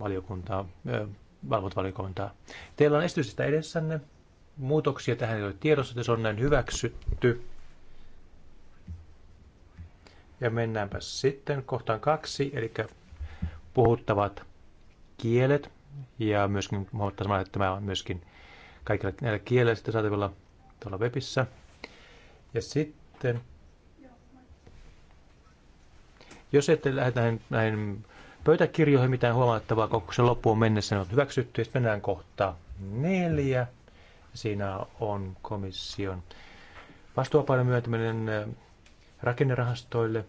valiokuntaa, valvontavaliokuntaa. Teillä on esitystä edessänne. Muutoksia tähän ei ole tiedossa, että se on näin hyväksytty. Ja mennäänpä sitten kohtaan kaksi, eli puhuttavat kielet. Ja myöskin huomattava että tämä on myöskin kaikilla näillä kielillä sitten saatavilla tuolla webissä. Ja sitten, jos ette lähde näihin, näihin pöytäkirjoihin mitään huomattavaa kokouksen loppuun mennessä. Ne on hyväksytty Sitten mennään kohta neljä. Siinä on komission vastuupainon myöntäminen rakennerahastoille.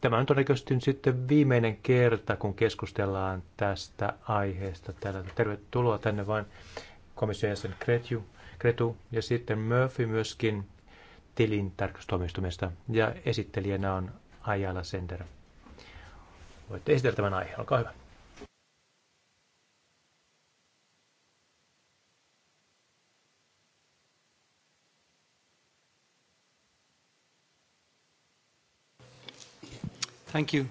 Tämä on todennäköisesti sitten viimeinen kerta, kun keskustellaan tästä aiheesta. Täällä tervetuloa tänne vain komission jäsen Kretu ja sitten Murphy myöskin tilintarkastustoimistumista ja esittelijänä on Ajala Sender. Voitte esitellä tämän aiheen, olkaa hyvä. Thank you.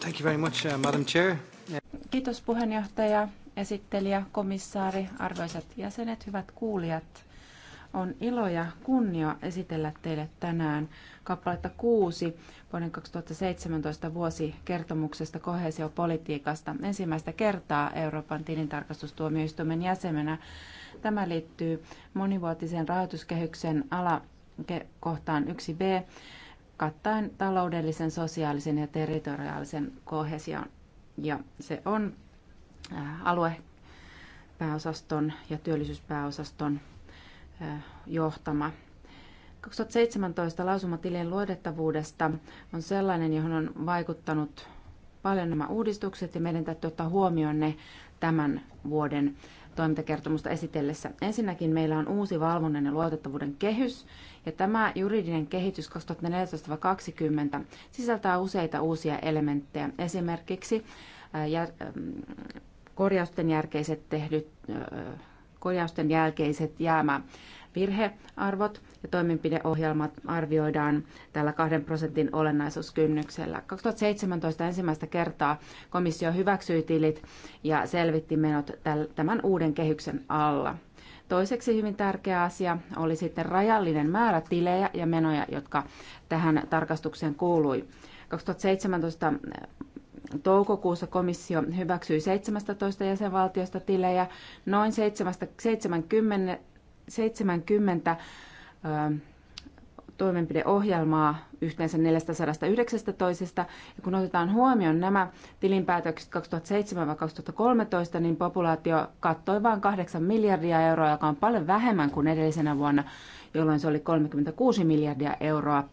Thank you very much, uh, Madam Chair. Kiitos puheenjohtaja, esittelijä, komissaari, arvoisat jäsenet, hyvät kuulijat. On ilo ja kunnia esitellä teille tänään kappaletta kuusi vuoden 2017 vuosikertomuksesta kohesiopolitiikasta ensimmäistä kertaa Euroopan tilintarkastustuomioistuimen jäsenenä. Tämä liittyy monivuotisen rahoituskehyksen alakohtaan 1b kattaen taloudellisen, sosiaalisen ja territoriaalisen kohesion. Ja se on alue pääosaston ja työllisyyspääosaston johtama. 2017 lausumatilien luodettavuudesta on sellainen, johon on vaikuttanut paljon nämä uudistukset ja meidän täytyy ottaa huomioon ne tämän vuoden toimintakertomusta esitellessä. Ensinnäkin meillä on uusi valvonnan ja luotettavuuden kehys, ja tämä juridinen kehitys 2014-2020 sisältää useita uusia elementtejä. Esimerkiksi korjausten järkeiset tehdyt korjausten jälkeiset jäämä virhearvot ja toimenpideohjelmat arvioidaan tällä kahden prosentin olennaisuuskynnyksellä. 2017 ensimmäistä kertaa komissio hyväksyi tilit ja selvitti menot tämän uuden kehyksen alla. Toiseksi hyvin tärkeä asia oli sitten rajallinen määrä tilejä ja menoja, jotka tähän tarkastukseen kuului. 2017 Toukokuussa komissio hyväksyi 17 jäsenvaltiosta tilejä, noin 70, 70 toimenpideohjelmaa yhteensä 419. Ja kun otetaan huomioon nämä tilinpäätökset 2007-2013, niin populaatio kattoi vain 8 miljardia euroa, joka on paljon vähemmän kuin edellisenä vuonna, jolloin se oli 36 miljardia euroa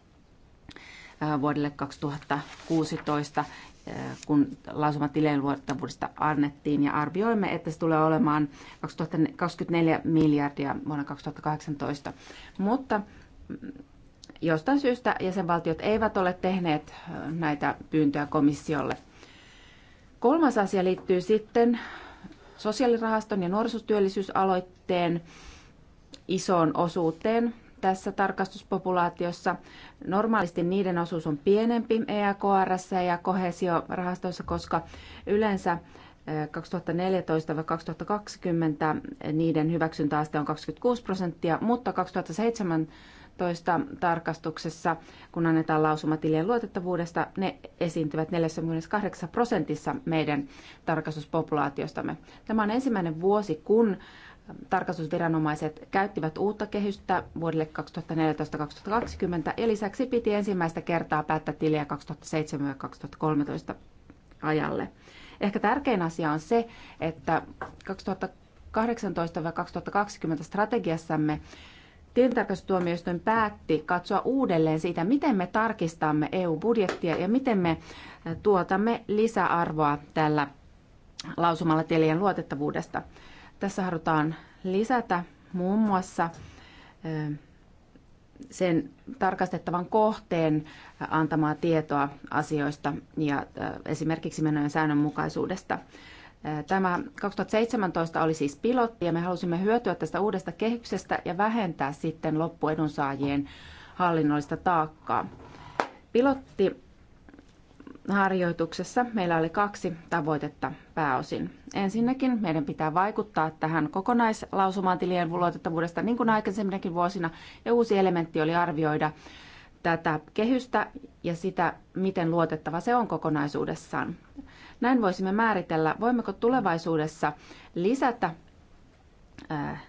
vuodelle 2016. Äh, kun lausuma tilien luottavuudesta annettiin ja arvioimme, että se tulee olemaan 2024 miljardia vuonna 2018. Mutta mm, jostain syystä jäsenvaltiot eivät ole tehneet äh, näitä pyyntöjä komissiolle. Kolmas asia liittyy sitten sosiaalirahaston ja nuorisotyöllisyysaloitteen isoon osuuteen tässä tarkastuspopulaatiossa. Normaalisti niiden osuus on pienempi EAKR ja kohesiorahastoissa, koska yleensä 2014-2020 niiden hyväksyntäaste on 26 prosenttia, mutta toista tarkastuksessa, kun annetaan lausuma tilien luotettavuudesta, ne esiintyvät 48 prosentissa meidän tarkastuspopulaatiostamme. Tämä on ensimmäinen vuosi, kun tarkastusviranomaiset käyttivät uutta kehystä vuodelle 2014-2020 ja lisäksi piti ensimmäistä kertaa päättää tiliä 2007-2013 ajalle. Ehkä tärkein asia on se, että 2018-2020 strategiassamme tilintarkastustuomioistuin päätti katsoa uudelleen siitä, miten me tarkistamme EU-budjettia ja miten me eh, tuotamme lisäarvoa tällä lausumalla tilien luotettavuudesta. Tässä halutaan lisätä muun muassa sen tarkastettavan kohteen antamaa tietoa asioista ja esimerkiksi menojen säännönmukaisuudesta. Tämä 2017 oli siis pilotti ja me halusimme hyötyä tästä uudesta kehyksestä ja vähentää sitten loppuedunsaajien hallinnollista taakkaa. Pilotti harjoituksessa meillä oli kaksi tavoitetta pääosin. Ensinnäkin meidän pitää vaikuttaa tähän kokonaislausumaantilien tilien luotettavuudesta niin kuin aikaisemminkin vuosina. Ja uusi elementti oli arvioida tätä kehystä ja sitä, miten luotettava se on kokonaisuudessaan. Näin voisimme määritellä, voimmeko tulevaisuudessa lisätä äh,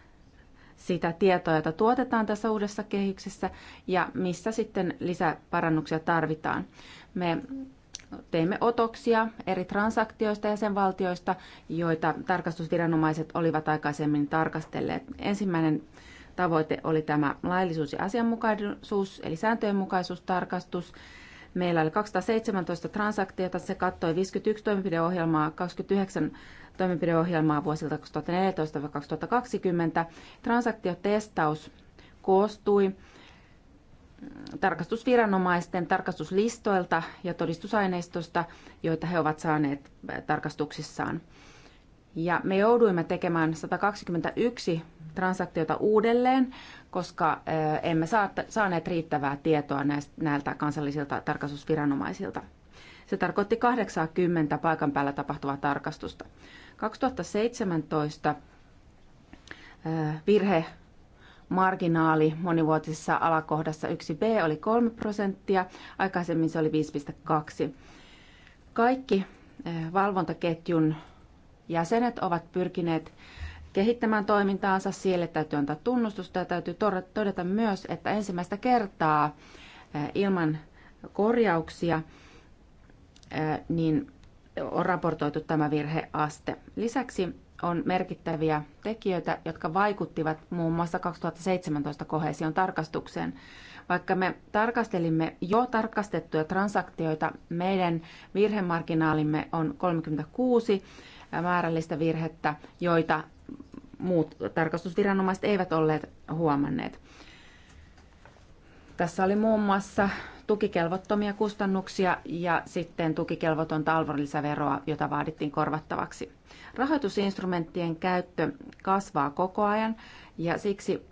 sitä tietoa, jota tuotetaan tässä uudessa kehyksessä ja missä sitten lisäparannuksia tarvitaan. Me teimme otoksia eri transaktioista ja sen valtioista, joita tarkastusviranomaiset olivat aikaisemmin tarkastelleet. Ensimmäinen tavoite oli tämä laillisuus- ja asianmukaisuus, eli sääntöjenmukaisuustarkastus. Meillä oli 217 transaktiota, se kattoi 51 toimenpideohjelmaa, 29 toimenpideohjelmaa vuosilta 2014-2020. Transaktiotestaus koostui tarkastusviranomaisten tarkastuslistoilta ja todistusaineistosta, joita he ovat saaneet tarkastuksissaan. Ja me jouduimme tekemään 121 transaktiota uudelleen, koska emme saaneet riittävää tietoa näiltä kansallisilta tarkastusviranomaisilta. Se tarkoitti 80 paikan päällä tapahtuvaa tarkastusta. 2017 virhe marginaali monivuotisessa alakohdassa 1b oli 3 prosenttia, aikaisemmin se oli 5,2. Kaikki eh, valvontaketjun jäsenet ovat pyrkineet kehittämään toimintaansa. Siellä täytyy antaa tunnustusta ja täytyy todeta myös, että ensimmäistä kertaa eh, ilman korjauksia eh, niin on raportoitu tämä virheaste. Lisäksi on merkittäviä tekijöitä, jotka vaikuttivat muun muassa 2017 kohesion tarkastukseen. Vaikka me tarkastelimme jo tarkastettuja transaktioita, meidän virhemarginaalimme on 36 määrällistä virhettä, joita muut tarkastusviranomaiset eivät olleet huomanneet. Tässä oli muun muassa tukikelvottomia kustannuksia ja sitten tukikelvoton talvonlisäveroa, jota vaadittiin korvattavaksi. Rahoitusinstrumenttien käyttö kasvaa koko ajan ja siksi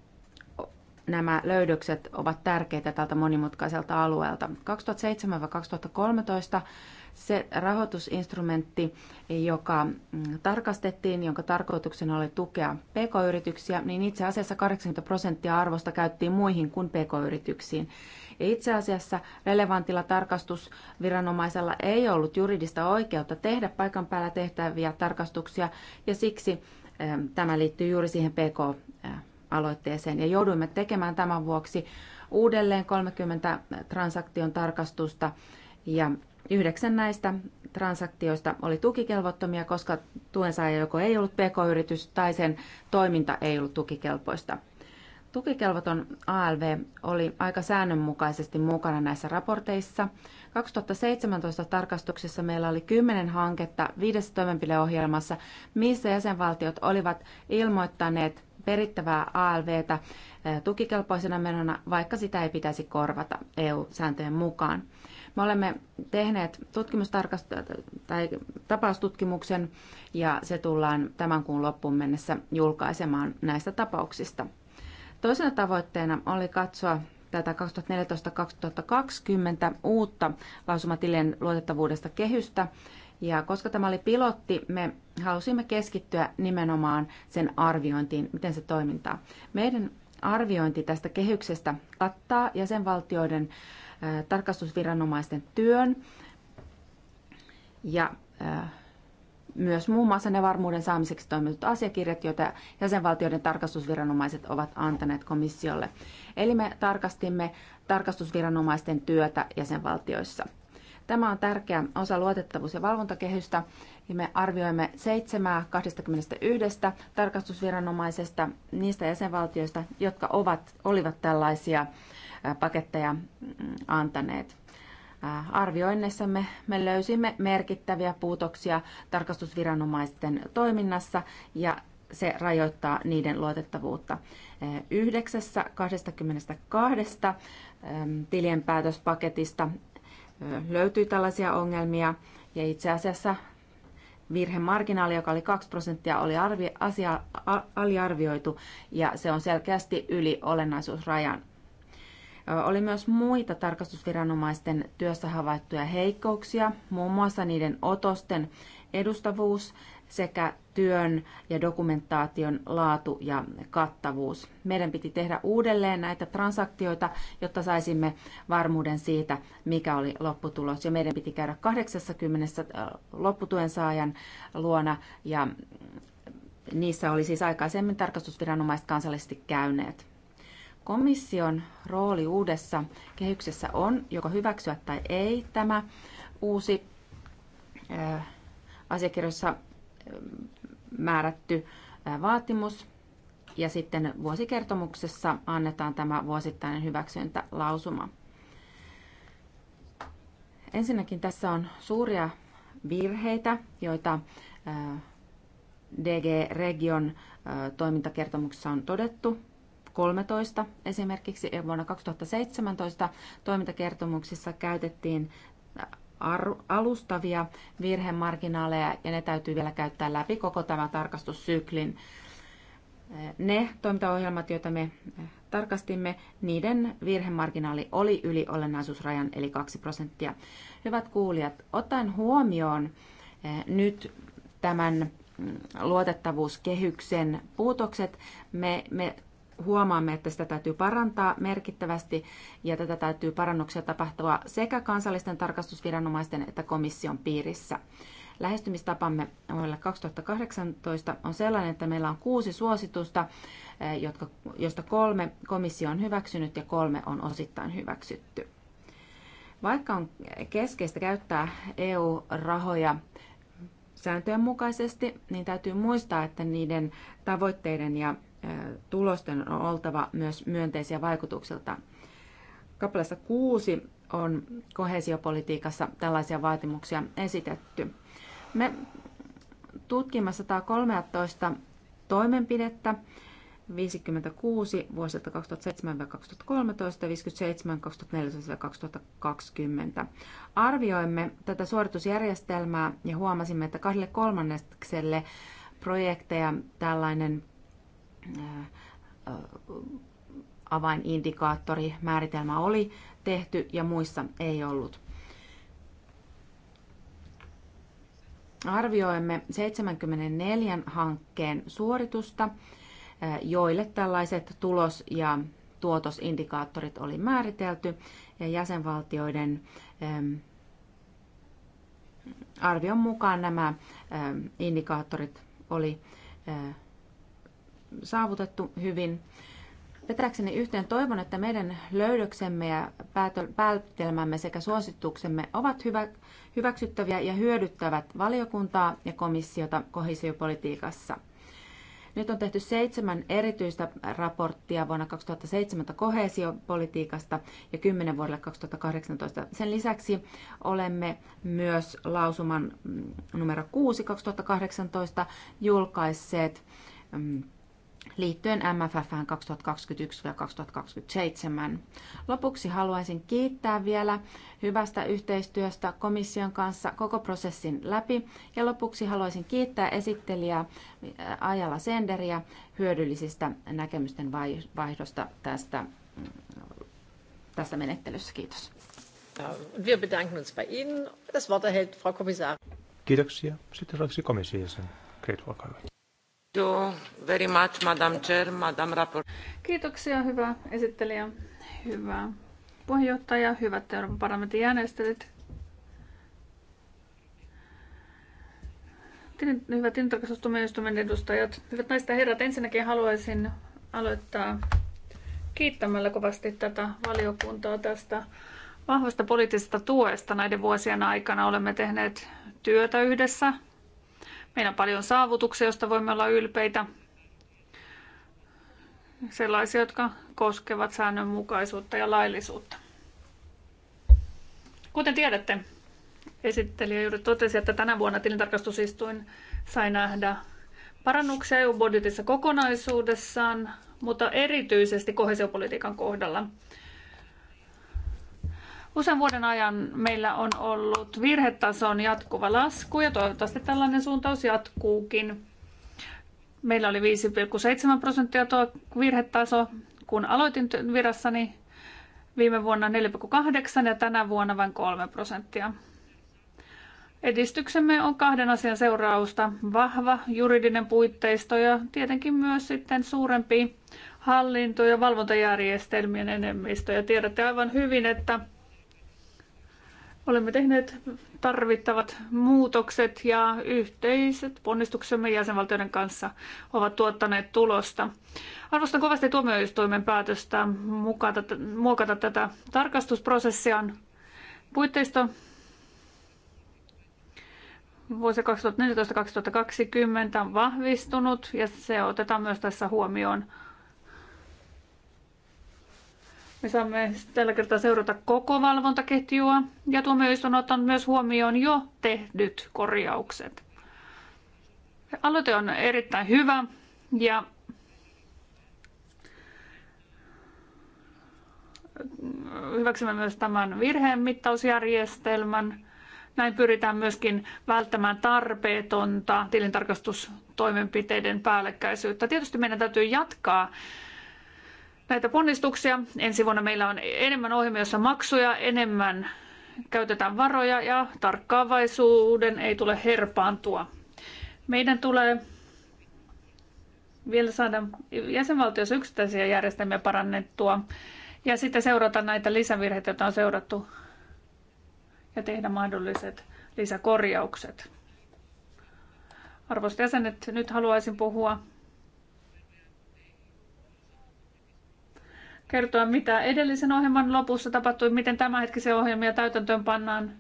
nämä löydökset ovat tärkeitä tältä monimutkaiselta alueelta. 2007-2013 se rahoitusinstrumentti, joka mm, tarkastettiin, jonka tarkoituksena oli tukea pk-yrityksiä, niin itse asiassa 80 prosenttia arvosta käyttiin muihin kuin pk-yrityksiin. Itse asiassa relevantilla tarkastusviranomaisella ei ollut juridista oikeutta tehdä paikan päällä tehtäviä tarkastuksia ja siksi ähm, tämä liittyy juuri siihen PK-aloitteeseen ja jouduimme tekemään tämän vuoksi uudelleen 30 transaktion tarkastusta ja yhdeksän näistä transaktioista oli tukikelvottomia, koska tuensaaja joko ei ollut pk-yritys tai sen toiminta ei ollut tukikelpoista. Tukikelvoton ALV oli aika säännönmukaisesti mukana näissä raporteissa. 2017 tarkastuksessa meillä oli 10 hanketta viidessä toimenpideohjelmassa, missä jäsenvaltiot olivat ilmoittaneet perittävää ALVtä eh, tukikelpoisena menona, vaikka sitä ei pitäisi korvata EU-sääntöjen mukaan. Me olemme tehneet tutkimustarkast- tai tapaustutkimuksen ja se tullaan tämän kuun loppuun mennessä julkaisemaan näistä tapauksista. Toisena tavoitteena oli katsoa tätä 2014-2020 uutta lausumatilien luotettavuudesta kehystä. Ja koska tämä oli pilotti, me halusimme keskittyä nimenomaan sen arviointiin, miten se toimintaa. Meidän arviointi tästä kehyksestä kattaa jäsenvaltioiden äh, tarkastusviranomaisten työn ja äh, myös muun muassa ne varmuuden saamiseksi toimitut asiakirjat, joita jäsenvaltioiden tarkastusviranomaiset ovat antaneet komissiolle. Eli me tarkastimme tarkastusviranomaisten työtä jäsenvaltioissa. Tämä on tärkeä osa luotettavuus- ja valvontakehystä. Ja me arvioimme 7 21 tarkastusviranomaisesta niistä jäsenvaltioista, jotka ovat, olivat tällaisia paketteja mm, antaneet. Äh, arvioinnissamme me löysimme merkittäviä puutoksia tarkastusviranomaisten toiminnassa ja se rajoittaa niiden luotettavuutta. Äh, yhdeksässä 22 tilien päätöspaketista löytyy tällaisia ongelmia ja itse asiassa virhemarginaali, joka oli 2 prosenttia, oli arvi, asia, a, aliarvioitu ja se on selkeästi yli olennaisuusrajan. Oli myös muita tarkastusviranomaisten työssä havaittuja heikkouksia, muun muassa niiden otosten edustavuus sekä työn ja dokumentaation laatu ja kattavuus. Meidän piti tehdä uudelleen näitä transaktioita, jotta saisimme varmuuden siitä, mikä oli lopputulos. Ja meidän piti käydä 80 lopputuen saajan luona ja niissä oli siis aikaisemmin tarkastusviranomaiset kansallisesti käyneet. Komission rooli uudessa kehyksessä on joko hyväksyä tai ei tämä uusi asiakirjoissa määrätty vaatimus. Ja sitten vuosikertomuksessa annetaan tämä vuosittainen hyväksyntälausuma. Ensinnäkin tässä on suuria virheitä, joita DG Region toimintakertomuksessa on todettu. 2013 esimerkiksi ja vuonna 2017 toimintakertomuksissa käytettiin alustavia virhemarginaaleja ja ne täytyy vielä käyttää läpi koko tämän tarkastussyklin. Ne toimintaohjelmat, joita me tarkastimme, niiden virhemarginaali oli yli olennaisuusrajan eli 2 prosenttia. Hyvät kuulijat, otan huomioon eh, nyt tämän mm, luotettavuuskehyksen puutokset. Me, me huomaamme, että sitä täytyy parantaa merkittävästi ja tätä täytyy parannuksia tapahtua sekä kansallisten tarkastusviranomaisten että komission piirissä. Lähestymistapamme vuodelle 2018 on sellainen, että meillä on kuusi suositusta, eh, jotka, joista kolme komissio on hyväksynyt ja kolme on osittain hyväksytty. Vaikka on keskeistä käyttää EU-rahoja sääntöjen mukaisesti, niin täytyy muistaa, että niiden tavoitteiden ja tulosten on oltava myös myönteisiä vaikutuksilta. Kappaleessa kuusi on kohesiopolitiikassa tällaisia vaatimuksia esitetty. Me tutkimme 113 toimenpidettä, 56 vuosilta 2007-2013, 57 2014-2020. Arvioimme tätä suoritusjärjestelmää ja huomasimme, että kahdelle kolmannekselle projekteja tällainen avainindikaattori määritelmä oli tehty ja muissa ei ollut. Arvioimme 74 hankkeen suoritusta, joille tällaiset tulos- ja tuotosindikaattorit oli määritelty ja jäsenvaltioiden arvion mukaan nämä indikaattorit oli saavutettu hyvin. Vetäkseni yhteen toivon, että meidän löydöksemme ja päätelmämme sekä suosituksemme ovat hyvä, hyväksyttäviä ja hyödyttävät valiokuntaa ja komissiota kohesiopolitiikassa. Nyt on tehty seitsemän erityistä raporttia vuonna 2007 kohesiopolitiikasta ja kymmenen vuodelle 2018. Sen lisäksi olemme myös lausuman mm, numero 6 2018 julkaisseet mm, liittyen MFF 2021-2027. Lopuksi haluaisin kiittää vielä hyvästä yhteistyöstä komission kanssa koko prosessin läpi ja lopuksi haluaisin kiittää esittelijää äh, Ajala Senderiä hyödyllisistä näkemysten vaihdosta tästä, mm, tästä menettelyssä. Kiitos. Wir bedanken uns bei Ihnen. Das Wort erhält Frau Kommissar. Kiitoksia. Sitten seuraavaksi komission jäsen. Great, olkaa hyvä. Kiitoksia, hyvä esittelijä, hyvä puheenjohtaja, hyvät Euroopan parlamentin jäänestelyt. Hyvät tilintarkastustuomioistuimen edustajat, hyvät naiset ja herrat, ensinnäkin haluaisin aloittaa kiittämällä kovasti tätä valiokuntaa tästä vahvasta poliittisesta tuesta näiden vuosien aikana. Olemme tehneet työtä yhdessä Meillä on paljon saavutuksia, joista voimme olla ylpeitä. Sellaisia, jotka koskevat säännönmukaisuutta ja laillisuutta. Kuten tiedätte, esittelijä juuri totesi, että tänä vuonna tilintarkastusistuin sai nähdä parannuksia EU-budjetissa kokonaisuudessaan, mutta erityisesti kohesiopolitiikan kohdalla. Usean vuoden ajan meillä on ollut virhetason jatkuva lasku ja toivottavasti tällainen suuntaus jatkuukin. Meillä oli 5,7 prosenttia tuo virhetaso, kun aloitin virassani viime vuonna 4,8 ja tänä vuonna vain 3 prosenttia. Edistyksemme on kahden asian seurausta. Vahva juridinen puitteisto ja tietenkin myös sitten suurempi hallinto- ja valvontajärjestelmien enemmistö. Ja tiedätte aivan hyvin, että Olemme tehneet tarvittavat muutokset ja yhteiset ponnistuksemme jäsenvaltioiden kanssa ovat tuottaneet tulosta. Arvostan kovasti tuomioistuimen päätöstä mukata, muokata tätä tarkastusprosessiaan puitteisto vuosi 2014-2020 on vahvistunut ja se otetaan myös tässä huomioon. Me saamme tällä kertaa seurata koko valvontaketjua ja tuomioistuin ottanut myös huomioon jo tehdyt korjaukset. Aloite on erittäin hyvä ja hyväksymme myös tämän virheen mittausjärjestelmän. Näin pyritään myöskin välttämään tarpeetonta tilintarkastustoimenpiteiden päällekkäisyyttä. Tietysti meidän täytyy jatkaa näitä ponnistuksia. Ensi vuonna meillä on enemmän ohjelmia, joissa maksuja, enemmän käytetään varoja ja tarkkaavaisuuden ei tule herpaantua. Meidän tulee vielä saada jäsenvaltioissa yksittäisiä järjestelmiä parannettua ja sitten seurata näitä lisävirheitä, joita on seurattu ja tehdä mahdolliset lisäkorjaukset. Arvoisat jäsenet, nyt haluaisin puhua kertoa, mitä edellisen ohjelman lopussa tapahtui, miten tämänhetkisiä ohjelmia täytäntöön pannaan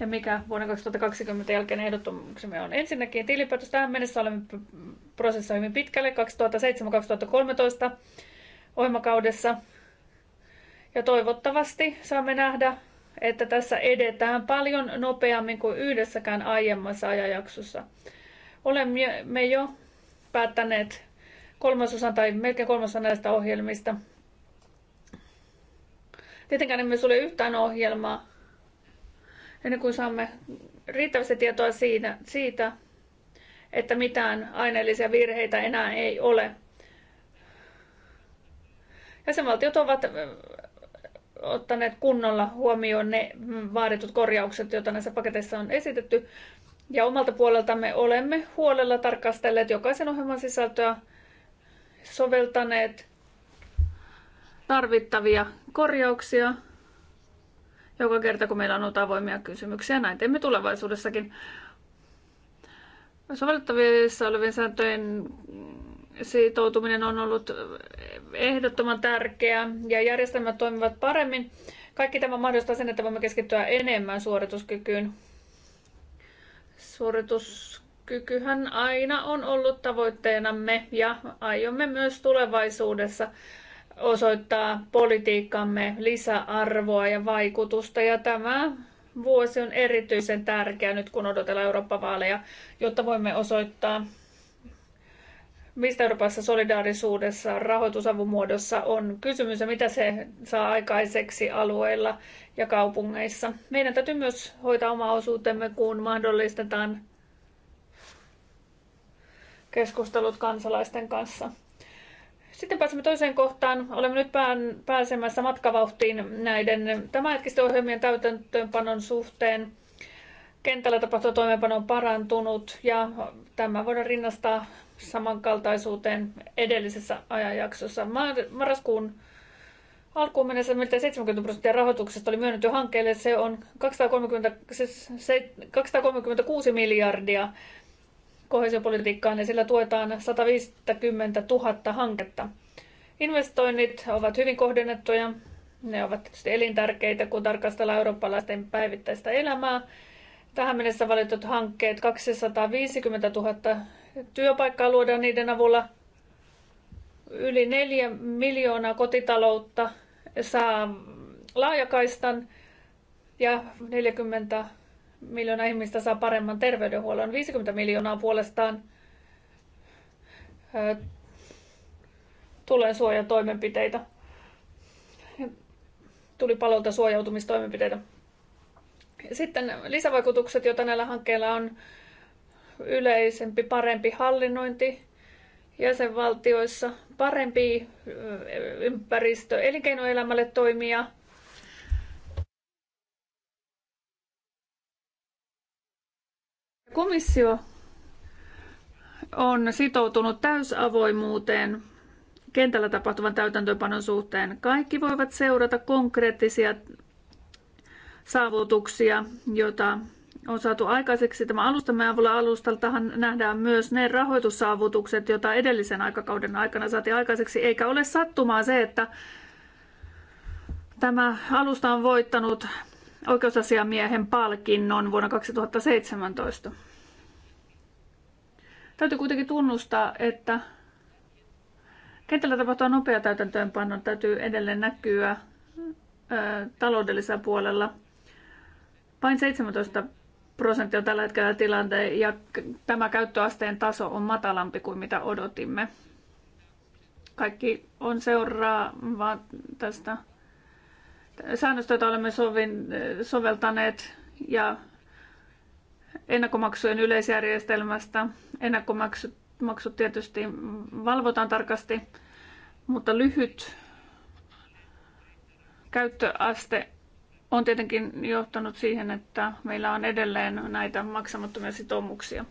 ja mikä vuoden 2020 jälkeen ehdotuksemme on. Ensinnäkin tilinpäätös tähän mennessä olemme prosessissa hyvin pitkälle 2007-2013 ohjelmakaudessa. Ja toivottavasti saamme nähdä, että tässä edetään paljon nopeammin kuin yhdessäkään aiemmassa ajanjaksossa. Olemme jo päättäneet kolmasosan tai melkein kolmasosan näistä ohjelmista – Tietenkään emme sulle yhtään ohjelmaa, ennen kuin saamme riittävästi tietoa siinä, siitä, että mitään aineellisia virheitä enää ei ole. Jäsenvaltiot ovat ottaneet kunnolla huomioon ne vaaditut korjaukset, joita näissä paketeissa on esitetty. Ja omalta puoleltamme olemme huolella tarkastelleet jokaisen ohjelman sisältöä, soveltaneet tarvittavia korjauksia joka kerta, kun meillä on ollut avoimia kysymyksiä. Näin teemme tulevaisuudessakin. Sovellettavissa olevien sääntöjen sitoutuminen on ollut ehdottoman tärkeää ja järjestelmät toimivat paremmin. Kaikki tämä mahdollistaa sen, että voimme keskittyä enemmän suorituskykyyn. Suorituskykyhän aina on ollut tavoitteenamme ja aiomme myös tulevaisuudessa osoittaa politiikkamme lisäarvoa ja vaikutusta. Ja tämä vuosi on erityisen tärkeä nyt, kun odotellaan Eurooppa-vaaleja, jotta voimme osoittaa, mistä Euroopassa solidaarisuudessa rahoitusavun muodossa on kysymys ja mitä se saa aikaiseksi alueilla ja kaupungeissa. Meidän täytyy myös hoitaa oma osuutemme, kun mahdollistetaan keskustelut kansalaisten kanssa. Sitten pääsemme toiseen kohtaan. Olemme nyt pään, pääsemässä matkavauhtiin näiden tämänhetkisten ohjelmien täytäntöönpanon suhteen. Kentällä tapahtuva toimeenpano on parantunut ja tämä voidaan rinnastaa samankaltaisuuteen edellisessä ajanjaksossa. Marraskuun alkuun mennessä miltei 70 prosenttia rahoituksesta oli myönnetty hankkeelle. Se on 230, 236 siis miljardia kohesiopolitiikkaan ja sillä tuetaan 150 000 hanketta. Investoinnit ovat hyvin kohdennettuja. Ne ovat tietysti elintärkeitä, kun tarkastellaan eurooppalaisten päivittäistä elämää. Tähän mennessä valitut hankkeet 250 000 työpaikkaa luodaan niiden avulla. Yli 4 miljoonaa kotitaloutta saa laajakaistan ja 40 miljoonaa ihmistä saa paremman terveydenhuollon. 50 miljoonaa puolestaan tulee suojatoimenpiteitä, tuli palolta suojautumistoimenpiteitä. Sitten lisävaikutukset, joita näillä hankkeilla on, yleisempi, parempi hallinnointi jäsenvaltioissa, parempi ympäristö elinkeinoelämälle toimia, Komissio on sitoutunut täysavoimuuteen kentällä tapahtuvan täytäntöönpanon suhteen. Kaikki voivat seurata konkreettisia saavutuksia, joita on saatu aikaiseksi. Tämä alustamme avulla alustaltahan nähdään myös ne rahoitussaavutukset, joita edellisen aikakauden aikana saatiin aikaiseksi. Eikä ole sattumaa se, että tämä alusta on voittanut oikeusasiamiehen palkinnon vuonna 2017. Täytyy kuitenkin tunnustaa, että kentällä tapahtuva nopea täytäntöönpannon täytyy edelleen näkyä ö, taloudellisella puolella. Vain 17 prosenttia on tällä hetkellä tilanteen ja tämä käyttöasteen taso on matalampi kuin mitä odotimme. Kaikki on seuraava tästä säännöstä, jota olemme sovin, soveltaneet ja ennakkomaksujen yleisjärjestelmästä. Ennakkomaksut tietysti valvotaan tarkasti, mutta lyhyt käyttöaste on tietenkin johtanut siihen, että meillä on edelleen näitä maksamattomia sitoumuksia.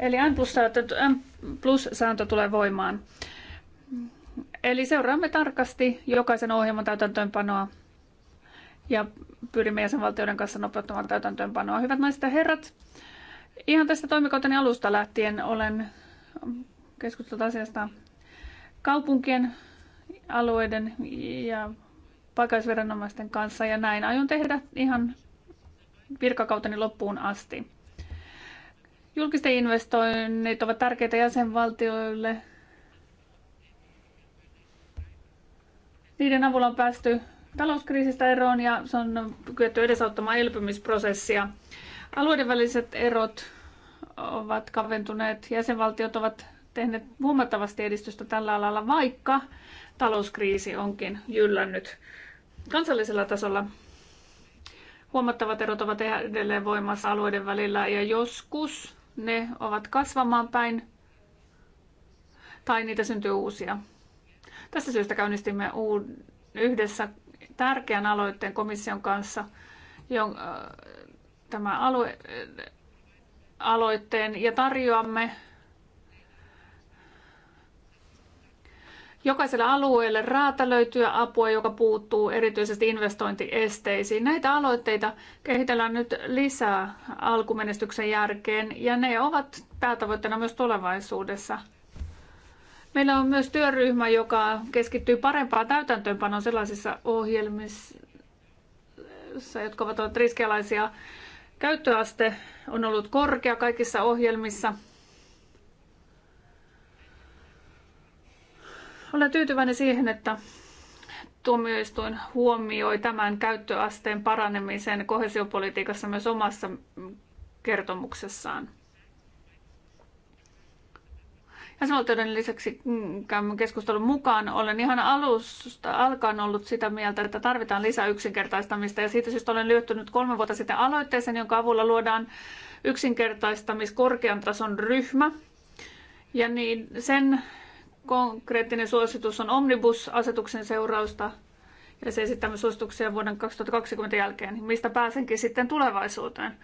Eli N plus sääntö tulee voimaan. Eli seuraamme tarkasti jokaisen ohjelman täytäntöönpanoa ja pyrimme jäsenvaltioiden kanssa nopeuttamaan täytäntöönpanoa. Hyvät naiset ja herrat, ihan tästä toimikauteni alusta lähtien olen keskustellut asiasta kaupunkien, alueiden ja paikallisviranomaisten kanssa ja näin aion tehdä ihan virkakauteni loppuun asti. Julkisten investoinnit ovat tärkeitä jäsenvaltioille. Niiden avulla on päästy talouskriisistä eroon ja se on kyetty edesauttamaan elpymisprosessia. Alueiden väliset erot ovat kaventuneet. Jäsenvaltiot ovat tehneet huomattavasti edistystä tällä alalla, vaikka talouskriisi onkin jyllännyt kansallisella tasolla. Huomattavat erot ovat edelleen voimassa alueiden välillä ja joskus ne ovat kasvamaan päin tai niitä syntyy uusia. Tästä syystä käynnistimme yhdessä tärkeän aloitteen komission kanssa, jonka äh, tämä alue, aloitteen ja tarjoamme jokaiselle alueelle räätälöityä apua, joka puuttuu erityisesti investointiesteisiin. Näitä aloitteita kehitellään nyt lisää alkumenestyksen jälkeen ja ne ovat päätavoitteena myös tulevaisuudessa. Meillä on myös työryhmä, joka keskittyy parempaan täytäntöönpanoon sellaisissa ohjelmissa, jotka ovat olleet riskialaisia. Käyttöaste on ollut korkea kaikissa ohjelmissa – Olen tyytyväinen siihen, että tuomioistuin huomioi tämän käyttöasteen paranemisen kohesiopolitiikassa myös omassa kertomuksessaan. Jäsenvaltioiden lisäksi mm, käymme keskustelun mukaan olen ihan alusta alkaen ollut sitä mieltä, että tarvitaan lisää yksinkertaistamista ja siitä syystä olen lyöttynyt kolme vuotta sitten aloitteeseen, jonka avulla luodaan yksinkertaistamiskorkean tason ryhmä. Ja niin sen konkreettinen suositus on omnibus-asetuksen seurausta ja se esittämme suosituksia vuoden 2020 jälkeen, mistä pääsenkin sitten tulevaisuuteen.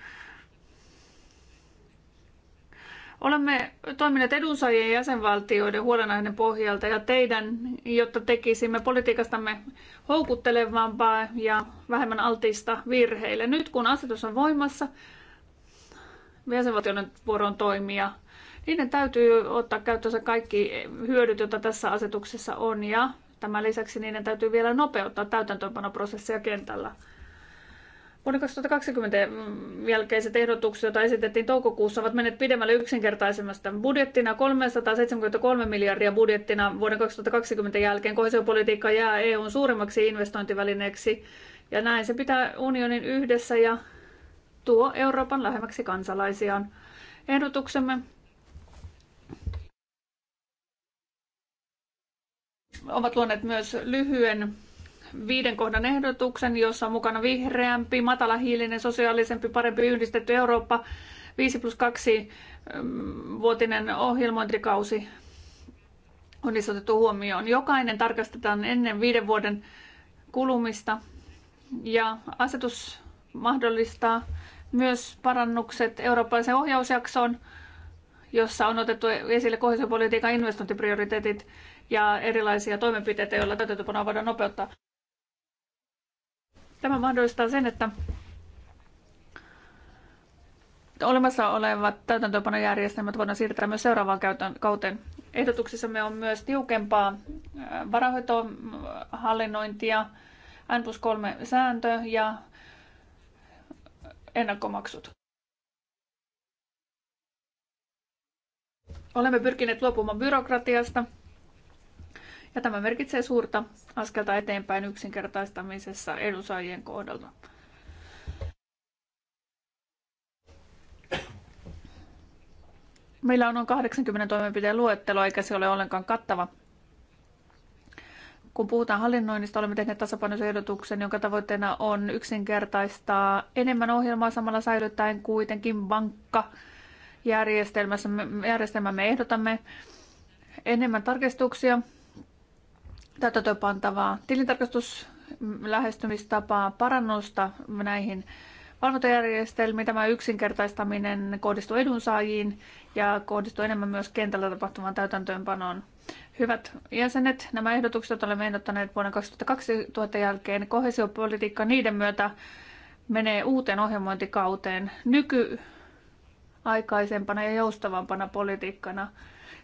Olemme toimineet edunsaajien jäsenvaltioiden huolenaiheiden pohjalta ja teidän, jotta tekisimme politiikastamme houkuttelevampaa ja vähemmän altista virheille. Nyt kun asetus on voimassa, jäsenvaltioiden vuoron toimia niiden täytyy ottaa käyttöönsä kaikki hyödyt, joita tässä asetuksessa on, ja tämän lisäksi niiden täytyy vielä nopeuttaa täytäntöönpanoprosessia kentällä. Vuoden 2020 jälkeiset ehdotukset, joita esitettiin toukokuussa, ovat menneet pidemmälle yksinkertaisemmasta budjettina 373 miljardia budjettina vuoden 2020 jälkeen. Kohesiopolitiikka jää EUn suurimmaksi investointivälineeksi ja näin se pitää unionin yhdessä ja tuo Euroopan lähemmäksi kansalaisiaan. Ehdotuksemme ovat luoneet myös lyhyen viiden kohdan ehdotuksen, jossa on mukana vihreämpi, matalahiilinen, sosiaalisempi, parempi yhdistetty Eurooppa, 5 plus 2 mm, vuotinen ohjelmointikausi on niissä otettu huomioon. Jokainen tarkastetaan ennen viiden vuoden kulumista ja asetus mahdollistaa myös parannukset eurooppalaisen ohjausjaksoon, jossa on otettu esille politiikan investointiprioriteetit ja erilaisia toimenpiteitä, joilla täytäntöpanoa voidaan nopeuttaa. Tämä mahdollistaa sen, että olemassa olevat täytäntöönpanojärjestelmät voidaan siirtää myös seuraavaan kauteen. Ehdotuksissamme on myös tiukempaa äh, varahoitohallinnointia, äh, N plus 3 sääntö ja ennakkomaksut. Olemme pyrkineet luopumaan byrokratiasta ja tämä merkitsee suurta askelta eteenpäin yksinkertaistamisessa edunsaajien kohdalla. Meillä on noin 80 toimenpiteen luettelo, eikä se ole ollenkaan kattava. Kun puhutaan hallinnoinnista, olemme tehneet tasapainoisehdotuksen, jonka tavoitteena on yksinkertaistaa enemmän ohjelmaa samalla säilyttäen kuitenkin vankka järjestelmämme ehdotamme enemmän tarkistuksia täytäntöönpantavaa tilintarkastuslähestymistapaa, parannusta näihin valvontajärjestelmiin. Tämä yksinkertaistaminen kohdistuu edunsaajiin ja kohdistuu enemmän myös kentällä tapahtuvaan täytäntöönpanoon. Hyvät jäsenet, nämä ehdotukset olemme ehdottaneet vuonna 2020 jälkeen. Kohesiopolitiikka niiden myötä menee uuteen ohjelmointikauteen nykyaikaisempana ja joustavampana politiikkana –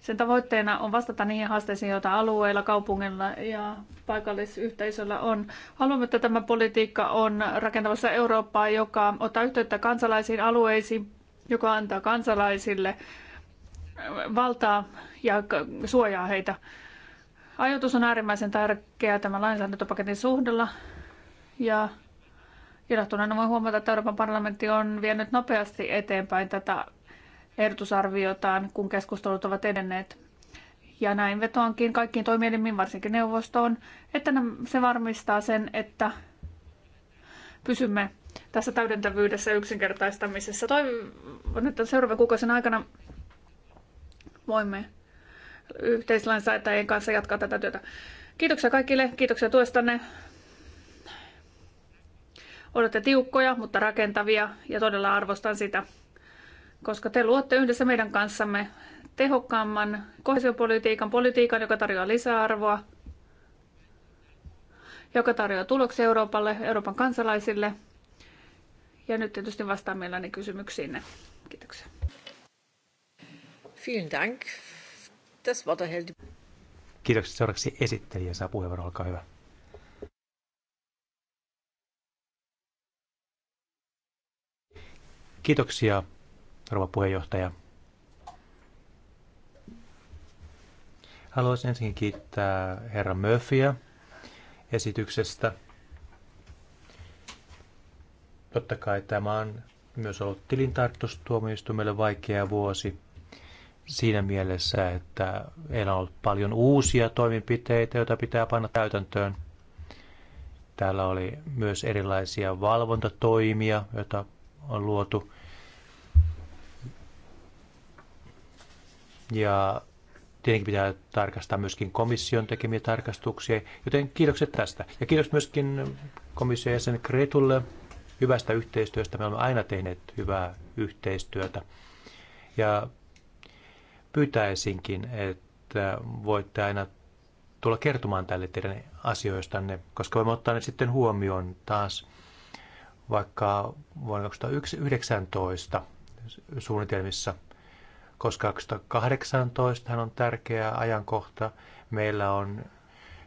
sen tavoitteena on vastata niihin haasteisiin, joita alueilla, kaupungilla ja paikallisyhteisöllä on. Haluamme, että tämä politiikka on rakentavassa Eurooppaa, joka ottaa yhteyttä kansalaisiin alueisiin, joka antaa kansalaisille valtaa ja suojaa heitä. Ajoitus on äärimmäisen tärkeää tämän lainsäädäntöpaketin suhdella ja ilahtuneena voi huomata, että Euroopan parlamentti on vienyt nopeasti eteenpäin tätä ehdotusarviotaan, kun keskustelut ovat edenneet. Ja näin vetoankin kaikkiin toimielimiin, varsinkin neuvostoon, että se varmistaa sen, että pysymme tässä täydentävyydessä ja yksinkertaistamisessa. Toivon, että seuraavan kuukausien aikana voimme yhteislainsäätäjien kanssa jatkaa tätä työtä. Kiitoksia kaikille, kiitoksia tuestanne. Olette tiukkoja, mutta rakentavia ja todella arvostan sitä koska te luotte yhdessä meidän kanssamme tehokkaamman kohesiopolitiikan, politiikan, joka tarjoaa lisäarvoa, joka tarjoaa tuloksia Euroopalle, Euroopan kansalaisille. Ja nyt tietysti vastaan mielelläni kysymyksiinne. Kiitoksia. Vielen Dank. Das Wort erhält... Kiitoksia. Seuraavaksi esittelijä saa puheenvuoron. Olkaa hyvä. Kiitoksia rouva puheenjohtaja. Haluaisin ensin kiittää herra Murphyä esityksestä. Totta kai tämä on myös ollut tilintarkastustuomioistuimelle vaikea vuosi siinä mielessä, että ei on ollut paljon uusia toimenpiteitä, joita pitää panna täytäntöön. Täällä oli myös erilaisia valvontatoimia, joita on luotu. ja tietenkin pitää tarkastaa myöskin komission tekemiä tarkastuksia, joten kiitokset tästä. Ja kiitos myöskin komission jäsen Kretulle hyvästä yhteistyöstä. Me olemme aina tehneet hyvää yhteistyötä. Ja pyytäisinkin, että voitte aina tulla kertomaan tälle teidän asioistanne, koska voimme ottaa ne sitten huomioon taas vaikka vuonna 2019 suunnitelmissa – koska 2018 on tärkeä ajankohta. Meillä on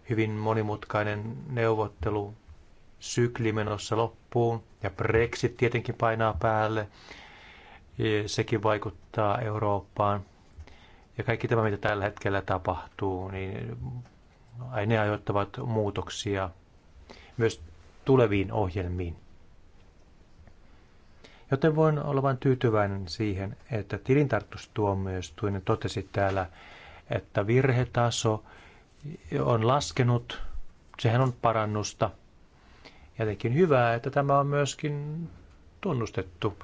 hyvin monimutkainen neuvottelu sykli menossa loppuun ja Brexit tietenkin painaa päälle. Sekin vaikuttaa Eurooppaan. Ja kaikki tämä, mitä tällä hetkellä tapahtuu, niin ne aiheuttavat muutoksia myös tuleviin ohjelmiin. Joten voin olla vain tyytyväinen siihen, että tilintarkastustuomioistuin totesi täällä, että virhetaso on laskenut, sehän on parannusta. ja tekin hyvää, että tämä on myöskin tunnustettu.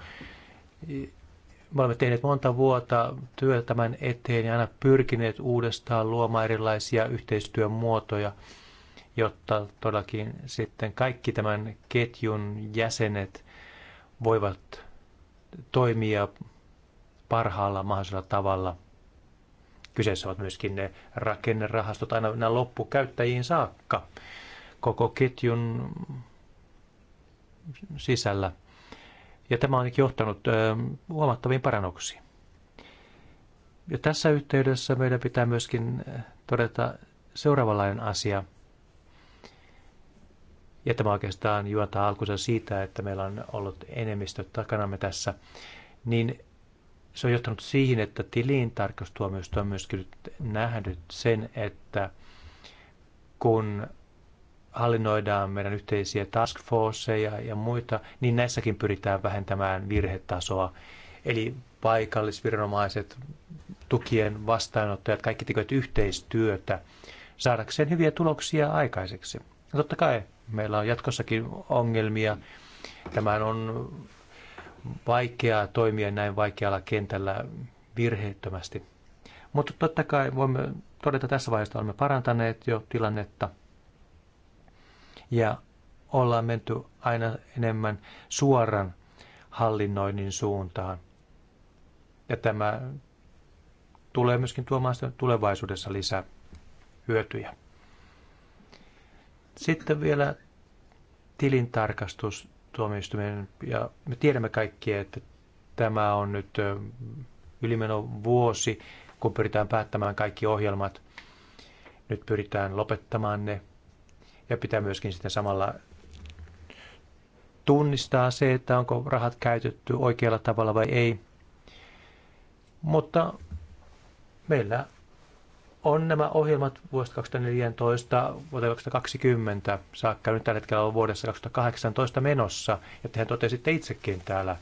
Me olemme tehneet monta vuotta työtä tämän eteen ja aina pyrkineet uudestaan luomaan erilaisia yhteistyön muotoja, jotta todellakin sitten kaikki tämän ketjun jäsenet voivat toimia parhaalla mahdollisella tavalla. Kyseessä ovat myöskin ne rakennerahastot aina, nämä loppukäyttäjiin saakka koko ketjun sisällä. Ja tämä on johtanut huomattaviin parannuksiin. Ja tässä yhteydessä meidän pitää myöskin todeta seuraavanlainen asia – ja tämä oikeastaan juontaa alkunsa siitä, että meillä on ollut enemmistö takanamme tässä. Niin se on johtanut siihen, että tilintarkastustuomioistuin on myöskin nähnyt sen, että kun hallinnoidaan meidän yhteisiä task forceja ja muita, niin näissäkin pyritään vähentämään virhetasoa. Eli paikallisviranomaiset, tukien vastaanottajat, kaikki tekevät yhteistyötä saadakseen hyviä tuloksia aikaiseksi. No totta kai meillä on jatkossakin ongelmia. tämä on vaikeaa toimia näin vaikealla kentällä virheettömästi. Mutta totta kai voimme todeta tässä vaiheessa, että olemme parantaneet jo tilannetta ja ollaan menty aina enemmän suoran hallinnoinnin suuntaan. Ja tämä tulee myöskin tuomaan tulevaisuudessa lisää hyötyjä. Sitten vielä tilintarkastus tuomioistuminen. ja me tiedämme kaikki, että tämä on nyt ylimeno vuosi, kun pyritään päättämään kaikki ohjelmat. Nyt pyritään lopettamaan ne ja pitää myöskin sitten samalla tunnistaa se, että onko rahat käytetty oikealla tavalla vai ei. Mutta meillä on nämä ohjelmat vuodesta 2014 vuoteen 2020 saakka. Nyt tällä hetkellä on vuodessa 2018 menossa, ja tehän totesitte itsekin täällä,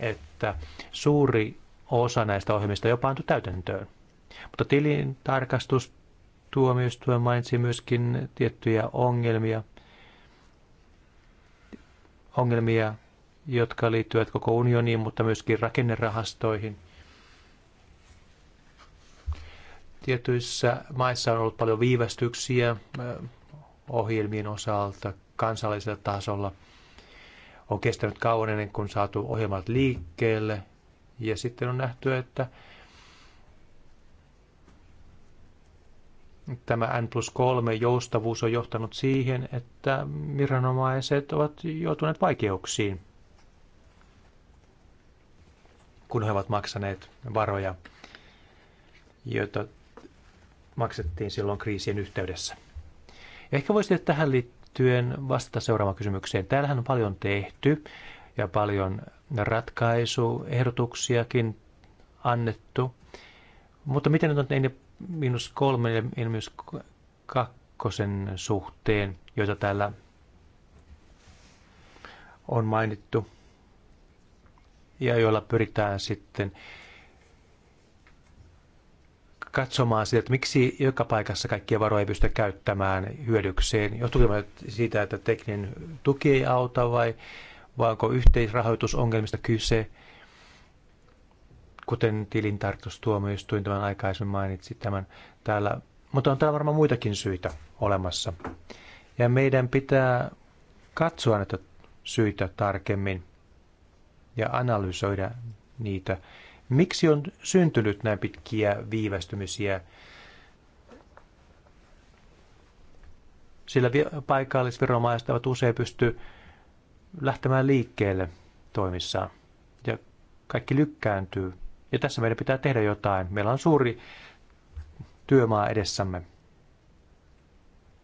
että suuri osa näistä ohjelmista jopa pantu täytäntöön. Mutta tilintarkastus tuomioistuin mainitsi myöskin tiettyjä ongelmia, ongelmia, jotka liittyvät koko unioniin, mutta myöskin rakennerahastoihin – Tietyissä maissa on ollut paljon viivästyksiä ohjelmien osalta kansallisella tasolla. On kestänyt kauan ennen kuin saatu ohjelmat liikkeelle. Ja sitten on nähty, että tämä N plus 3 joustavuus on johtanut siihen, että viranomaiset ovat joutuneet vaikeuksiin, kun he ovat maksaneet varoja, joita maksettiin silloin kriisien yhteydessä. Ehkä voisi tähän liittyen vastata seuraavaan kysymykseen. Täällähän on paljon tehty ja paljon ratkaisuehdotuksiakin annettu. Mutta miten nyt on ne miinus kolme ja miinus kakkosen suhteen, joita täällä on mainittu ja joilla pyritään sitten katsomaan sitä, että miksi joka paikassa kaikkia varoja ei pysty käyttämään hyödykseen. Johtuuko siitä, että tekninen tuki ei auta vai, vai onko yhteisrahoitusongelmista kyse? Kuten tilintarkastustuomioistuin tämän aikaisemmin mainitsi tämän täällä. Mutta on täällä varmaan muitakin syitä olemassa. Ja meidän pitää katsoa näitä syitä tarkemmin ja analysoida niitä Miksi on syntynyt näin pitkiä viivästymisiä? Sillä paikallisviranomaiset ovat usein pysty lähtemään liikkeelle toimissaan. Ja kaikki lykkääntyy. Ja tässä meidän pitää tehdä jotain. Meillä on suuri työmaa edessämme,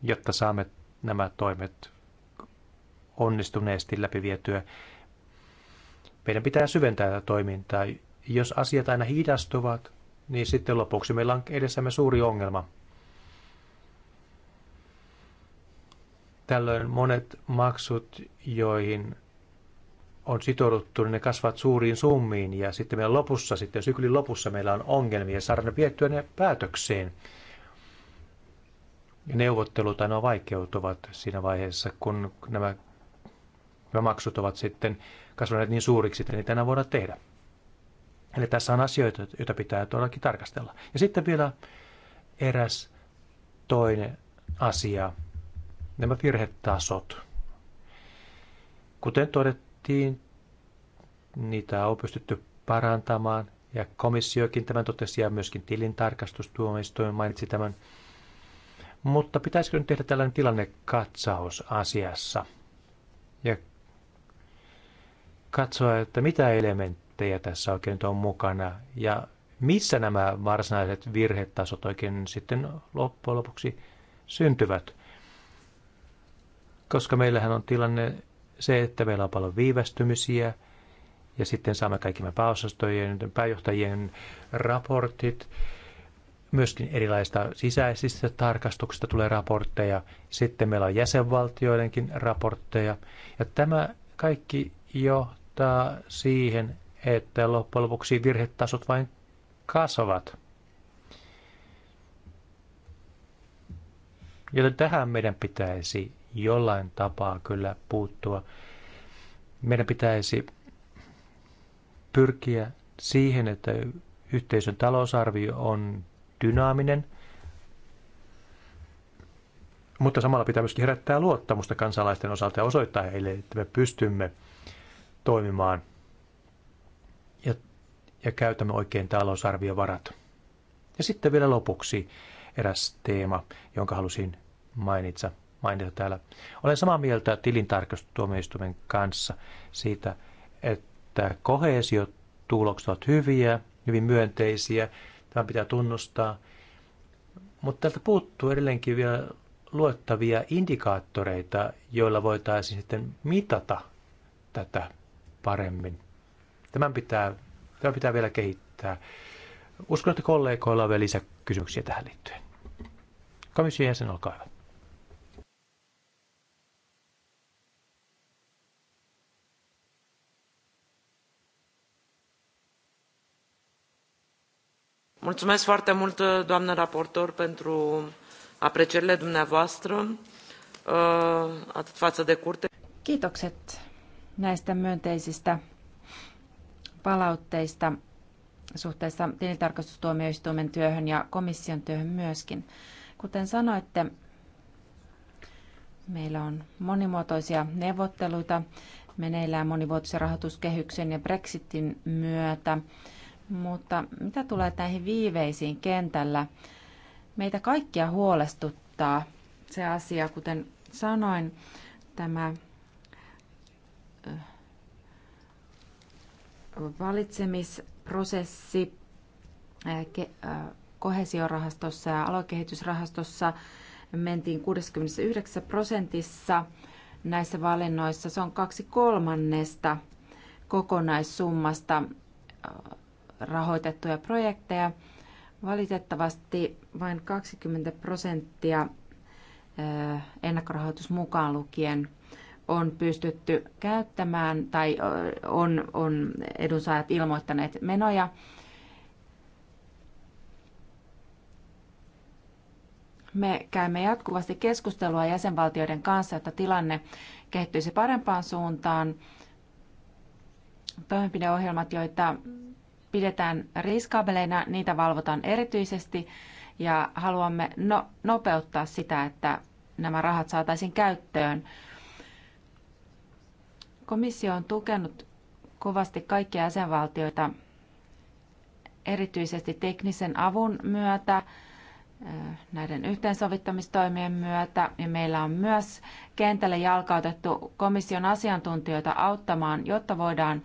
jotta saamme nämä toimet onnistuneesti läpivietyä. Meidän pitää syventää tätä toimintaa jos asiat aina hidastuvat, niin sitten lopuksi meillä on edessämme suuri ongelma. Tällöin monet maksut, joihin on sitouduttu, niin ne kasvavat suuriin summiin ja sitten meillä lopussa, sitten syklin lopussa meillä on ongelmia saada ne viettyä ne päätökseen. Neuvottelut aina vaikeutuvat siinä vaiheessa, kun nämä, nämä maksut ovat sitten kasvaneet niin suuriksi, että niitä enää voidaan tehdä. Eli tässä on asioita, joita pitää todellakin tarkastella. Ja sitten vielä eräs toinen asia, nämä virhetasot. Kuten todettiin, niitä on pystytty parantamaan ja komissiokin tämän totesi ja myöskin tilintarkastustuomioistuin mainitsi tämän. Mutta pitäisikö nyt tehdä tällainen tilannekatsaus asiassa ja katsoa, että mitä elementtejä elementtejä tässä oikein nyt on mukana ja missä nämä varsinaiset virhetasot oikein sitten loppujen lopuksi syntyvät. Koska meillähän on tilanne se, että meillä on paljon viivästymisiä ja sitten saamme kaikki nämä pääosastojen, pääjohtajien raportit, myöskin erilaista sisäisistä tarkastuksista tulee raportteja, sitten meillä on jäsenvaltioidenkin raportteja, ja tämä kaikki johtaa siihen, että loppujen lopuksi virhetasot vain kasvavat. Joten tähän meidän pitäisi jollain tapaa kyllä puuttua. Meidän pitäisi pyrkiä siihen, että yhteisön talousarvio on dynaaminen, mutta samalla pitää myöskin herättää luottamusta kansalaisten osalta ja osoittaa heille, että me pystymme toimimaan – ja käytämme oikein talousarviovarat. Ja sitten vielä lopuksi eräs teema, jonka halusin mainita, mainita täällä. Olen samaa mieltä tilintarkastustuomioistuimen kanssa siitä, että kohesiotulokset ovat hyviä, hyvin myönteisiä, tämä pitää tunnustaa. Mutta täältä puuttuu edelleenkin vielä luettavia indikaattoreita, joilla voitaisiin sitten mitata tätä paremmin. Tämän pitää Tämä pitää vielä kehittää. Uskon, että kollegoilla on vielä lisäkysymyksiä tähän liittyen. Komission jäsen, olkaa hyvä. Mulțumesc foarte mult, doamnă raportor, pentru aprecierile dumneavoastră, uh, atât față de curte. Kiitokset näistä myönteisistä palautteista suhteessa tilintarkastustuomioistuimen työhön ja komission työhön myöskin. Kuten sanoitte, meillä on monimuotoisia neuvotteluita meneillään monivuotisen rahoituskehyksen ja Brexitin myötä. Mutta mitä tulee näihin viiveisiin kentällä, meitä kaikkia huolestuttaa se asia, kuten sanoin, tämä valitsemisprosessi eh, eh, kohesiorahastossa ja aluekehitysrahastossa mentiin 69 prosentissa näissä valinnoissa. Se on kaksi kolmannesta kokonaissummasta eh, rahoitettuja projekteja. Valitettavasti vain 20 prosenttia ennakkorahoitus mukaan lukien on pystytty käyttämään tai on, on edunsaajat ilmoittaneet menoja. Me käymme jatkuvasti keskustelua jäsenvaltioiden kanssa, että tilanne kehittyisi parempaan suuntaan. Toimenpideohjelmat, joita pidetään riskaabeleina, niitä valvotaan erityisesti ja haluamme no, nopeuttaa sitä, että nämä rahat saataisiin käyttöön Komissio on tukenut kovasti kaikkia jäsenvaltioita erityisesti teknisen avun myötä, eh, näiden yhteensovittamistoimien myötä. Ja meillä on myös kentälle jalkautettu komission asiantuntijoita auttamaan, jotta voidaan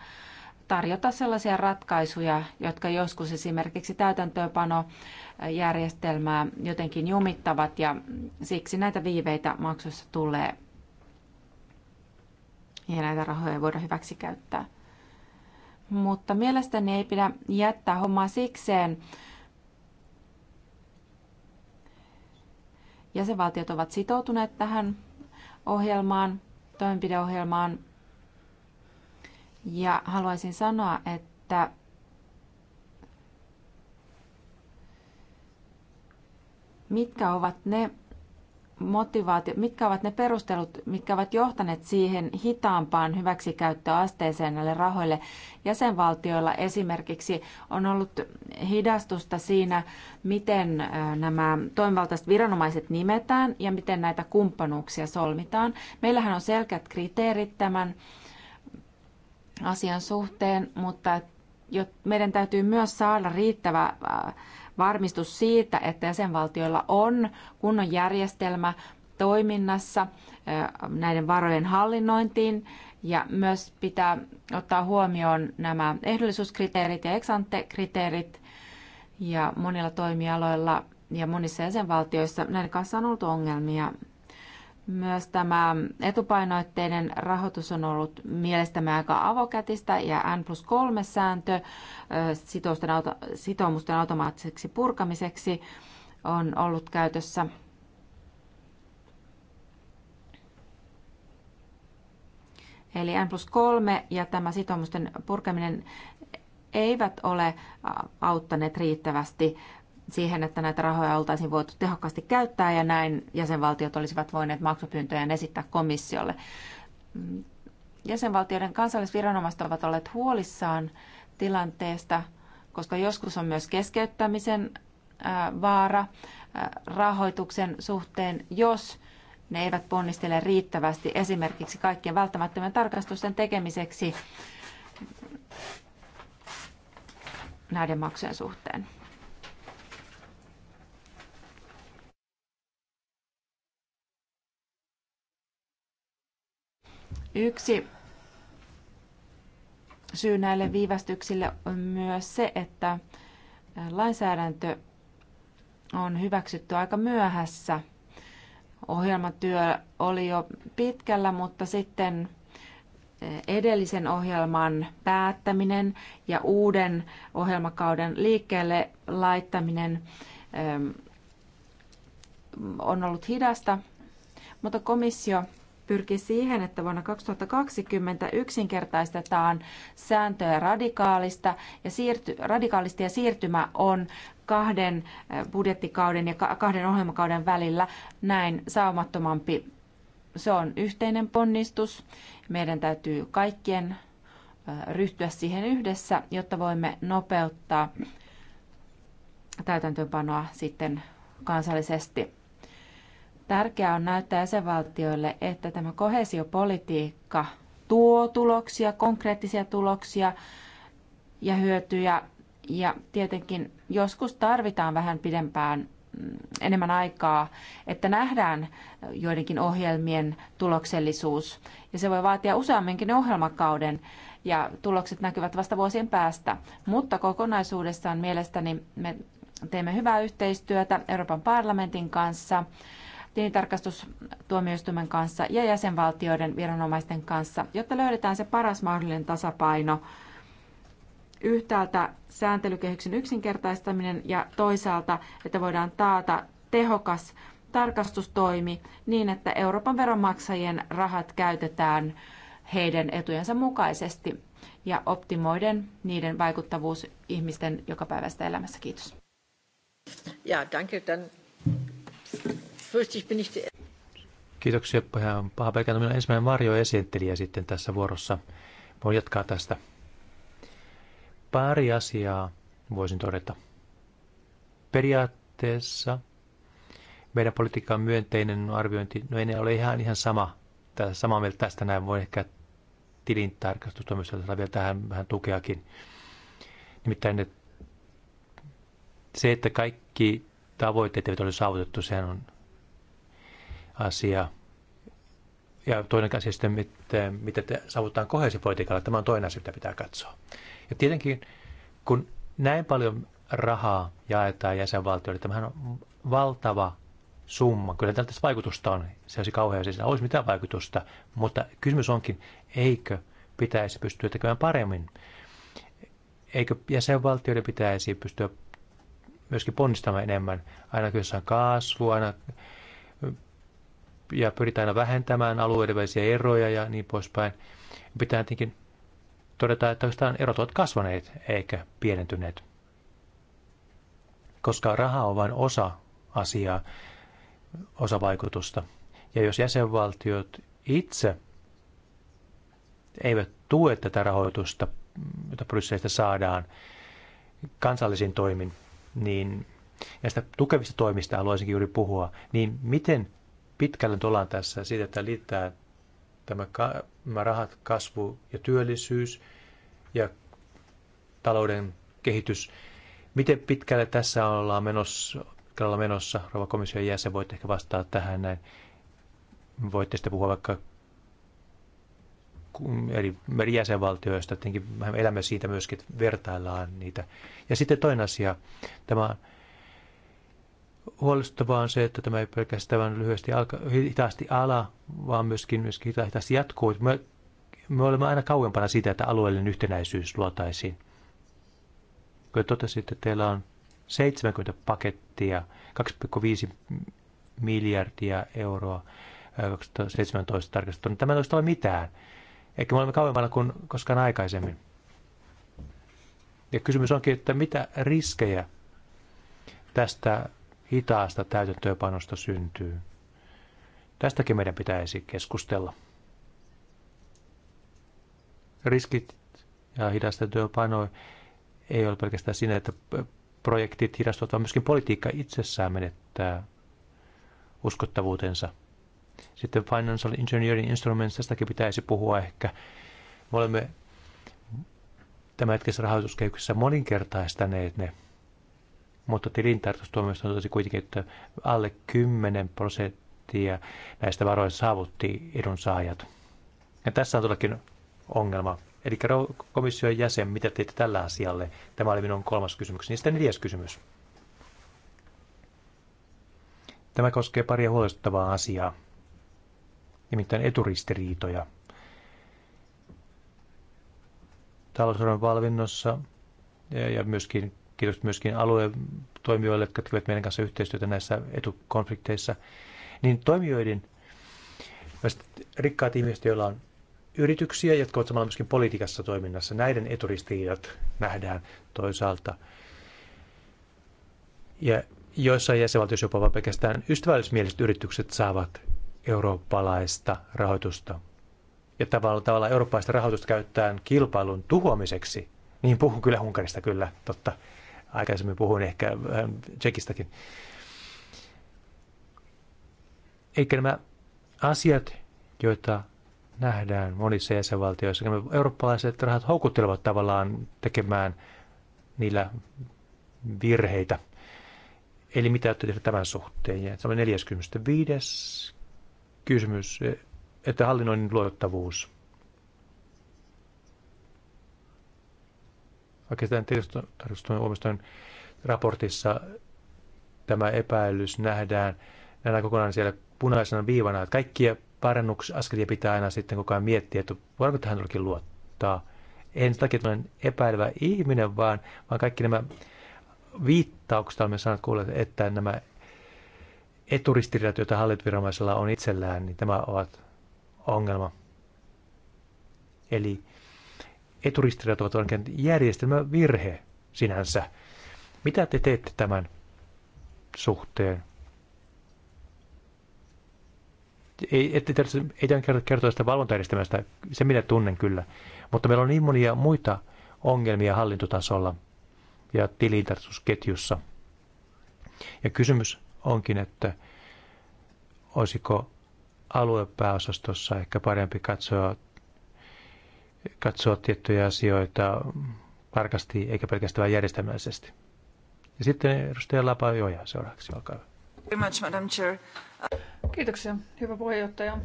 tarjota sellaisia ratkaisuja, jotka joskus esimerkiksi täytäntöönpanojärjestelmää eh, jotenkin jumittavat ja siksi näitä viiveitä maksussa tulee ja näitä rahoja ei voida hyväksi käyttää. Mutta mielestäni ei pidä jättää hommaa sikseen. Jäsenvaltiot ovat sitoutuneet tähän ohjelmaan, toimenpideohjelmaan. Ja haluaisin sanoa, että mitkä ovat ne motivaatio, mitkä ovat ne perustelut, mitkä ovat johtaneet siihen hitaampaan hyväksikäyttöasteeseen näille rahoille. Jäsenvaltioilla esimerkiksi on ollut hidastusta siinä, miten nämä toimivaltaiset viranomaiset nimetään ja miten näitä kumppanuuksia solmitaan. Meillähän on selkeät kriteerit tämän asian suhteen, mutta meidän täytyy myös saada riittävä varmistus siitä, että jäsenvaltioilla on kunnon järjestelmä toiminnassa näiden varojen hallinnointiin ja myös pitää ottaa huomioon nämä ehdollisuuskriteerit ja eksante-kriteerit ja monilla toimialoilla ja monissa jäsenvaltioissa näiden kanssa on ollut ongelmia myös tämä etupainoitteinen rahoitus on ollut mielestämme aika avokätistä ja N plus 3 sääntö sitoumusten automaattiseksi purkamiseksi on ollut käytössä. Eli N plus 3 ja tämä sitoumusten purkaminen eivät ole auttaneet riittävästi siihen, että näitä rahoja oltaisiin voitu tehokkaasti käyttää ja näin jäsenvaltiot olisivat voineet maksupyyntöjä esittää komissiolle. Jäsenvaltioiden kansallisviranomaiset ovat olleet huolissaan tilanteesta, koska joskus on myös keskeyttämisen vaara rahoituksen suhteen, jos ne eivät ponnistele riittävästi esimerkiksi kaikkien välttämättömän tarkastusten tekemiseksi näiden maksujen suhteen. Yksi syy näille viivästyksille on myös se, että lainsäädäntö on hyväksytty aika myöhässä. Ohjelmatyö oli jo pitkällä, mutta sitten edellisen ohjelman päättäminen ja uuden ohjelmakauden liikkeelle laittaminen on ollut hidasta, mutta komissio pyrkii siihen, että vuonna 2020 yksinkertaistetaan sääntöjä radikaalista ja siirty, radikaalisti ja siirtymä on kahden eh, budjettikauden ja kahden ohjelmakauden välillä näin saumattomampi. Se on yhteinen ponnistus. Meidän täytyy kaikkien eh, ryhtyä siihen yhdessä, jotta voimme nopeuttaa täytäntöönpanoa sitten kansallisesti. Tärkeää on näyttää jäsenvaltioille, että tämä kohesiopolitiikka tuo tuloksia, konkreettisia tuloksia ja hyötyjä. Ja tietenkin joskus tarvitaan vähän pidempään mm, enemmän aikaa, että nähdään joidenkin ohjelmien tuloksellisuus. Ja se voi vaatia useamminkin ohjelmakauden ja tulokset näkyvät vasta vuosien päästä. Mutta kokonaisuudessaan mielestäni me teemme hyvää yhteistyötä Euroopan parlamentin kanssa tilintarkastustuomioistuimen kanssa ja jäsenvaltioiden viranomaisten kanssa, jotta löydetään se paras mahdollinen tasapaino yhtäältä sääntelykehyksen yksinkertaistaminen ja toisaalta, että voidaan taata tehokas tarkastustoimi niin, että Euroopan veronmaksajien rahat käytetään heidän etujensa mukaisesti ja optimoiden niiden vaikuttavuus ihmisten joka päivästä elämässä. Kiitos. Ja, danke, dann Kiitoksia, paha pelkään. Minä ensimmäinen varjo esittelijä sitten tässä vuorossa. Voin jatkaa tästä. Pari asiaa voisin todeta. Periaatteessa meidän politiikan myönteinen no arviointi, no ei ole ihan, ihan sama, tässä samaa mieltä tästä näin, voi ehkä saada vielä tähän vähän tukeakin. Nimittäin että se, että kaikki tavoitteet eivät ole saavutettu, sehän on asia. Ja toinen asia sitten, miten, miten te saavutaan kohesipolitiikalla, tämä on toinen asia, mitä pitää katsoa. Ja tietenkin, kun näin paljon rahaa jaetaan jäsenvaltioille, niin tämähän on valtava summa. Kyllä tältä vaikutusta on, se olisi kauhean, siis olisi mitään vaikutusta, mutta kysymys onkin, eikö pitäisi pystyä tekemään paremmin? Eikö jäsenvaltioiden pitäisi pystyä myöskin ponnistamaan enemmän, aina kun on kasvu, aina ja pyritään aina vähentämään alueiden välisiä eroja ja niin poispäin. Pitää tietenkin todeta, että oikeastaan erot ovat kasvaneet eikä pienentyneet. Koska raha on vain osa asiaa, osa vaikutusta. Ja jos jäsenvaltiot itse eivät tue tätä rahoitusta, jota Brysselistä saadaan kansallisin toimin, niin näistä tukevista toimista haluaisinkin juuri puhua, niin miten pitkällä nyt ollaan tässä siitä, että liittää tämä, tämä rahat, kasvu ja työllisyys ja talouden kehitys. Miten pitkälle tässä ollaan menossa, menossa? Rova komission jäsen, voitte ehkä vastata tähän näin. Voitte sitten puhua vaikka eri, eri jäsenvaltioista, tietenkin elämme siitä myöskin, että vertaillaan niitä. Ja sitten toinen asia, tämä huolestuttavaa on se, että tämä ei pelkästään lyhyesti alka, hitaasti ala, vaan myöskin, myöskin hitaasti jatkuu. Me, me olemme aina kauempana siitä, että alueellinen yhtenäisyys luotaisiin. Kun totesit, että teillä on 70 pakettia, 2,5 miljardia euroa 2017 tarkastettuna, tämä ei ole mitään. Eikä me olemme kauempana kuin koskaan aikaisemmin. Ja kysymys onkin, että mitä riskejä tästä hitaasta täytäntöönpanosta syntyy. Tästäkin meidän pitäisi keskustella. Riskit ja työpano ei ole pelkästään siinä, että projektit hidastuvat, vaan myöskin politiikka itsessään menettää uskottavuutensa. Sitten Financial Engineering Instruments, tästäkin pitäisi puhua ehkä. Me olemme tämän hetkessä rahoituskehyksessä moninkertaistaneet ne mutta tilintarkastustuomioistuin totesi kuitenkin, että alle 10 prosenttia näistä varoista saavutti edunsaajat. Ja tässä on todellakin ongelma. Eli komission jäsen, mitä teitte tällä asialle? Tämä oli minun kolmas kysymys. Niistä neljäs kysymys. Tämä koskee paria huolestuttavaa asiaa, nimittäin eturistiriitoja. Talousarvon valvinnossa ja myöskin kiitos myöskin alueen toimijoille, jotka tekevät meidän kanssa yhteistyötä näissä etukonflikteissa, niin toimijoiden rikkaat ihmiset, joilla on yrityksiä, jotka ovat samalla myöskin politiikassa toiminnassa, näiden eturistiriidat nähdään toisaalta. Ja joissain jäsenvaltioissa jopa pelkästään ystävällismieliset yritykset saavat eurooppalaista rahoitusta. Ja tavallaan, tavalla eurooppalaista rahoitusta käyttää kilpailun tuhoamiseksi. Niin puhun kyllä Unkarista kyllä, totta aikaisemmin puhuin ehkä vähän Tsekistäkin. Eikä nämä asiat, joita nähdään monissa jäsenvaltioissa, nämä eurooppalaiset rahat houkuttelevat tavallaan tekemään niillä virheitä. Eli mitä olette tehdä tämän suhteen? Ja tämä 45. kysymys, että hallinnoinnin luotettavuus. Oikeastaan tiedostustuomioistuimen raportissa tämä epäilys nähdään, nähdään kokonaan siellä punaisena viivana, että kaikkia parannusaskelia pitää aina sitten koko ajan miettiä, että voiko tähän todellakin luottaa. En sitä takia epäilevä ihminen, vaan, vaan kaikki nämä viittaukset olemme saaneet kuulla, että nämä eturistiriidat, joita hallintoviranomaisella on itsellään, niin tämä ovat ongelma. Eli eturistiriidat ovat järjestelmän virhe sinänsä. Mitä te teette tämän suhteen? Ei, ette tarvitse, ei tämän kertoa sitä valvontajärjestelmästä, se minä tunnen kyllä. Mutta meillä on niin monia muita ongelmia hallintotasolla ja tilintarkastusketjussa. Ja kysymys onkin, että olisiko aluepääosastossa ehkä parempi katsoa katsoa tiettyjä asioita tarkasti eikä pelkästään vain järjestelmällisesti. Ja sitten edustaja Lapa Joja seuraavaksi, olkaa hyvä. Kiitoksia, hyvä puheenjohtaja.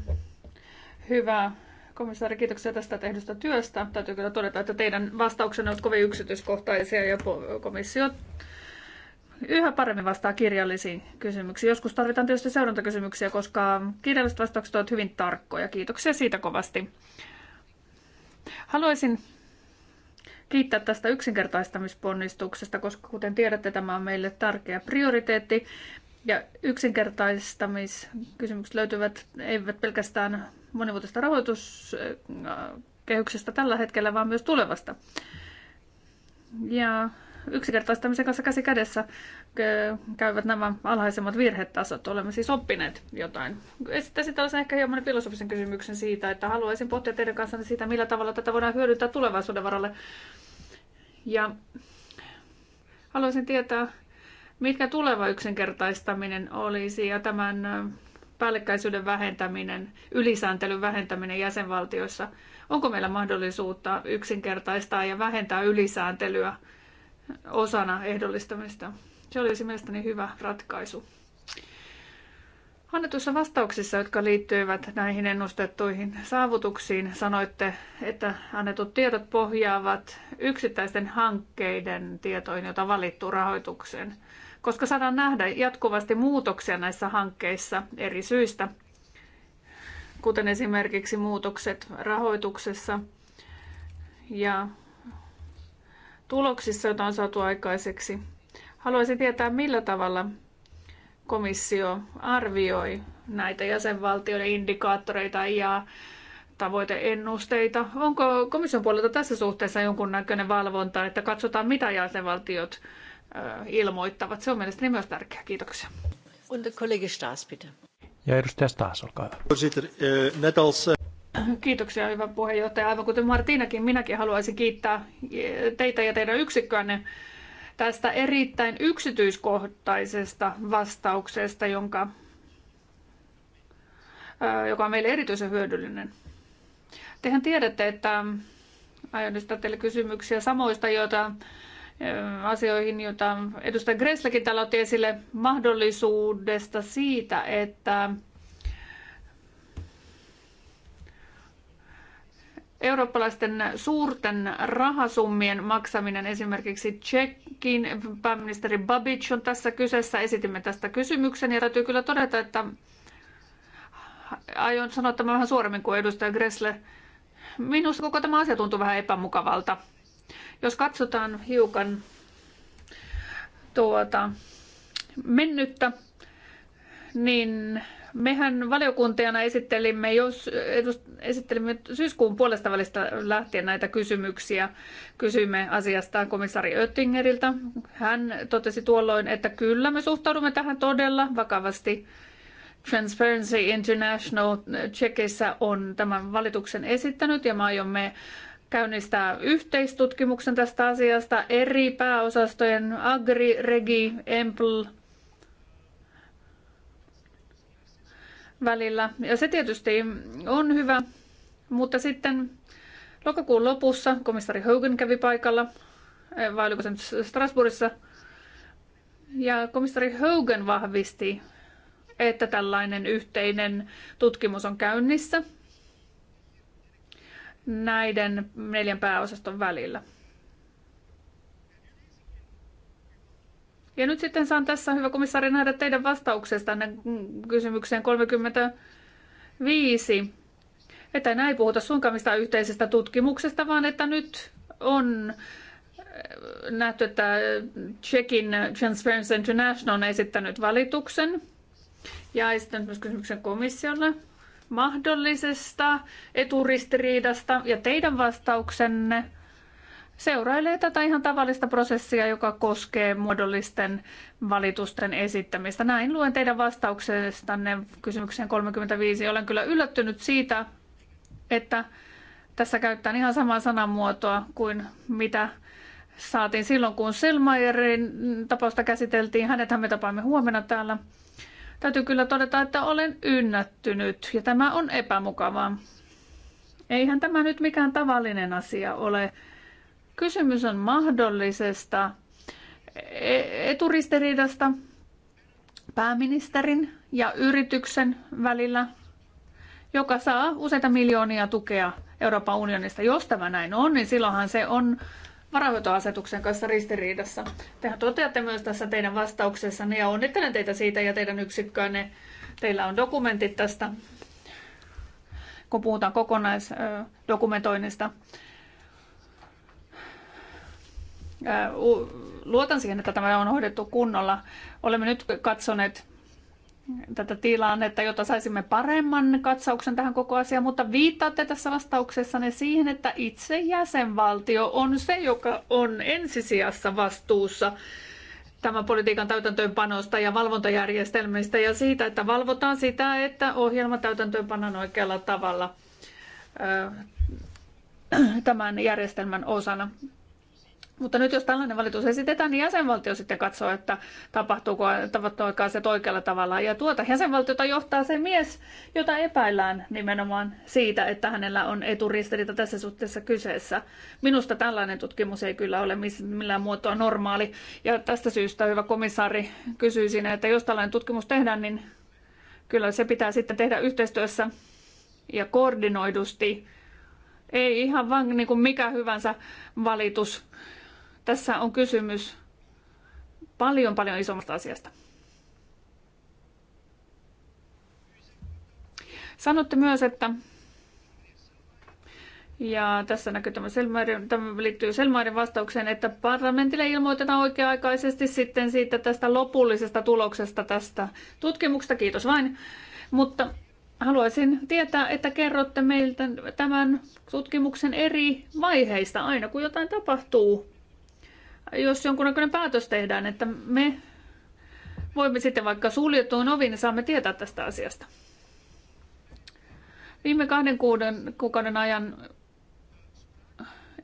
Hyvä komissaari, kiitoksia tästä tehdystä työstä. Täytyy kyllä todeta, että teidän vastauksenne ovat kovin yksityiskohtaisia ja komissio yhä paremmin vastaa kirjallisiin kysymyksiin. Joskus tarvitaan tietysti seurantakysymyksiä, koska kirjalliset vastaukset ovat hyvin tarkkoja. Kiitoksia siitä kovasti. Haluaisin kiittää tästä yksinkertaistamisponnistuksesta, koska kuten tiedätte, tämä on meille tärkeä prioriteetti. Ja yksinkertaistamiskysymykset löytyvät eivät pelkästään monivuotista rahoituskehyksestä tällä hetkellä, vaan myös tulevasta. Ja yksinkertaistamisen kanssa käsi kädessä käyvät nämä alhaisemmat virhetasot. Olemme siis oppineet jotain. Esittäisin tällaisen ehkä hieman filosofisen kysymyksen siitä, että haluaisin pohtia teidän kanssanne siitä, millä tavalla tätä voidaan hyödyntää tulevaisuuden varalle. Ja haluaisin tietää, mitkä tuleva yksinkertaistaminen olisi ja tämän päällekkäisyyden vähentäminen, ylisääntelyn vähentäminen jäsenvaltioissa. Onko meillä mahdollisuutta yksinkertaistaa ja vähentää ylisääntelyä osana ehdollistamista. Se olisi mielestäni hyvä ratkaisu. Annetuissa vastauksissa, jotka liittyivät näihin ennustettuihin saavutuksiin, sanoitte, että annetut tiedot pohjaavat yksittäisten hankkeiden tietoihin, joita valittu rahoitukseen. Koska saadaan nähdä jatkuvasti muutoksia näissä hankkeissa eri syistä, kuten esimerkiksi muutokset rahoituksessa ja tuloksissa, joita on saatu aikaiseksi. Haluaisin tietää, millä tavalla komissio arvioi näitä jäsenvaltioiden indikaattoreita ja tavoiteennusteita. Onko komission puolelta tässä suhteessa jonkunnäköinen valvonta, että katsotaan mitä jäsenvaltiot ilmoittavat? Se on mielestäni myös tärkeää. Kiitoksia. Ja edustaja Stas, olkaa hyvä. Kiitoksia, hyvä puheenjohtaja. Aivan kuten Martinakin, minäkin haluaisin kiittää teitä ja teidän yksikköänne tästä erittäin yksityiskohtaisesta vastauksesta, jonka, joka on meille erityisen hyödyllinen. Tehän tiedätte, että aion esittää teille kysymyksiä samoista, joita asioihin, joita edustaja Gresslekin täällä otti esille, mahdollisuudesta siitä, että eurooppalaisten suurten rahasummien maksaminen esimerkiksi Tsekin pääministeri Babic on tässä kyseessä. Esitimme tästä kysymyksen ja täytyy kyllä todeta, että aion sanoa tämän vähän suoremmin kuin edustaja Gressle. Minusta koko tämä asia tuntuu vähän epämukavalta. Jos katsotaan hiukan tuota, mennyttä, niin Mehän valiokuntajana esittelimme, jos, esittelimme syyskuun puolesta välistä lähtien näitä kysymyksiä. Kysyimme asiasta komissaari Oettingeriltä. Hän totesi tuolloin, että kyllä me suhtaudumme tähän todella vakavasti. Transparency International Tsekissä on tämän valituksen esittänyt ja me aiomme käynnistää yhteistutkimuksen tästä asiasta eri pääosastojen Agri, Regi, Empl, välillä. Ja se tietysti on hyvä, mutta sitten lokakuun lopussa komissari Hogan kävi paikalla, eh, vai oliko se nyt Strasbourgissa, ja komissari Hogan vahvisti, että tällainen yhteinen tutkimus on käynnissä näiden neljän pääosaston välillä. Ja nyt sitten saan tässä, hyvä komissaari, nähdä teidän vastauksestanne kysymykseen 35. Että näin ei puhuta suinkaan mistään yhteisestä tutkimuksesta, vaan että nyt on äh, nähty, että Tsekin Transparency International on esittänyt valituksen ja esittänyt myös kysymyksen komissiolle mahdollisesta eturistiriidasta ja teidän vastauksenne seurailee tätä ihan tavallista prosessia, joka koskee muodollisten valitusten esittämistä. Näin luen teidän vastauksestanne kysymykseen 35. Olen kyllä yllättynyt siitä, että tässä käytetään ihan samaa sanamuotoa kuin mitä saatiin silloin, kun Selmayerin tapausta käsiteltiin. Hänethän me tapaamme huomenna täällä. Täytyy kyllä todeta, että olen ynnättynyt ja tämä on epämukavaa. Eihän tämä nyt mikään tavallinen asia ole Kysymys on mahdollisesta e-, eturistiriidasta pääministerin ja yrityksen välillä, joka saa useita miljoonia tukea Euroopan unionista. Jos tämä näin on, niin silloinhan se on varahoitoasetuksen kanssa ristiriidassa. Tehän toteatte myös tässä teidän vastauksessanne ja onnittelen teitä siitä ja teidän yksikköönne. Teillä on dokumentit tästä, kun puhutaan kokonaisdokumentoinnista luotan siihen, että tämä on hoidettu kunnolla. Olemme nyt katsoneet tätä tilannetta, jotta saisimme paremman katsauksen tähän koko asiaan, mutta viittaatte tässä vastauksessanne siihen, että itse jäsenvaltio on se, joka on ensisijassa vastuussa tämän politiikan täytäntöönpanosta ja valvontajärjestelmistä ja siitä, että valvotaan sitä, että ohjelma täytäntöönpanan oikealla tavalla tämän järjestelmän osana. Mutta nyt jos tällainen valitus esitetään, niin jäsenvaltio sitten katsoo, että tapahtuuko, tapahtuuko se oikealla tavalla. Ja tuota jäsenvaltiota johtaa se mies, jota epäillään nimenomaan siitä, että hänellä on eturistiriita tässä suhteessa kyseessä. Minusta tällainen tutkimus ei kyllä ole millään muotoa normaali. Ja tästä syystä, hyvä komissaari, kysyisin, että jos tällainen tutkimus tehdään, niin kyllä se pitää sitten tehdä yhteistyössä ja koordinoidusti. Ei ihan vaan niin kuin mikä hyvänsä valitus tässä on kysymys paljon paljon isommasta asiasta. Sanotte myös, että ja tässä näkyy tämä, selmaari tämä liittyy Selmaiden vastaukseen, että parlamentille ilmoitetaan oikea-aikaisesti sitten siitä tästä lopullisesta tuloksesta tästä tutkimuksesta. Kiitos vain. Mutta haluaisin tietää, että kerrotte meiltä tämän tutkimuksen eri vaiheista aina kun jotain tapahtuu jos jonkunnäköinen päätös tehdään, että me voimme sitten vaikka suljettuun oviin, niin saamme tietää tästä asiasta. Viime kahden kuuden kuukauden ajan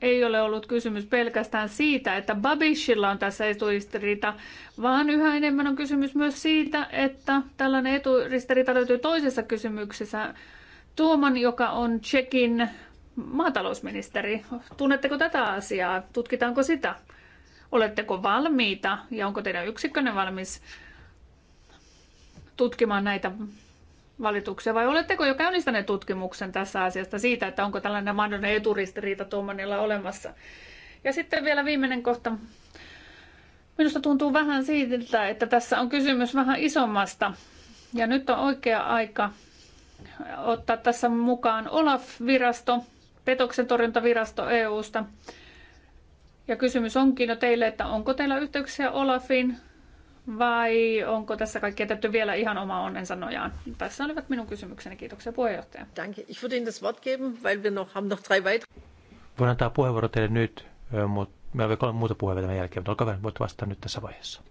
ei ole ollut kysymys pelkästään siitä, että Babishilla on tässä eturistiriita, vaan yhä enemmän on kysymys myös siitä, että tällainen eturistiriita löytyy toisessa kysymyksessä. Tuoman, joka on Tsekin maatalousministeri. Tunnetteko tätä asiaa? Tutkitaanko sitä? Oletteko valmiita ja onko teidän yksikkönne valmis tutkimaan näitä valituksia vai oletteko jo käynnistäneet tutkimuksen tässä asiasta siitä, että onko tällainen mahdollinen eturistiriita tuomannilla olemassa? Ja sitten vielä viimeinen kohta. Minusta tuntuu vähän siitä, että tässä on kysymys vähän isommasta. Ja nyt on oikea aika ottaa tässä mukaan Olaf-virasto, petoksen torjuntavirasto EUsta. sta ja kysymys onkin jo teille, että onko teillä yhteyksiä Olafin vai onko tässä kaikki jätetty vielä ihan oma onnensa nojaan? Tässä olivat minun kysymykseni. Kiitoksia puheenjohtaja. Danke. Ich würde Ihnen das Wort geben, weil wir noch, haben noch drei weitere. Voin antaa puheenvuoro teille nyt, mutta meillä on vielä kolme muuta puheenvuoroa tämän jälkeen, mutta olkaa hyvä, voit vastata nyt tässä vaiheessa.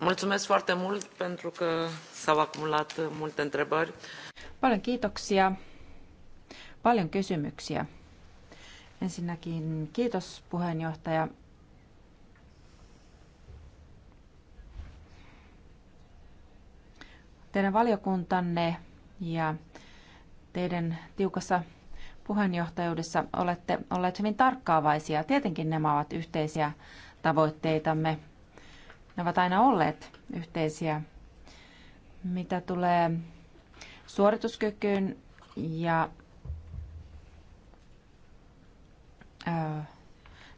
Mulțumesc foarte mult pentru că s-au acumulat multe întrebări. Paljon kiitoksia. Paljon kysymyksiä. Ensinnäkin kiitos puheenjohtaja. Teidän valiokuntanne ja teidän tiukassa puheenjohtajuudessa olette olleet hyvin tarkkaavaisia. Tietenkin nämä ovat yhteisiä tavoitteitamme. Ne ovat aina olleet yhteisiä. Mitä tulee suorituskykyyn ja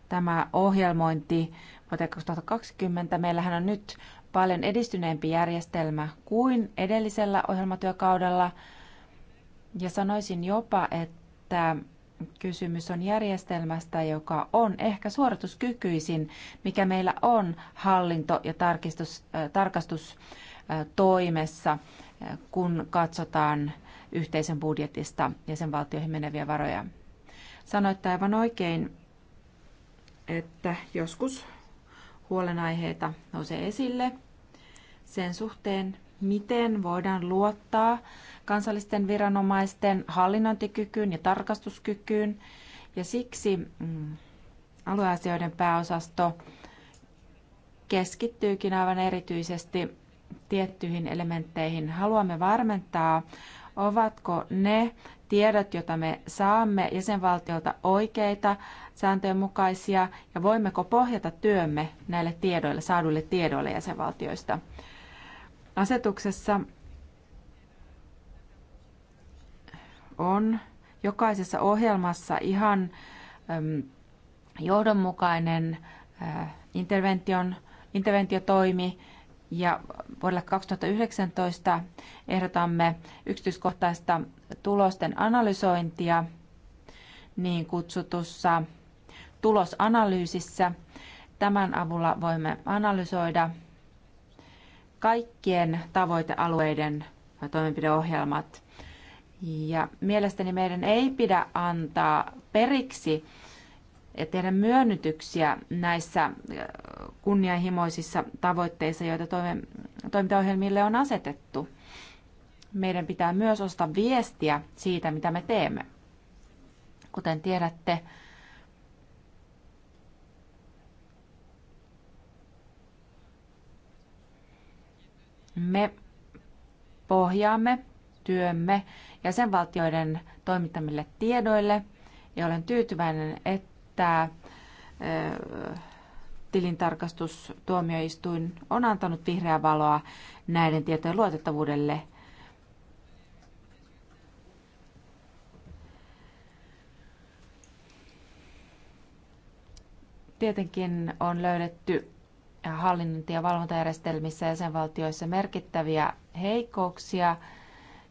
tämä ohjelmointi vuoteen 2020. Meillähän on nyt paljon edistyneempi järjestelmä kuin edellisellä ohjelmatyökaudella. Ja sanoisin jopa, että kysymys on järjestelmästä, joka on ehkä suorituskykyisin, mikä meillä on hallinto- ja tarkistus, äh, tarkastustoimessa, kun katsotaan yhteisen budjetista ja sen valtioihin meneviä varoja. Sanoitte aivan oikein, että joskus huolenaiheita nousee esille sen suhteen, miten voidaan luottaa kansallisten viranomaisten hallinnointikykyyn ja tarkastuskykyyn. Ja siksi mm, alueasioiden pääosasto keskittyykin aivan erityisesti tiettyihin elementteihin. Haluamme varmentaa Ovatko ne tiedot, joita me saamme jäsenvaltiolta oikeita, sääntöjen mukaisia ja voimmeko pohjata työmme näille tiedoille, saaduille tiedoille jäsenvaltioista? Asetuksessa on jokaisessa ohjelmassa ihan äm, johdonmukainen äh, intervention, interventiotoimi, ja vuodelle 2019 ehdotamme yksityiskohtaista tulosten analysointia niin kutsutussa tulosanalyysissä. Tämän avulla voimme analysoida kaikkien tavoitealueiden toimenpideohjelmat. Ja mielestäni meidän ei pidä antaa periksi tehdä myönnytyksiä näissä äh, kunnianhimoisissa tavoitteissa, joita toimintaohjelmille on asetettu. Meidän pitää myös ostaa viestiä siitä, mitä me teemme. Kuten tiedätte, me pohjaamme työmme jäsenvaltioiden toimittamille tiedoille ja olen tyytyväinen, että että tilintarkastustuomioistuin on antanut vihreää valoa näiden tietojen luotettavuudelle. Tietenkin on löydetty hallinnointi- ja valvontajärjestelmissä jäsenvaltioissa merkittäviä heikkouksia,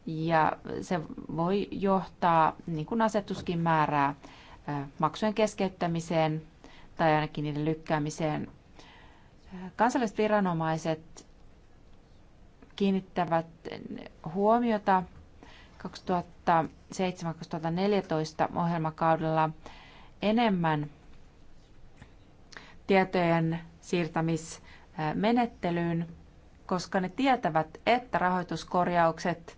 ja se voi johtaa, niin kuin asetuskin määrää, maksujen keskeyttämiseen tai ainakin niiden lykkäämiseen. Kansalliset viranomaiset kiinnittävät huomiota 2007-2014 ohjelmakaudella enemmän tietojen siirtämismenettelyyn, koska ne tietävät, että rahoituskorjaukset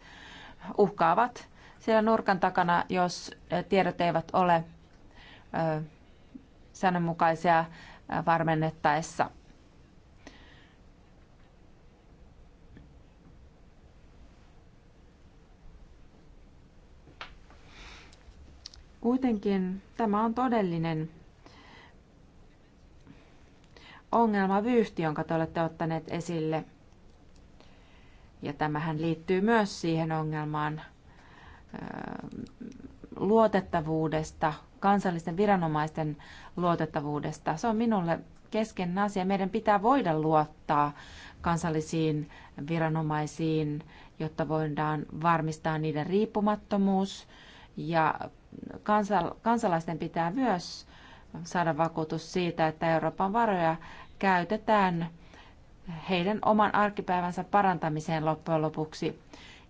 uhkaavat siellä nurkan takana, jos tiedot eivät ole säännönmukaisia varmennettaessa. Kuitenkin tämä on todellinen ongelmavyyhti, jonka te olette ottaneet esille. Ja tämähän liittyy myös siihen ongelmaan luotettavuudesta kansallisten viranomaisten luotettavuudesta. Se on minulle keskeinen asia. Meidän pitää voida luottaa kansallisiin viranomaisiin, jotta voidaan varmistaa niiden riippumattomuus. Ja kansalaisten pitää myös saada vakuutus siitä, että Euroopan varoja käytetään heidän oman arkipäivänsä parantamiseen loppujen lopuksi.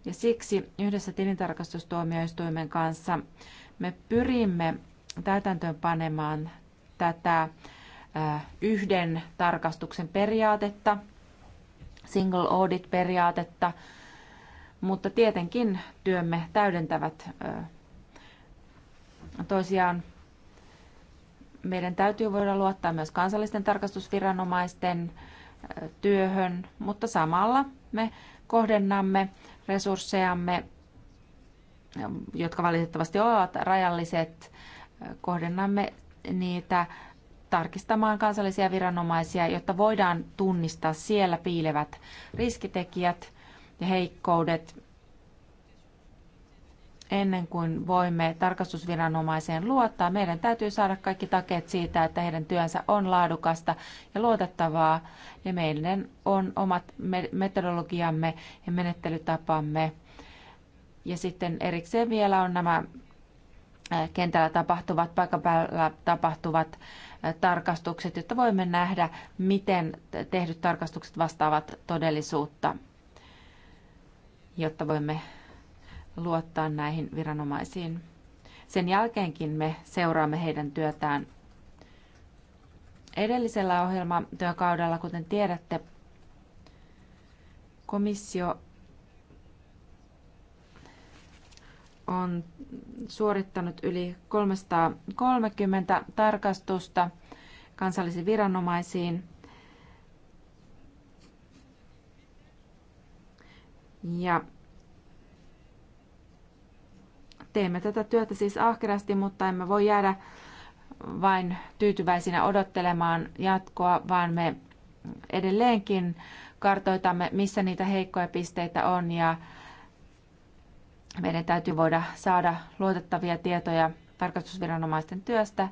Ja siksi yhdessä tilintarkastustuomioistuimen kanssa me pyrimme täytäntöön panemaan tätä yhden tarkastuksen periaatetta, single audit-periaatetta, mutta tietenkin työmme täydentävät toisiaan. Meidän täytyy voida luottaa myös kansallisten tarkastusviranomaisten työhön, mutta samalla me kohdennamme resurssejamme, jotka valitettavasti ovat rajalliset, kohdennamme niitä tarkistamaan kansallisia viranomaisia, jotta voidaan tunnistaa siellä piilevät riskitekijät ja heikkoudet ennen kuin voimme tarkastusviranomaiseen luottaa. Meidän täytyy saada kaikki takeet siitä, että heidän työnsä on laadukasta ja luotettavaa ja meidän on omat metodologiamme ja menettelytapamme. Ja sitten erikseen vielä on nämä kentällä tapahtuvat, paikan päällä tapahtuvat tarkastukset, jotta voimme nähdä, miten tehdyt tarkastukset vastaavat todellisuutta, jotta voimme luottaa näihin viranomaisiin. Sen jälkeenkin me seuraamme heidän työtään. Edellisellä ohjelmatyökaudella, kuten tiedätte, komissio on suorittanut yli 330 tarkastusta kansallisiin viranomaisiin. Ja teemme tätä työtä siis ahkerasti, mutta emme voi jäädä vain tyytyväisinä odottelemaan jatkoa, vaan me edelleenkin kartoitamme, missä niitä heikkoja pisteitä on ja meidän täytyy voida saada luotettavia tietoja tarkastusviranomaisten työstä.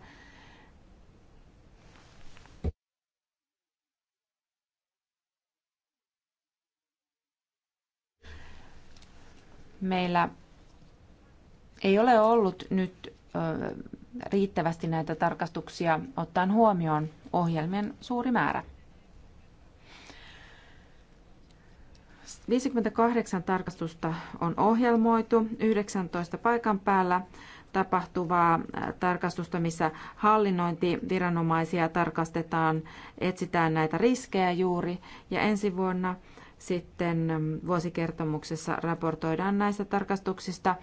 Meillä ei ole ollut nyt riittävästi näitä tarkastuksia ottaen huomioon ohjelmien suuri määrä. 58 tarkastusta on ohjelmoitu, 19 paikan päällä tapahtuvaa äh, tarkastusta, missä hallinnointiviranomaisia tarkastetaan, etsitään näitä riskejä juuri. Ja ensi vuonna sitten mm, vuosikertomuksessa raportoidaan näistä tarkastuksista,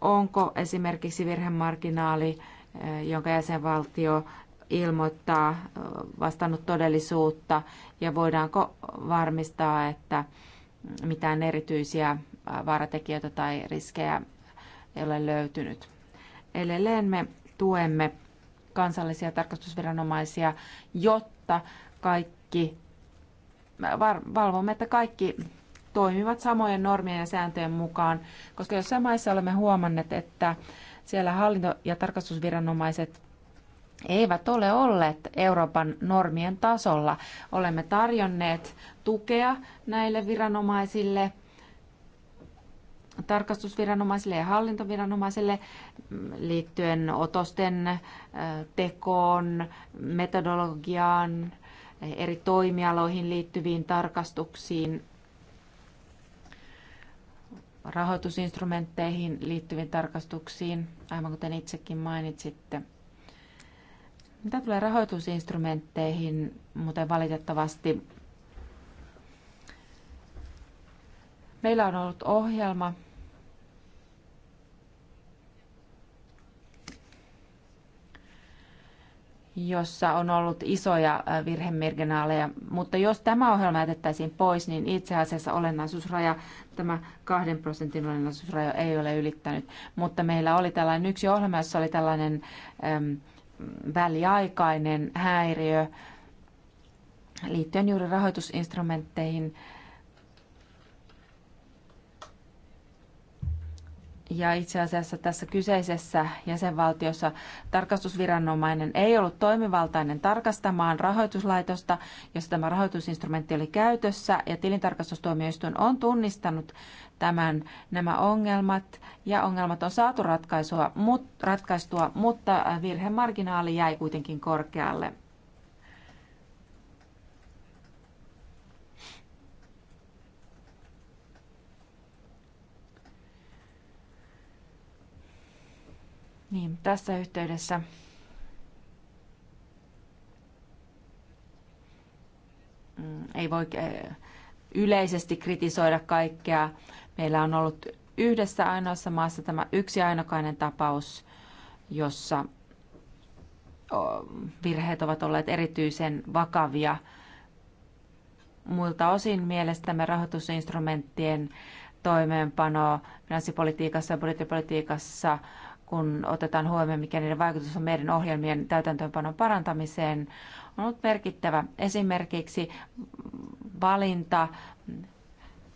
onko esimerkiksi virhemarginaali, äh, jonka jäsenvaltio ilmoittaa äh, vastannut todellisuutta ja voidaanko varmistaa, että mitään erityisiä vaaratekijöitä tai riskejä ei ole löytynyt. Edelleen me tuemme kansallisia tarkastusviranomaisia, jotta kaikki, valvomme, että kaikki toimivat samojen normien ja sääntöjen mukaan, koska jossain maissa olemme huomanneet, että siellä hallinto- ja tarkastusviranomaiset eivät ole olleet Euroopan normien tasolla. Olemme tarjonneet tukea näille viranomaisille, tarkastusviranomaisille ja hallintoviranomaisille liittyen otosten tekoon, metodologiaan, eri toimialoihin liittyviin tarkastuksiin, rahoitusinstrumentteihin liittyviin tarkastuksiin, aivan kuten itsekin mainitsitte – mitä tulee rahoitusinstrumentteihin, muuten valitettavasti meillä on ollut ohjelma, jossa on ollut isoja virhemerginaaleja. Mutta jos tämä ohjelma jätettäisiin pois, niin itse asiassa olennaisuusraja, tämä kahden prosentin olennaisuusraja ei ole ylittänyt. Mutta meillä oli tällainen yksi ohjelma, jossa oli tällainen väliaikainen häiriö liittyen juuri rahoitusinstrumentteihin. Ja itse asiassa tässä kyseisessä jäsenvaltiossa tarkastusviranomainen ei ollut toimivaltainen tarkastamaan rahoituslaitosta, jossa tämä rahoitusinstrumentti oli käytössä, ja tilintarkastustuomioistuin on tunnistanut tämän nämä ongelmat ja ongelmat on saatu ratkaisua, mut, ratkaistua, mutta äh, virhemarginaali jäi kuitenkin korkealle. Niin, tässä yhteydessä mm, ei voi äh, yleisesti kritisoida kaikkea Meillä on ollut yhdessä ainoassa maassa tämä yksi ainokainen tapaus, jossa virheet ovat olleet erityisen vakavia. Muilta osin mielestämme rahoitusinstrumenttien toimeenpano finanssipolitiikassa ja budjettipolitiikassa, kun otetaan huomioon, mikä niiden vaikutus on meidän ohjelmien täytäntöönpanon parantamiseen, on ollut merkittävä. Esimerkiksi valinta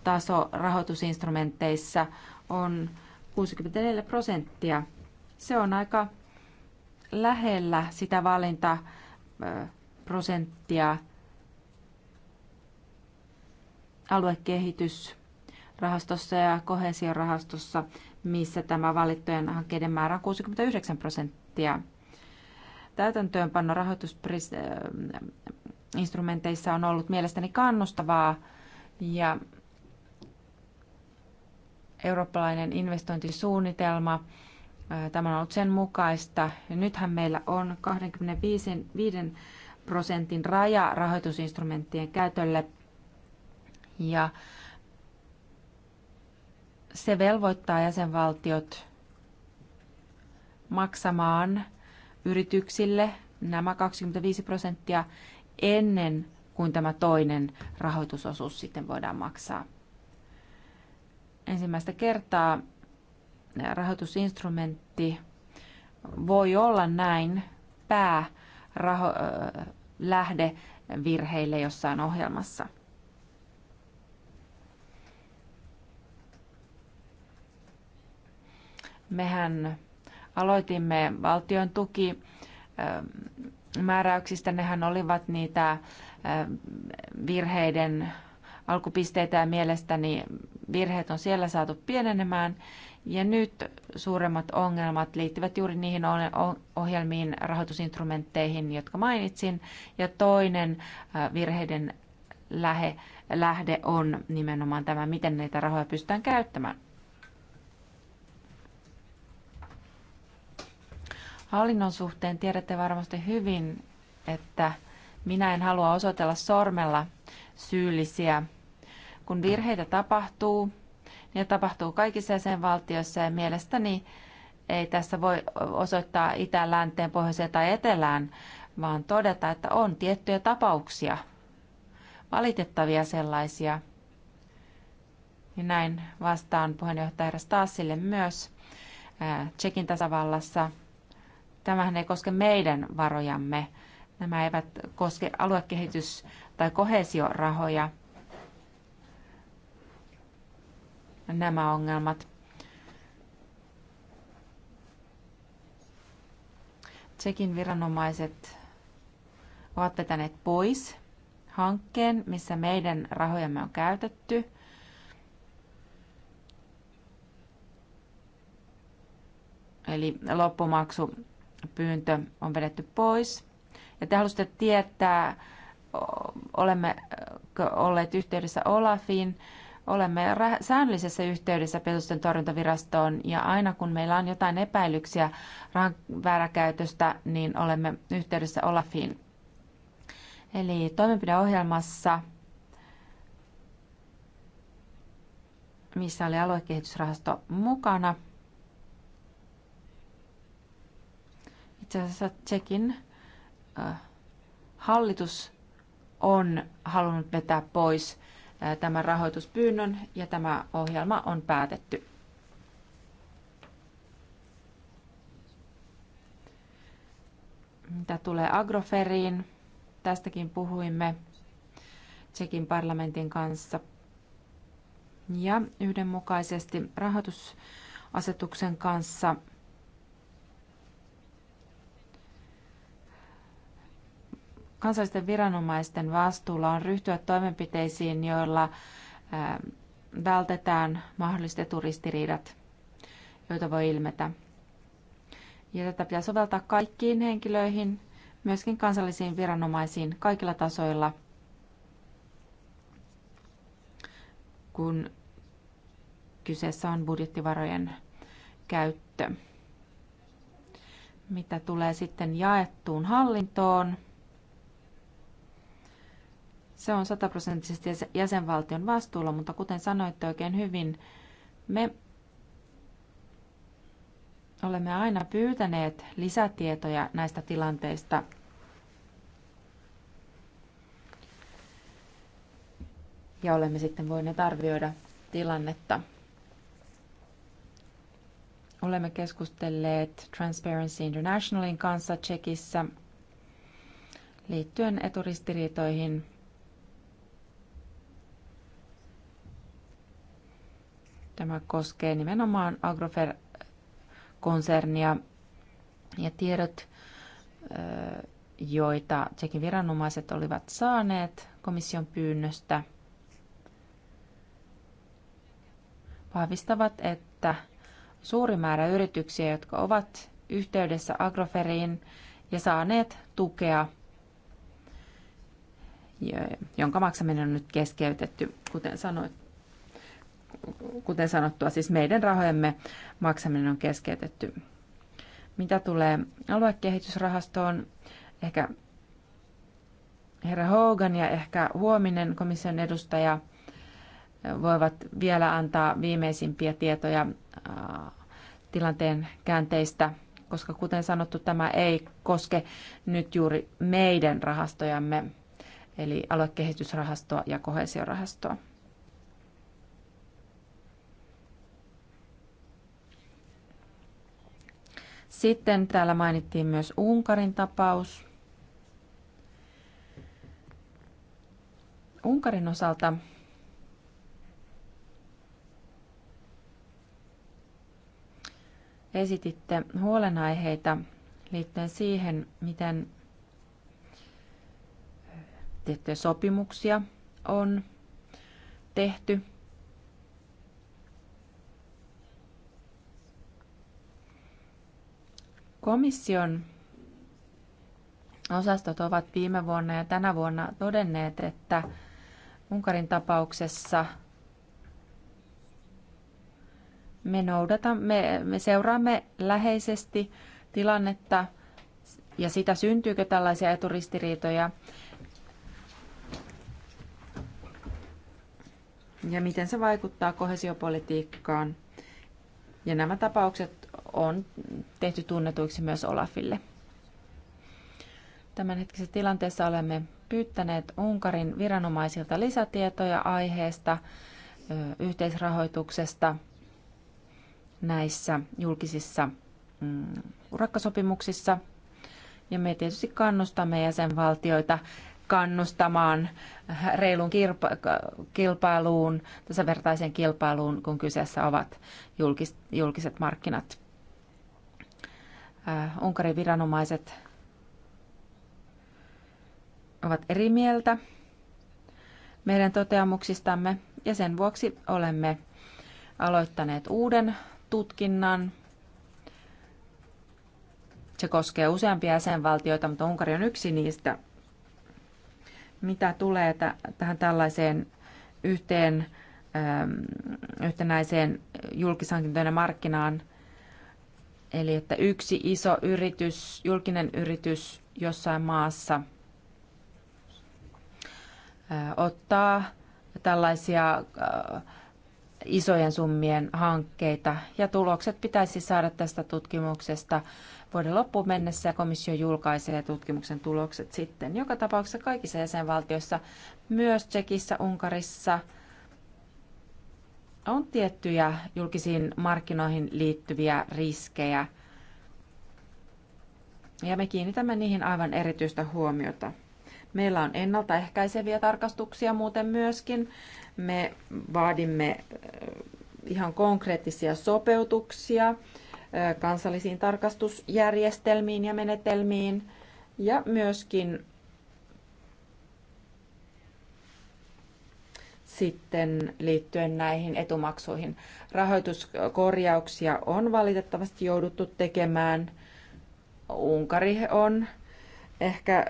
taso rahoitusinstrumenteissa on 64 prosenttia. Se on aika lähellä sitä valintaprosenttia aluekehitysrahastossa ja kohesiorahastossa, missä tämä valittujen hankkeiden määrä on 69 prosenttia. Täytäntöönpanno rahoitusinstrumenteissa on ollut mielestäni kannustavaa ja eurooppalainen investointisuunnitelma. Tämä on ollut sen mukaista. Nythän meillä on 25 prosentin raja rahoitusinstrumenttien käytölle ja se velvoittaa jäsenvaltiot maksamaan yrityksille nämä 25 prosenttia ennen kuin tämä toinen rahoitusosuus sitten voidaan maksaa ensimmäistä kertaa rahoitusinstrumentti voi olla näin päälähde virheille jossain ohjelmassa. Mehän aloitimme valtion tuki määräyksistä. Nehän olivat niitä virheiden alkupisteitä ja mielestäni virheet on siellä saatu pienenemään. Ja nyt suuremmat ongelmat liittyvät juuri niihin ohjelmiin, rahoitusinstrumentteihin, jotka mainitsin. Ja toinen virheiden lähe, lähde on nimenomaan tämä, miten näitä rahoja pystytään käyttämään. Hallinnon suhteen tiedätte varmasti hyvin, että minä en halua osoitella sormella syyllisiä. Kun virheitä tapahtuu, niin tapahtuu kaikissa jäsenvaltioissa ja mielestäni ei tässä voi osoittaa itään, länteen, pohjoiseen tai etelään, vaan todeta, että on tiettyjä tapauksia, valitettavia sellaisia. Ja näin vastaan puheenjohtaja Stassille myös Tsekin tasavallassa. Tämähän ei koske meidän varojamme. Nämä eivät koske aluekehitys tai kohesiorahoja nämä ongelmat. Tsekin viranomaiset ovat vetäneet pois hankkeen, missä meidän rahojamme on käytetty. Eli loppumaksupyyntö on vedetty pois. Ja te halusitte tietää, olemme olleet yhteydessä Olafiin, olemme säännöllisessä yhteydessä petosten torjuntavirastoon ja aina kun meillä on jotain epäilyksiä vääräkäytöstä, niin olemme yhteydessä Olafiin. Eli toimenpideohjelmassa, missä oli aluekehitysrahasto mukana, itse asiassa Tsekin hallitus on halunnut vetää pois tämän rahoituspyynnön ja tämä ohjelma on päätetty. Mitä tulee agroferiin, tästäkin puhuimme Tsekin parlamentin kanssa. Ja yhdenmukaisesti rahoitusasetuksen kanssa – kansallisten viranomaisten vastuulla on ryhtyä toimenpiteisiin, joilla ähm, vältetään mahdolliset turistiriidat, joita voi ilmetä. Ja tätä pitää soveltaa kaikkiin henkilöihin, myöskin kansallisiin viranomaisiin kaikilla tasoilla, kun kyseessä on budjettivarojen käyttö. Mitä tulee sitten jaettuun hallintoon, se on sataprosenttisesti jäsenvaltion vastuulla, mutta kuten sanoitte oikein hyvin, me olemme aina pyytäneet lisätietoja näistä tilanteista. Ja olemme sitten voineet arvioida tilannetta. Olemme keskustelleet Transparency Internationalin kanssa Tsekissä liittyen eturistiriitoihin Tämä koskee nimenomaan Agrofer-konsernia ja tiedot, joita Tsekin viranomaiset olivat saaneet komission pyynnöstä, vahvistavat, että suuri määrä yrityksiä, jotka ovat yhteydessä Agroferiin ja saaneet tukea, jonka maksaminen on nyt keskeytetty, kuten sanoit kuten sanottua, siis meidän rahojemme maksaminen on keskeytetty. Mitä tulee aluekehitysrahastoon, ehkä herra Hogan ja ehkä huominen komission edustaja voivat vielä antaa viimeisimpiä tietoja äh, tilanteen käänteistä, koska kuten sanottu, tämä ei koske nyt juuri meidän rahastojamme, eli aluekehitysrahastoa ja kohesiorahastoa. Sitten täällä mainittiin myös Unkarin tapaus. Unkarin osalta esititte huolenaiheita liittyen siihen, miten tiettyjä sopimuksia on tehty Komission osastot ovat viime vuonna ja tänä vuonna todenneet, että Unkarin tapauksessa me noudatamme, me seuraamme läheisesti tilannetta ja sitä syntyykö tällaisia eturistiriitoja ja miten se vaikuttaa kohesiopolitiikkaan. Ja nämä tapaukset on tehty tunnetuiksi myös Olafille. Tämänhetkisessä tilanteessa olemme pyytäneet Unkarin viranomaisilta lisätietoja aiheesta, yhteisrahoituksesta näissä julkisissa mm, urakkasopimuksissa. Ja me tietysti kannustamme jäsenvaltioita kannustamaan reilun kilpailuun, tasavertaiseen kilpailuun, kun kyseessä ovat julkiset markkinat. Äh, Unkarin viranomaiset ovat eri mieltä meidän toteamuksistamme ja sen vuoksi olemme aloittaneet uuden tutkinnan. Se koskee useampia jäsenvaltioita, mutta Unkari on yksi niistä. Mitä tulee tähän tällaiseen yhteen, yhtenäiseen julkishankintojen markkinaan – Eli että yksi iso yritys, julkinen yritys jossain maassa ottaa tällaisia isojen summien hankkeita ja tulokset pitäisi saada tästä tutkimuksesta vuoden loppuun mennessä ja komissio julkaisee tutkimuksen tulokset sitten. Joka tapauksessa kaikissa jäsenvaltioissa, myös Tsekissä, Unkarissa – on tiettyjä julkisiin markkinoihin liittyviä riskejä. Ja me kiinnitämme niihin aivan erityistä huomiota. Meillä on ennaltaehkäiseviä tarkastuksia muuten myöskin. Me vaadimme äh, ihan konkreettisia sopeutuksia äh, kansallisiin tarkastusjärjestelmiin ja menetelmiin ja myöskin Sitten liittyen näihin etumaksuihin. Rahoituskorjauksia on valitettavasti jouduttu tekemään. Unkari on ehkä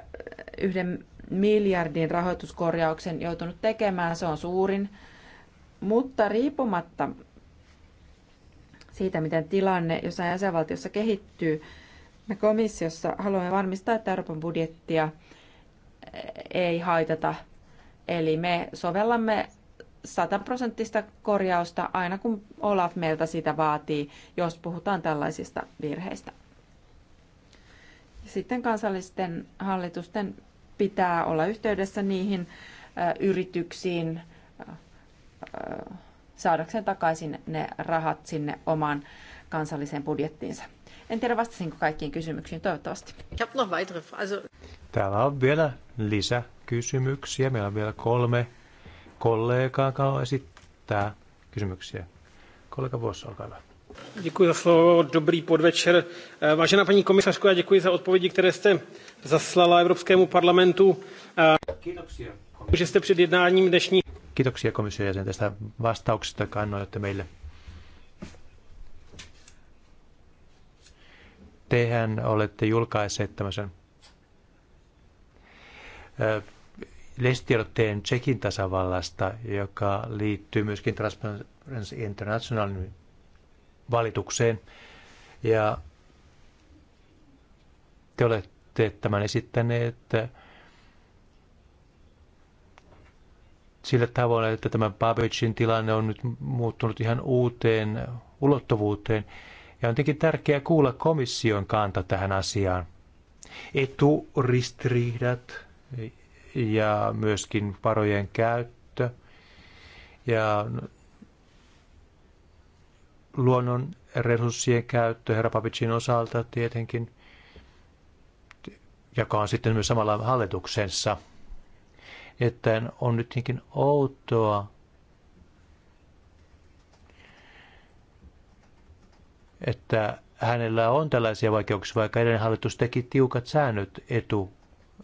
yhden miljardin rahoituskorjauksen joutunut tekemään, se on suurin. Mutta riippumatta siitä, miten tilanne jossain jäsenvaltiossa kehittyy, me komissiossa haluamme varmistaa, että Euroopan budjettia ei haitata Eli me sovellamme sataprosenttista korjausta aina kun Olaf meiltä sitä vaatii, jos puhutaan tällaisista virheistä. Sitten kansallisten hallitusten pitää olla yhteydessä niihin yrityksiin saadakseen takaisin ne rahat sinne omaan kansalliseen budjettiinsa. En tiedä, vastasinko kaikkiin kysymyksiin, toivottavasti. Täällä on vielä lisä kysymyksiä. Meillä on vielä kolme kollegaa, joka on esittää kysymyksiä. Kollega Voss, olkaa hyvä. Děkuji za slovo, dobrý podvečer. Eh, vážená paní komisařko, já děkuji za odpovědi, které jste zaslala Evropskému parlamentu. Eh, Kiitoksia. Že jste před jednáním dnešní... Kiitoksia komission jäsen tästä vastauksesta, joka annoitte meille. Tehän olette julkaisseet tämmöisen eh, lestiotteen Tsekin tasavallasta, joka liittyy myöskin Transparency Internationalin valitukseen. Ja te olette tämän esittäneet että sillä tavalla, että tämä Babicin tilanne on nyt muuttunut ihan uuteen ulottuvuuteen. Ja on tietenkin tärkeää kuulla komission kanta tähän asiaan. Eturistiriidat ja myöskin varojen käyttö ja luonnon resurssien käyttö herra Papicin osalta tietenkin, joka on sitten myös samalla hallituksensa. Että on nyt niinkin outoa, että hänellä on tällaisia vaikeuksia, vaikka edellinen hallitus teki tiukat säännöt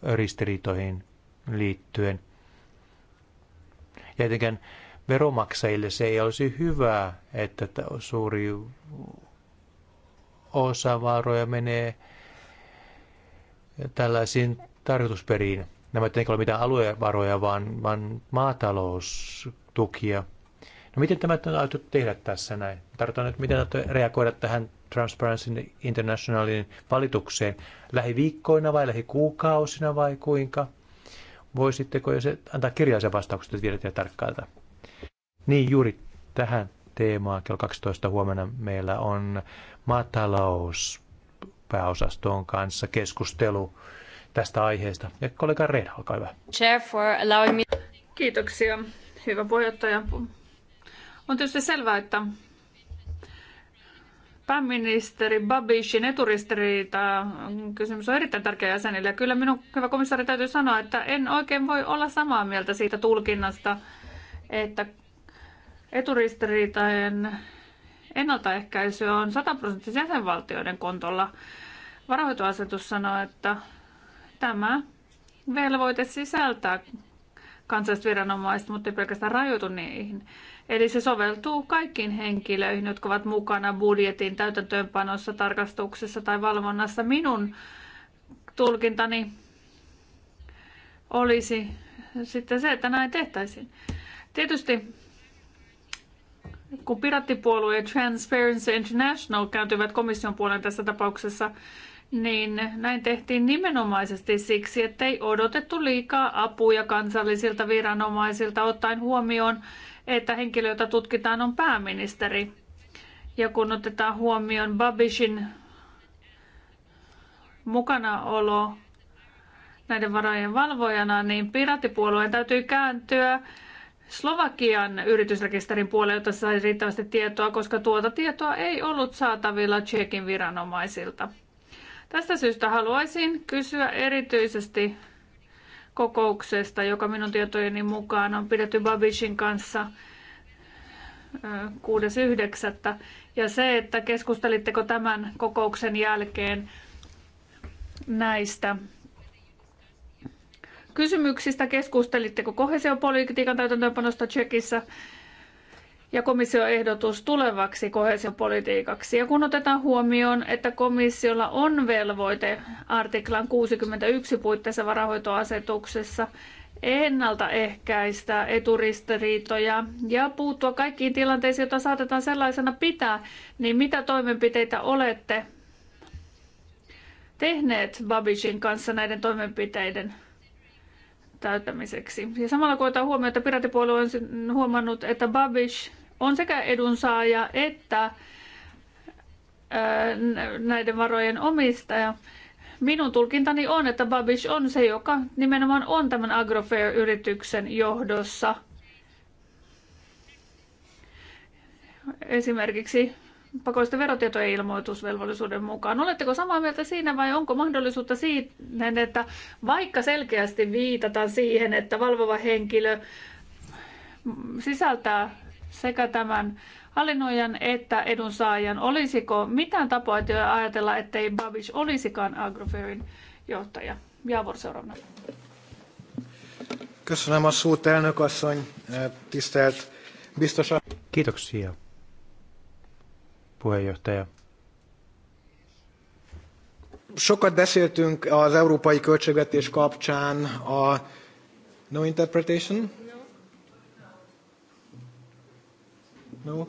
eturistiriitoihin liittyen. Ja etenkään veromaksajille se ei olisi hyvää, että suuri osa vaaroja menee tällaisiin tarkoitusperiin. Nämä eivät ole mitään aluevaroja, vaan, vaan maataloustukia. No miten tämä on aiottu tehdä tässä näin? Tarkoitan nyt, miten aiottu reagoida tähän Transparency Internationalin valitukseen? Lähiviikkoina vai lähikuukausina vai kuinka? Voisitteko ja se antaa kirjallisen vastauksen, että tiedätte tarkkailta? Niin, juuri tähän teemaan kello 12 huomenna meillä on maatalous pääosastoon kanssa keskustelu tästä aiheesta. Ja kollega Rehn, olkaa hyvä. Chair for allowing me... Kiitoksia, hyvä puheenjohtaja. On tietysti selvää, että pääministeri Babishin eturistiriita mm, kysymys on erittäin tärkeä jäsenille. kyllä minun, hyvä komissaari, täytyy sanoa, että en oikein voi olla samaa mieltä siitä tulkinnasta, että eturistiriitajen ennaltaehkäisy on 100 prosenttia jäsenvaltioiden kontolla. Varahoitoasetus sanoo, että tämä velvoite sisältää kansallisviranomaiset, mutta ei pelkästään rajoitu niihin. Eli se soveltuu kaikkiin henkilöihin, jotka ovat mukana budjetin täytäntöönpanossa, tarkastuksessa tai valvonnassa. Minun tulkintani olisi sitten se, että näin tehtäisiin. Tietysti kun pirattipuolue ja Transparency International kääntyivät komission puolen tässä tapauksessa, niin näin tehtiin nimenomaisesti siksi, ettei odotettu liikaa apuja kansallisilta viranomaisilta ottaen huomioon, että henkilö, jota tutkitaan, on pääministeri. Ja kun otetaan huomioon Babishin mukanaolo näiden varojen valvojana, niin piraattipuolueen täytyy kääntyä Slovakian yritysrekisterin puolelle, jotta saisi riittävästi tietoa, koska tuota tietoa ei ollut saatavilla Tsekin viranomaisilta. Tästä syystä haluaisin kysyä erityisesti kokouksesta, joka minun tietojeni mukaan on pidetty Babishin kanssa 6.9. Ja se, että keskustelitteko tämän kokouksen jälkeen näistä kysymyksistä, keskustelitteko kohesiopolitiikan täytäntöönpanosta Tsekissä ja komission ehdotus tulevaksi kohesiopolitiikaksi. Ja kun otetaan huomioon, että komissiolla on velvoite artiklan 61 puitteissa varahoitoasetuksessa ennaltaehkäistä eturistiriitoja ja puuttua kaikkiin tilanteisiin, joita saatetaan sellaisena pitää, niin mitä toimenpiteitä olette tehneet Babishin kanssa näiden toimenpiteiden täyttämiseksi? Ja samalla kun otetaan huomioon, että piratipuolue on huomannut, että Babish on sekä edunsaaja että äh, näiden varojen omistaja. Minun tulkintani on, että Babish on se, joka nimenomaan on tämän Agrofair-yrityksen johdossa. Esimerkiksi pakollisten verotietojen ilmoitusvelvollisuuden mukaan. Oletteko samaa mieltä siinä vai onko mahdollisuutta siihen, että vaikka selkeästi viitataan siihen, että valvova henkilö sisältää sekä tämän hallinnoijan että edunsaajan. Olisiko mitään tapaa ajatella, ettei Babish olisikaan Agroferin johtaja? Javor seuraavana. Köszönöm a szót, elnök asszony, tisztelt biztos. Kiitoksia, puheenjohtaja. Sokat beszéltünk az európai költségvetés kapcsán a no interpretation no.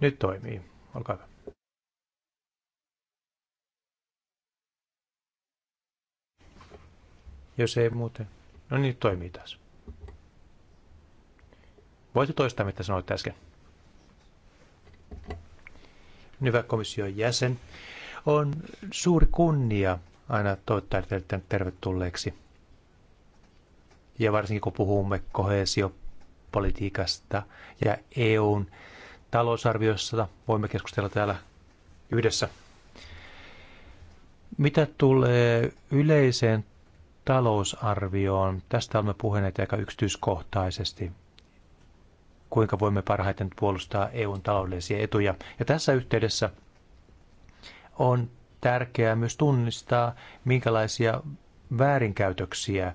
Nyt toimii. Olkaa hyvä. Jos ei muuten. No niin, toimii taas. Voitte toistaa, mitä sanoit äsken. Hyvä komission jäsen. On suuri kunnia aina toivottaa teidät tervetulleeksi ja varsinkin kun puhumme kohesiopolitiikasta ja EUn talousarviossa, voimme keskustella täällä yhdessä. Mitä tulee yleiseen talousarvioon, tästä olemme puhuneet aika yksityiskohtaisesti, kuinka voimme parhaiten puolustaa EUn taloudellisia etuja. Ja tässä yhteydessä on tärkeää myös tunnistaa, minkälaisia väärinkäytöksiä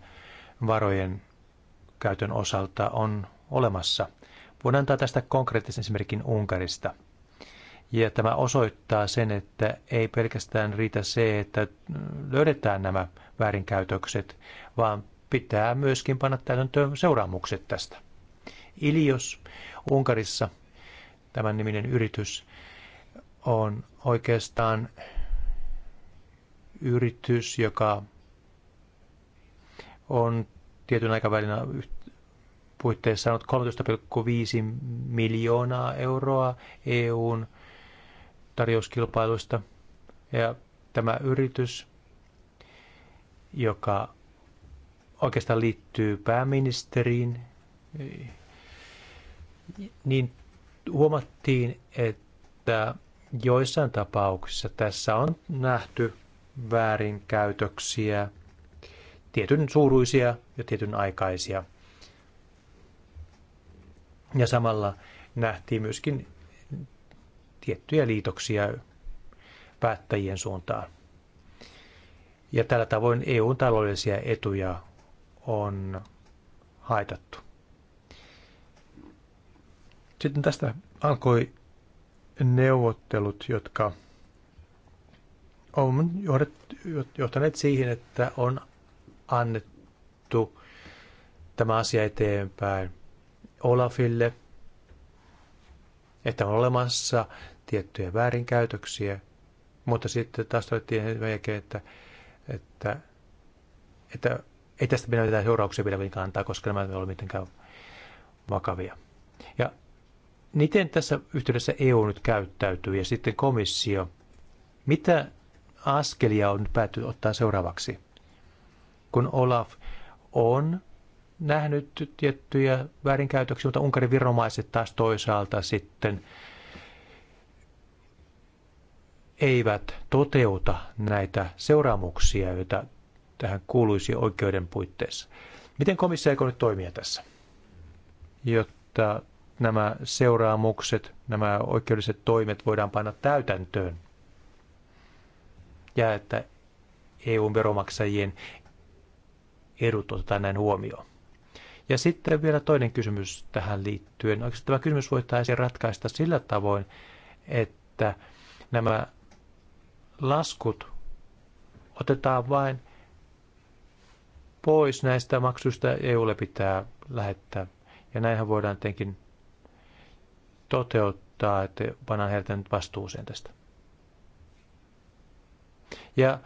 varojen käytön osalta on olemassa. Voin antaa tästä konkreettisen esimerkin Unkarista. Ja tämä osoittaa sen, että ei pelkästään riitä se, että löydetään nämä väärinkäytökset, vaan pitää myöskin panna täytäntöön seuraamukset tästä. Ilios Unkarissa, tämän niminen yritys, on oikeastaan yritys, joka on tietyn aikavälin puitteissa saanut 13,5 miljoonaa euroa EUn tarjouskilpailuista. Ja tämä yritys, joka oikeastaan liittyy pääministeriin, niin huomattiin, että joissain tapauksissa tässä on nähty väärinkäytöksiä – tietyn suuruisia ja tietyn aikaisia. Ja samalla nähtiin myöskin tiettyjä liitoksia päättäjien suuntaan. Ja tällä tavoin EUn taloudellisia etuja on haitattu. Sitten tästä alkoi neuvottelut, jotka on johtaneet siihen, että on annettu tämä asia eteenpäin Olafille, että on olemassa tiettyjä väärinkäytöksiä, mutta sitten taas todettiin sen jälkeen, että, että, että ei tästä pidä mitään seurauksia pidä antaa, koska nämä eivät ole mitenkään vakavia. Ja miten tässä yhteydessä EU nyt käyttäytyy ja sitten komissio, mitä askelia on nyt päätty ottaa seuraavaksi? kun Olaf on nähnyt tiettyjä väärinkäytöksiä, mutta Unkarin viranomaiset taas toisaalta sitten eivät toteuta näitä seuraamuksia, joita tähän kuuluisi oikeuden puitteissa. Miten komissio nyt toimia tässä, jotta nämä seuraamukset, nämä oikeudelliset toimet voidaan panna täytäntöön ja että EUn veromaksajien edut otetaan näin huomioon. Ja sitten vielä toinen kysymys tähän liittyen. Oikeastaan tämä kysymys voitaisiin ratkaista sillä tavoin, että nämä laskut otetaan vain pois näistä maksuista, EUlle pitää lähettää. Ja näinhän voidaan tietenkin toteuttaa, että pannaan heiltä nyt vastuuseen tästä. Ja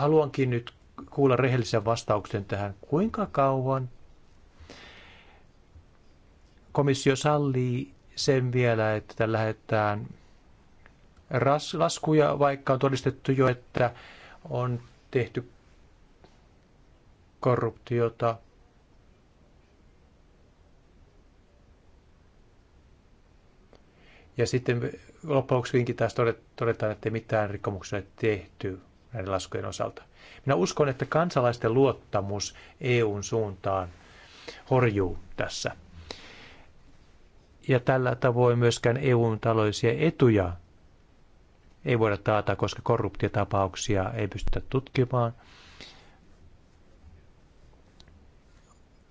haluankin nyt kuulla rehellisen vastauksen tähän. Kuinka kauan komissio sallii sen vielä, että lähetetään ras- laskuja, vaikka on todistettu jo, että on tehty korruptiota. Ja sitten loppujen taas todetaan, että ei mitään rikkomuksia ei tehty, näiden laskujen osalta. Minä uskon, että kansalaisten luottamus EUn suuntaan horjuu tässä. Ja tällä tavoin myöskään EUn taloudellisia etuja ei voida taata, koska korruptiotapauksia ei pystytä tutkimaan.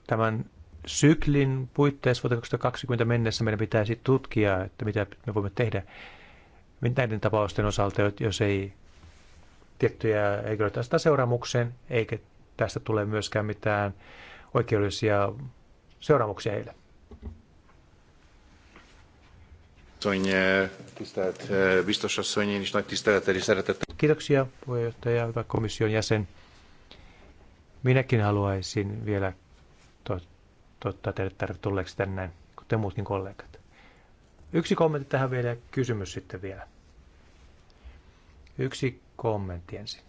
Tämän syklin puitteissa vuoteen 2020 mennessä meidän pitäisi tutkia, että mitä me voimme tehdä näiden tapausten osalta, jos ei tiettyjä henkilöitä tästä seuraamukseen, eikä tästä tule myöskään mitään oikeudellisia seuraamuksia heille. Eh, Kiitoksia puheenjohtaja, hyvä komission jäsen. Minäkin haluaisin vielä toivottaa teille tervetulleeksi tänne, kuten muutkin kollegat. Yksi kommentti tähän vielä ja kysymys sitten vielä. Yksi kommenttiensi.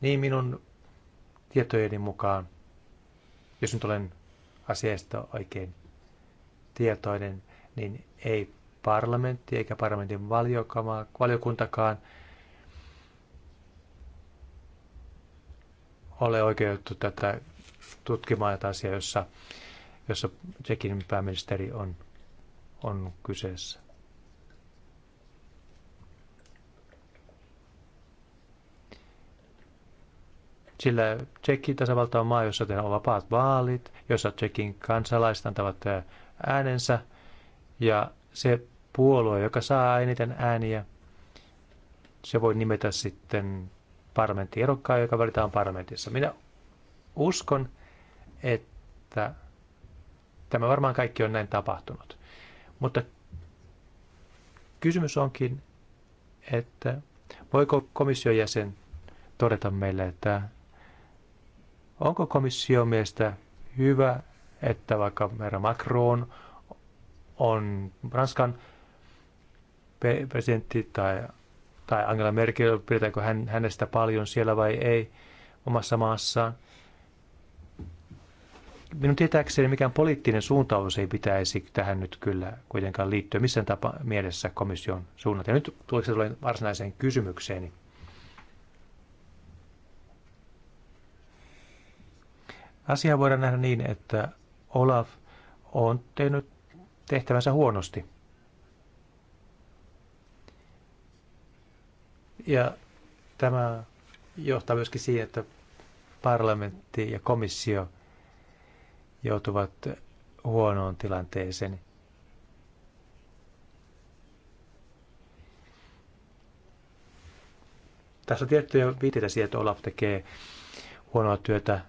Niin minun tietojeni mukaan, jos nyt olen asiasta oikein tietoinen, niin ei parlamentti eikä parlamentin valiokuntakaan ole oikeutettu tätä tutkimaan tätä asiaa, jossa, jossa Tsekin pääministeri on, on kyseessä. Sillä Tsekin tasavalta on maa, jossa tehdään vapaat vaalit, jossa Tsekin kansalaiset antavat äänensä ja se puolue, joka saa eniten ääniä, se voi nimetä sitten parlamenttierokkaan, joka valitaan parlamentissa. Minä uskon, että tämä varmaan kaikki on näin tapahtunut. Mutta kysymys onkin, että voiko komission jäsen todeta meille, että Onko komission mielestä hyvä, että vaikka herra Macron on Ranskan presidentti tai, tai Angela Merkel, pidetäänkö hän, hänestä paljon siellä vai ei omassa maassaan? minun tietääkseni mikään poliittinen suuntaus ei pitäisi tähän nyt kyllä kuitenkaan liittyä missään tapa mielessä komission suunnat. Ja nyt tuliko se varsinaiseen kysymykseeni? Asia voidaan nähdä niin, että Olaf on tehnyt tehtävänsä huonosti. Ja tämä johtaa myöskin siihen, että parlamentti ja komissio joutuvat huonoon tilanteeseen. Tässä on tiettyjä viitteitä siihen, että Olaf tekee huonoa työtä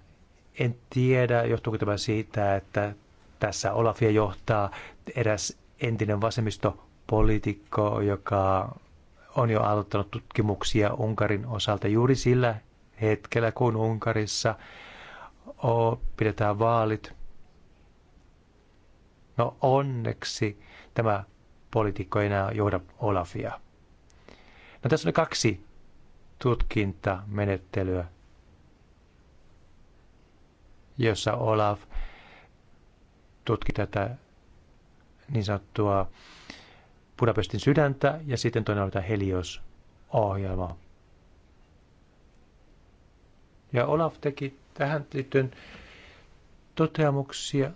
en tiedä, johtuuko tämä siitä, että tässä Olafia johtaa eräs entinen vasemmistopoliitikko, joka on jo aloittanut tutkimuksia Unkarin osalta juuri sillä hetkellä, kun Unkarissa pidetään vaalit. No onneksi tämä poliitikko ei enää johda Olafia. No tässä oli kaksi tutkintamenettelyä jossa Olaf tutki tätä niin sanottua Budapestin sydäntä ja sitten toinen oli tämä Helios-ohjelma. Ja Olaf teki tähän liittyen toteamuksia.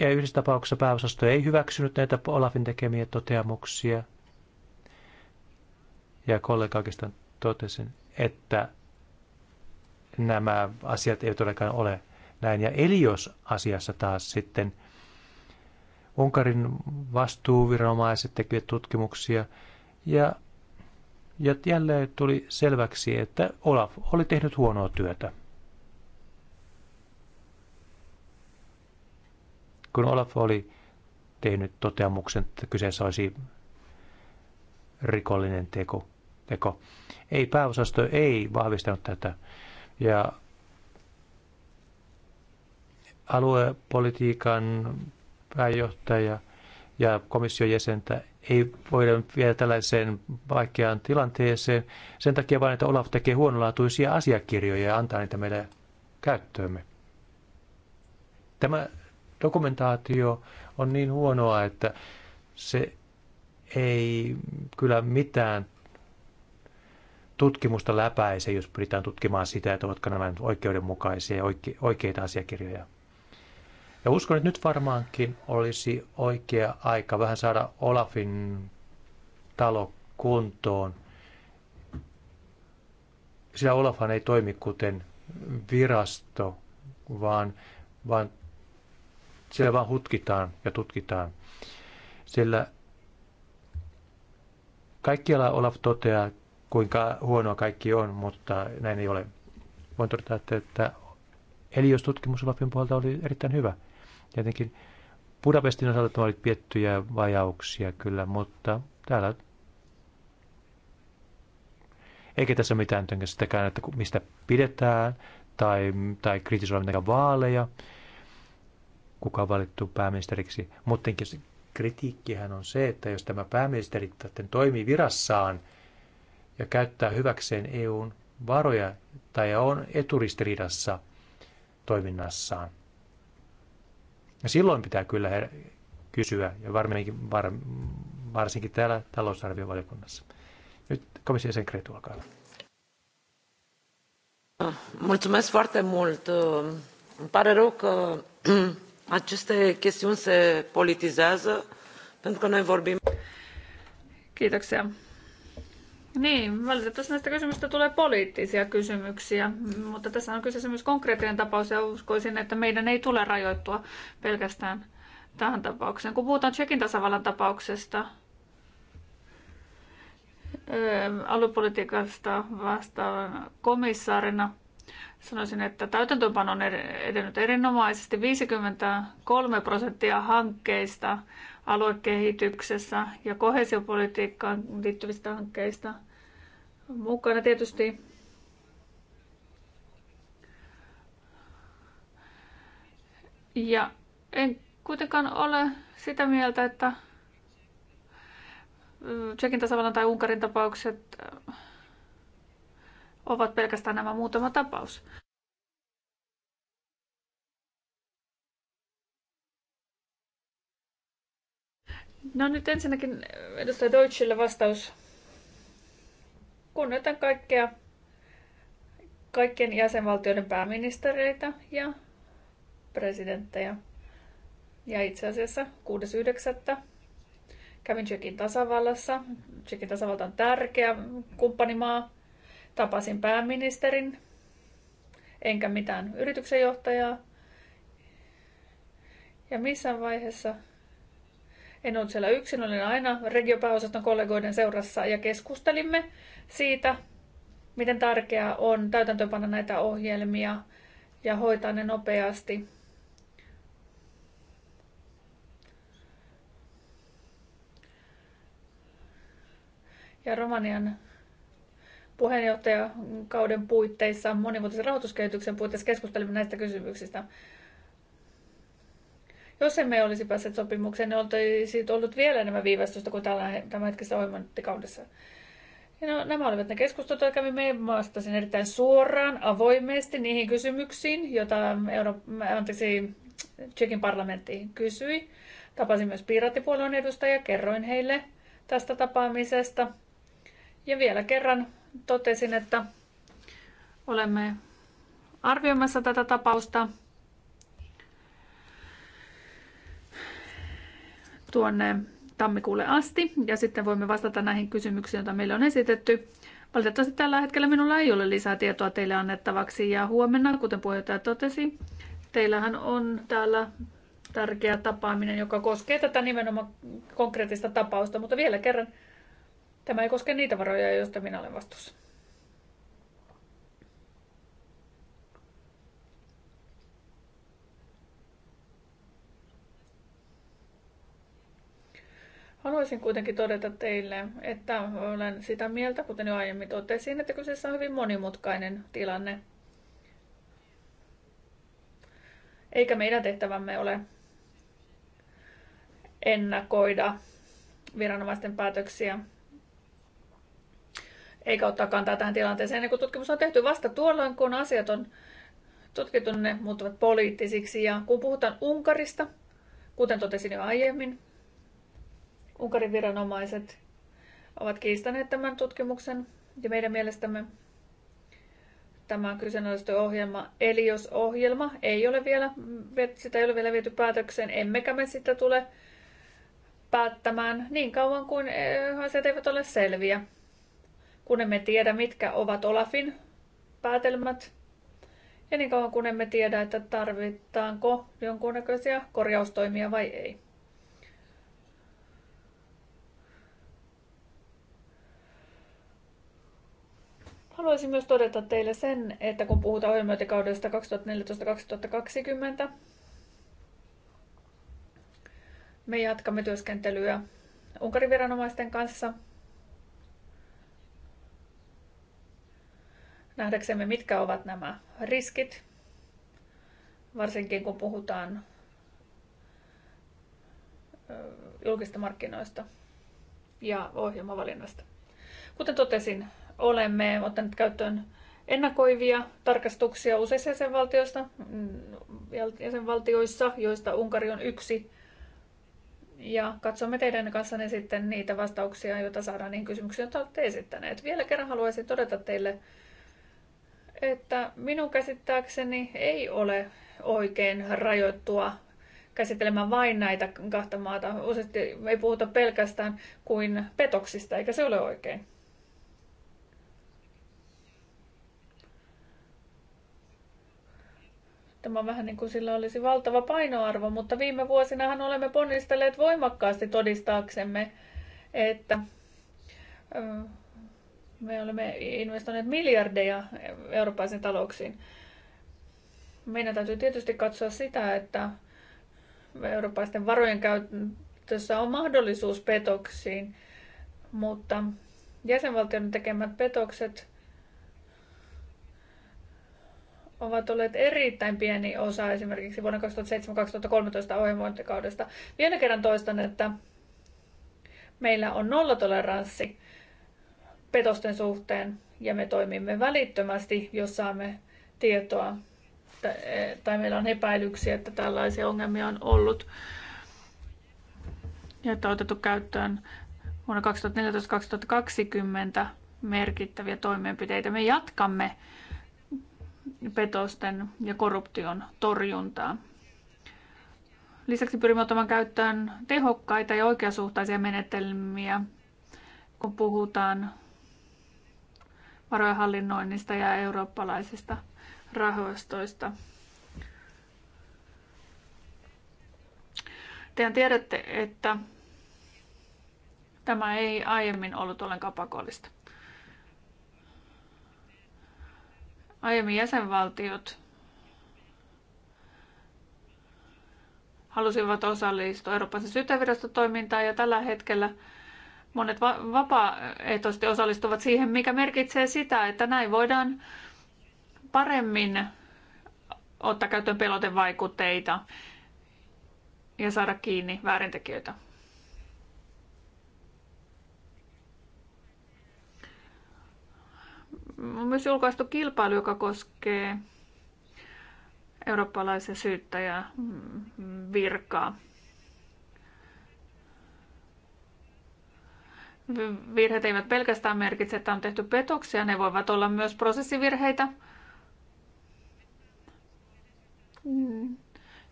Ja yhdessä tapauksessa pääosasto ei hyväksynyt näitä Olafin tekemiä toteamuksia. Ja kollega oikeastaan totesin, että nämä asiat eivät todellakaan ole näin. Ja Elios-asiassa taas sitten Unkarin vastuuviranomaiset tekivät tutkimuksia ja, ja jälleen tuli selväksi, että Olaf oli tehnyt huonoa työtä. Kun Olaf oli tehnyt toteamuksen, että kyseessä olisi rikollinen teko, teko. Ei pääosasto ei vahvistanut tätä. Ja aluepolitiikan pääjohtaja ja komission jäsentä ei voida vielä tällaiseen vaikeaan tilanteeseen. Sen takia vain, että Olaf tekee huonolaatuisia asiakirjoja ja antaa niitä meille käyttöömme. Tämä dokumentaatio on niin huonoa, että se ei kyllä mitään tutkimusta läpäise, jos pyritään tutkimaan sitä, että ovatko nämä oikeudenmukaisia ja oikeita asiakirjoja. Ja uskon, että nyt varmaankin olisi oikea aika vähän saada Olafin talo kuntoon. Sillä Olafhan ei toimi kuten virasto, vaan, vaan siellä vaan hutkitaan ja tutkitaan. Sillä kaikkialla Olaf toteaa, kuinka huonoa kaikki on, mutta näin ei ole. Voin todeta, että, että Helios-tutkimus Lapin puolelta oli erittäin hyvä. Tietenkin Budapestin osalta tämä oli piettyjä vajauksia kyllä, mutta täällä eikä tässä ole mitään sitäkään, että mistä pidetään tai, tai kritisoida mitään vaaleja, kuka on valittu pääministeriksi. Muttenkin kritiikkihän on se, että jos tämä pääministeri toimii virassaan – ja käyttää hyväkseen EUn varoja tai on eturistiriidassa toiminnassaan. Ja silloin pitää kyllä kysyä, ja varminkin, var, varsinkin täällä talousarviovaliokunnassa. Nyt komission sen Kretu, olkaa hyvä. Mulțumesc foarte mult. Îmi pare rău că aceste chestiuni se politizează, pentru că noi vorbim... Kiitoksia. Niin, valitettavasti näistä kysymyksistä tulee poliittisia kysymyksiä, mutta tässä on kyseessä myös konkreettinen tapaus ja uskoisin, että meidän ei tule rajoittua pelkästään tähän tapaukseen. Kun puhutaan Tsekin tasavallan tapauksesta, öö, aluepolitiikasta vastaavan komissaarina, sanoisin, että täytäntöönpano on edennyt erinomaisesti. 53 prosenttia hankkeista aluekehityksessä ja kohesiopolitiikkaan liittyvistä hankkeista – mukana tietysti Ja en kuitenkaan ole sitä mieltä, että Tsekin tasavallan tai Unkarin tapaukset ovat pelkästään nämä muutama tapaus. No nyt ensinnäkin edustaja Deutschille vastaus Kunnioitan kaikkea, kaikkien jäsenvaltioiden pääministereitä ja presidenttejä. Ja itse asiassa 6.9. kävin Tsekin tasavallassa. Tsekin tasavalta on tärkeä kumppanimaa. Tapasin pääministerin, enkä mitään yrityksen johtajaa. Ja missään vaiheessa en ollut siellä yksin, olin aina regiopääosaston kollegoiden seurassa ja keskustelimme siitä, miten tärkeää on täytäntöönpanna näitä ohjelmia ja hoitaa ne nopeasti. Ja Romanian puheenjohtajakauden puitteissa, monivuotisen rahoituskehityksen puitteissa keskustelimme näistä kysymyksistä. Jos emme olisi päässeet sopimukseen, niin olisi ollut vielä enemmän viivästystä kuin tällä, hetkessä ohjelmointikaudessa. No, nämä olivat ne keskustelut, jotka kävimme vastasin erittäin suoraan, avoimesti niihin kysymyksiin, joita Euro- anteeksi, Tsekin parlamentti kysyi. Tapasin myös piiraattipuolueen edustajia, kerroin heille tästä tapaamisesta. Ja vielä kerran totesin, että olemme arvioimassa tätä tapausta tuonne tammikuulle asti ja sitten voimme vastata näihin kysymyksiin, joita meille on esitetty. Valitettavasti tällä hetkellä minulla ei ole lisää tietoa teille annettavaksi ja huomenna, kuten puheenjohtaja totesi, teillähän on täällä tärkeä tapaaminen, joka koskee tätä nimenomaan konkreettista tapausta, mutta vielä kerran tämä ei koske niitä varoja, joista minä olen vastuussa. Haluaisin kuitenkin todeta teille, että olen sitä mieltä, kuten jo aiemmin totesin, että kyseessä on hyvin monimutkainen tilanne. Eikä meidän tehtävämme ole ennakoida viranomaisten päätöksiä eikä ottaa kantaa tähän tilanteeseen ennen kuin tutkimus on tehty vasta tuolloin, kun asiat on tutkittu, ne muuttuvat poliittisiksi. Ja kun puhutaan Unkarista, kuten totesin jo aiemmin, Unkarin viranomaiset ovat kiistäneet tämän tutkimuksen ja meidän mielestämme tämä kyseenalaistettu ohjelma. Eli jos ohjelma ei ole vielä, sitä ei ole vielä viety päätökseen, emmekä me sitä tule päättämään niin kauan kuin eh, asiat eivät ole selviä. Kun emme tiedä, mitkä ovat Olafin päätelmät, ja niin kauan kun emme tiedä, että tarvitaanko jonkunnäköisiä korjaustoimia vai ei. Haluaisin myös todeta teille sen, että kun puhutaan ohjelmointikaudesta 2014-2020, me jatkamme työskentelyä Unkarin viranomaisten kanssa nähdäksemme, mitkä ovat nämä riskit, varsinkin kun puhutaan julkista markkinoista ja ohjelmavalinnasta. Kuten totesin, olemme ottaneet käyttöön ennakoivia tarkastuksia useissa jäsenvaltioista, mm, jäsenvaltioissa, joista Unkari on yksi. Ja katsomme teidän kanssanne sitten niitä vastauksia, joita saadaan niihin kysymyksiin, joita olette esittäneet. Vielä kerran haluaisin todeta teille, että minun käsittääkseni ei ole oikein rajoittua käsittelemään vain näitä kahta maata. Useasti ei puhuta pelkästään kuin petoksista, eikä se ole oikein. Tämä vähän niin kuin sillä olisi valtava painoarvo, mutta viime vuosinahan olemme ponnistelleet voimakkaasti todistaaksemme, että me olemme investoineet miljardeja eurooppalaisiin talouksiin. Meidän täytyy tietysti katsoa sitä, että eurooppalaisten varojen käytössä on mahdollisuus petoksiin, mutta jäsenvaltioiden tekemät petokset ovat olleet erittäin pieni osa esimerkiksi vuonna 2007-2013 ohjelmointikaudesta. Vielä kerran toistan, että meillä on nollatoleranssi petosten suhteen ja me toimimme välittömästi, jos saamme tietoa tai eh, meillä on epäilyksiä, että tällaisia ongelmia on ollut ja että on otettu käyttöön vuonna 2014-2020 merkittäviä toimenpiteitä. Me jatkamme petosten ja korruption torjuntaa. Lisäksi pyrimme ottamaan käyttöön tehokkaita ja oikeasuhtaisia menetelmiä, kun puhutaan varojen hallinnoinnista ja eurooppalaisista rahoistoista. Tehän tiedätte, että tämä ei aiemmin ollut ollenkaan pakollista. Aiemmin jäsenvaltiot halusivat osallistua Euroopan syyttäjäviraston toimintaan ja tällä hetkellä monet va- vapaaehtoisesti osallistuvat siihen, mikä merkitsee sitä, että näin voidaan paremmin ottaa käyttöön pelotevaikutteita ja saada kiinni väärintekijöitä. on myös julkaistu kilpailu, joka koskee eurooppalaisen syyttäjän virkaa. Virheet eivät pelkästään merkitse, että on tehty petoksia, ne voivat olla myös prosessivirheitä,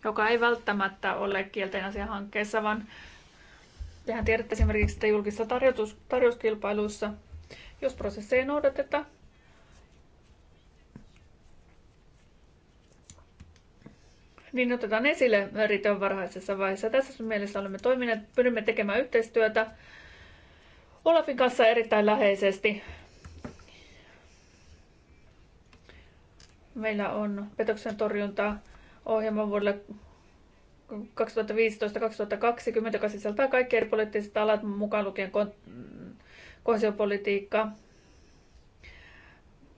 joka ei välttämättä ole kielten asia hankkeessa, vaan tehän tiedätte esimerkiksi, että julkisissa tarjous- tarjouskilpailuissa, jos prosesseja ei noudateta, niin otetaan esille riittävän varhaisessa vaiheessa. Tässä mielessä olemme toimineet, pyrimme tekemään yhteistyötä Olafin kanssa erittäin läheisesti. Meillä on petoksen torjunta, ohjelma vuodelle 2015-2020, joka sisältää kaikki eri poliittiset alat, mukaan lukien kohesiopolitiikka,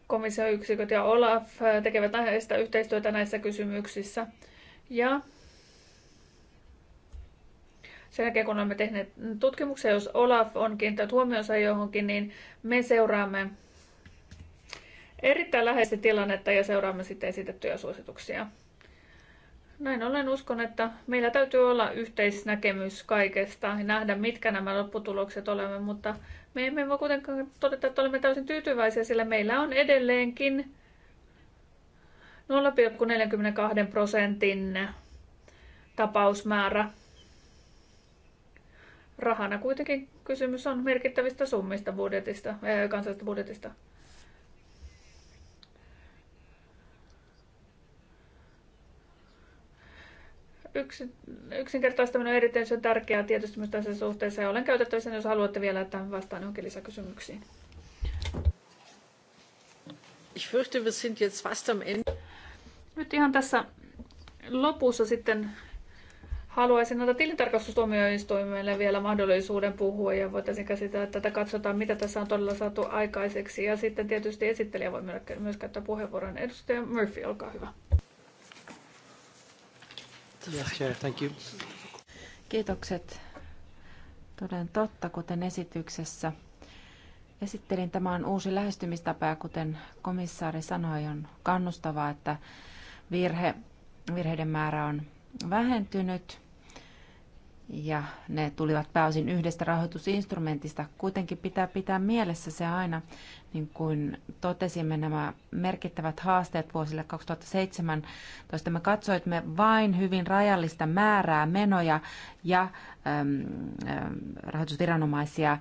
komission yksiköt ja Olaf tekevät aiheesta yhteistyötä näissä kysymyksissä. Ja sen jälkeen, kun olemme tehneet tutkimuksen, jos Olaf on kiinnittänyt huomionsa johonkin, niin me seuraamme erittäin läheisesti tilannetta ja seuraamme sitten esitettyjä suosituksia. Näin ollen uskon, että meillä täytyy olla yhteisnäkemys kaikesta ja nähdä, mitkä nämä lopputulokset olemme, mutta me emme voi kuitenkaan todeta, että olemme täysin tyytyväisiä, sillä meillä on edelleenkin 0,42 prosentin tapausmäärä. Rahana kuitenkin kysymys on merkittävistä summista budjetista, äh, kansallisesta budjetista. Yksi, yksinkertaistaminen on erityisen tärkeää tietysti myös tässä suhteessa ja olen käytettävissä, jos haluatte vielä, että vastaan jonkin lisäkysymyksiin. Ich fürchte, wir sind jetzt fast am Ende. Nyt ihan tässä lopussa sitten haluaisin antaa tilintarkastustuomioistuimelle vielä mahdollisuuden puhua ja voitaisiin käsitellä että tätä, katsotaan mitä tässä on todella saatu aikaiseksi. Ja sitten tietysti esittelijä voi myös käyttää puheenvuoron. Edustaja Murphy, olkaa hyvä. Yes, chair. thank you. Kiitokset. Toden totta, kuten esityksessä esittelin. Tämä on uusi lähestymistapa ja kuten komissaari sanoi, on kannustavaa, että virhe, virheiden määrä on vähentynyt ja ne tulivat pääosin yhdestä rahoitusinstrumentista. Kuitenkin pitää pitää mielessä se aina, niin kuin totesimme nämä merkittävät haasteet vuosille 2017. Me katsoimme vain hyvin rajallista määrää menoja ja äm, äm, rahoitusviranomaisia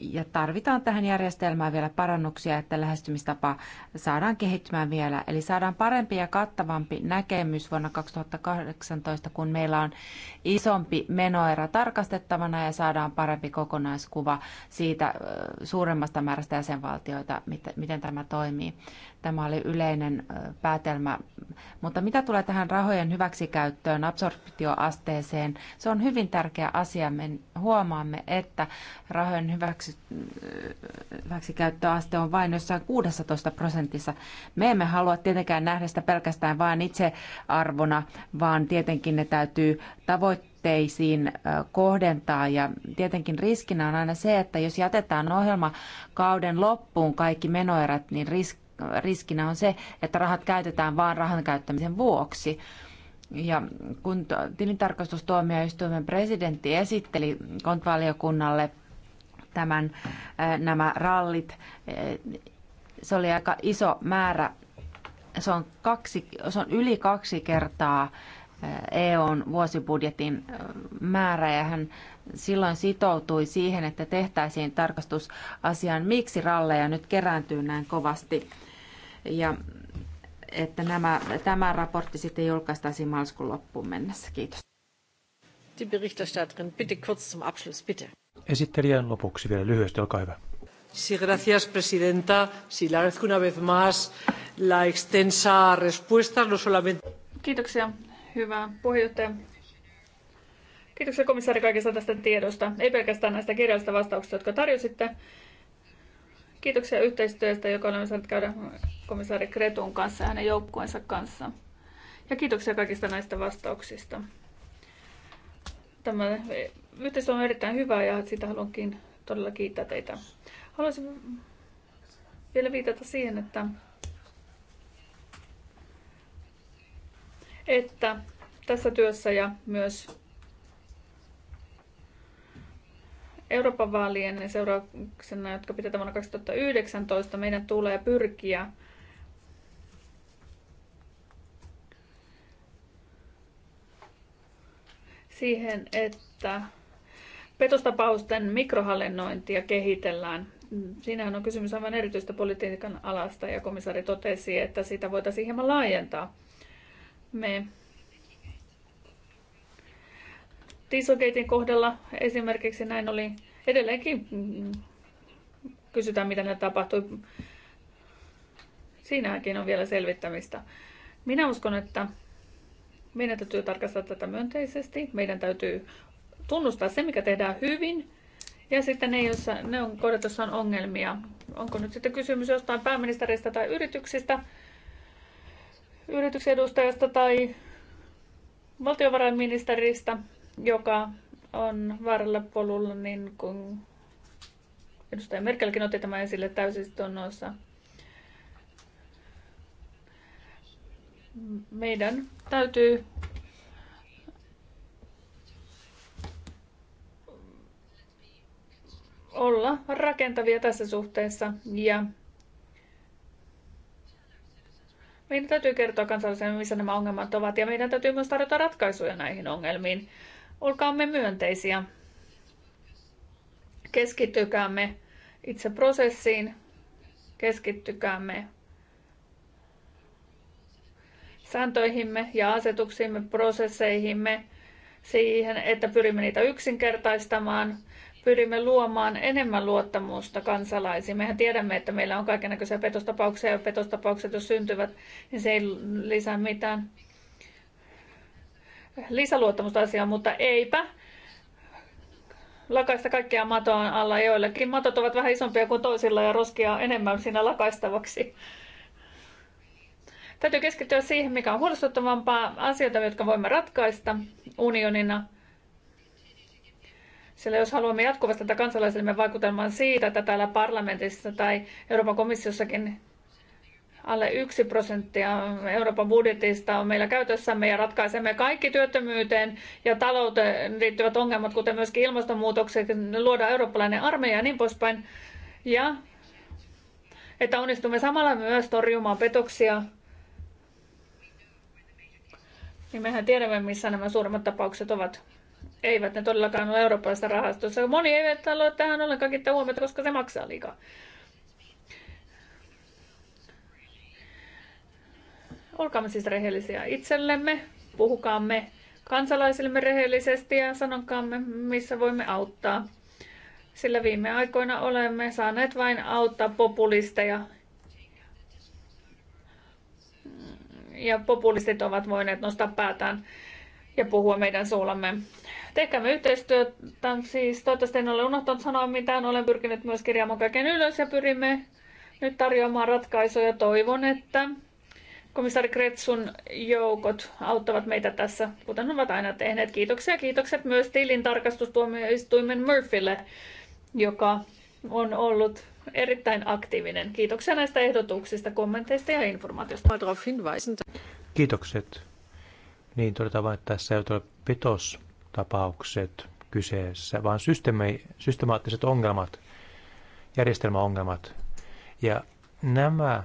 ja tarvitaan tähän järjestelmään vielä parannuksia, että lähestymistapa saadaan kehittymään vielä. Eli saadaan parempi ja kattavampi näkemys vuonna 2018, kun meillä on isompi menoerä tarkastettavana ja saadaan parempi kokonaiskuva siitä suuremmasta määrästä jäsenvaltioita, miten tämä toimii. Tämä oli yleinen päätelmä. Mutta mitä tulee tähän rahojen hyväksikäyttöön, absorptioasteeseen, se on hyvin tärkeä asia. Me huomaamme, että rahojen hyväksikäyttöaste on vain jossain 16 prosentissa. Me emme halua tietenkään nähdä sitä pelkästään vain itsearvona, vaan tietenkin ne täytyy tavoittaa teisiin kohdentaa. Ja tietenkin riskinä on aina se, että jos jätetään ohjelmakauden loppuun kaikki menoerät, niin riski riskinä on se, että rahat käytetään vain rahan käyttämisen vuoksi. Ja kun tilintarkastustuomioistuimen presidentti esitteli kontvaliokunnalle tämän, äh, nämä rallit, äh, se oli aika iso määrä. Se on, kaksi, se on yli kaksi kertaa äh, EUn vuosibudjetin määrä ja hän silloin sitoutui siihen, että tehtäisiin tarkastusasiaan, miksi ralleja nyt kerääntyy näin kovasti ja että nämä, tämä raportti sitten julkaistaisiin maaliskuun loppuun mennessä. Kiitos. Die Berichterstatterin, bitte kurz zum Abschluss, bitte. Esittelijän lopuksi vielä lyhyesti, olkaa hyvä. Sí, gracias, presidenta. Sí, la agradezco una vez más la extensa respuesta, no solamente... Kiitoksia, hyvä puheenjohtaja. Kiitoksia komissaari kaikista tästä tiedosta, ei pelkästään näistä kirjallisista vastauksista, jotka tarjositte, Kiitoksia yhteistyöstä, joka olemme saaneet käydä komissaari Kretun kanssa ja hänen joukkueensa kanssa. Ja kiitoksia kaikista näistä vastauksista. Tämä yhteistyö on erittäin hyvä ja siitä haluankin todella kiittää teitä. Haluaisin vielä viitata siihen, että, että tässä työssä ja myös Euroopan vaalien seurauksena, jotka pitää vuonna 2019, meidän tulee pyrkiä siihen, että petostapausten mikrohallinnointia kehitellään. Siinähän on kysymys aivan erityistä politiikan alasta ja komissaari totesi, että sitä voitaisiin hieman laajentaa. Me Dieselgatein kohdalla esimerkiksi näin oli edelleenkin. Mm, kysytään, mitä ne tapahtui. Siinäkin on vielä selvittämistä. Minä uskon, että meidän täytyy tarkastaa tätä myönteisesti. Meidän täytyy tunnustaa se, mikä tehdään hyvin. Ja sitten ne, joissa, ne on kohdat, joissa on ongelmia. Onko nyt sitten kysymys jostain pääministeristä tai yrityksistä, yrityksen edustajasta tai valtiovarainministeristä joka on varrella polulla, niin kuin edustaja Merkelkin otti tämän esille täysistunnossa. Meidän täytyy olla rakentavia tässä suhteessa ja meidän täytyy kertoa kansalaisille, missä nämä ongelmat ovat ja meidän täytyy myös tarjota ratkaisuja näihin ongelmiin olkaamme myönteisiä. Keskittykäämme itse prosessiin, keskittykäämme sääntöihimme ja asetuksiimme, prosesseihimme, siihen, että pyrimme niitä yksinkertaistamaan, pyrimme luomaan enemmän luottamusta kansalaisiin. Mehän tiedämme, että meillä on kaikenlaisia petostapauksia ja petostapaukset, jos syntyvät, niin se ei lisää mitään lisäluottamusta asiaan, mutta eipä lakaista kaikkea matoa alla. joillekin. matot ovat vähän isompia kuin toisilla ja roskia enemmän siinä lakaistavaksi. Täytyy keskittyä siihen, mikä on huolestuttavampaa, asioita, jotka voimme ratkaista unionina. Sillä jos haluamme jatkuvasti tätä kansalaisille vaikutelmaa siitä, että täällä parlamentissa tai Euroopan komissiossakin alle 1 prosenttia Euroopan budjetista on meillä käytössämme ja ratkaisemme kaikki työttömyyteen ja talouteen liittyvät ongelmat, kuten myöskin ilmastonmuutokseen luodaan eurooppalainen armeija ja niin poispäin. Ja että onnistumme samalla myös torjumaan petoksia. Niin mehän tiedämme, missä nämä suurimmat tapaukset ovat. Eivät ne todellakaan ole eurooppalaisessa rahastossa. Moni ei ole tähän ollenkaan kiinnittää huomiota, koska se maksaa liikaa. Olkaamme siis rehellisiä itsellemme, puhukaamme kansalaisillemme rehellisesti ja sanokaamme, missä voimme auttaa. Sillä viime aikoina olemme saaneet vain auttaa populisteja. Ja populistit ovat voineet nostaa päätään ja puhua meidän suullamme. Tehkäämme yhteistyötä, siis toivottavasti en ole unohtanut sanoa mitään, olen pyrkinyt myös kirjaamaan kaiken ylös ja pyrimme nyt tarjoamaan ratkaisuja. Toivon, että komissaari Kretsun joukot auttavat meitä tässä, kuten ovat aina tehneet. Kiitoksia kiitokset myös tilintarkastustuomioistuimen Murphylle, joka on ollut erittäin aktiivinen. Kiitoksia näistä ehdotuksista, kommenteista ja informaatiosta. Kiitokset. Niin todetaan vain, että tässä ei ole petostapaukset kyseessä, vaan systemaattiset ongelmat, järjestelmäongelmat. Ja nämä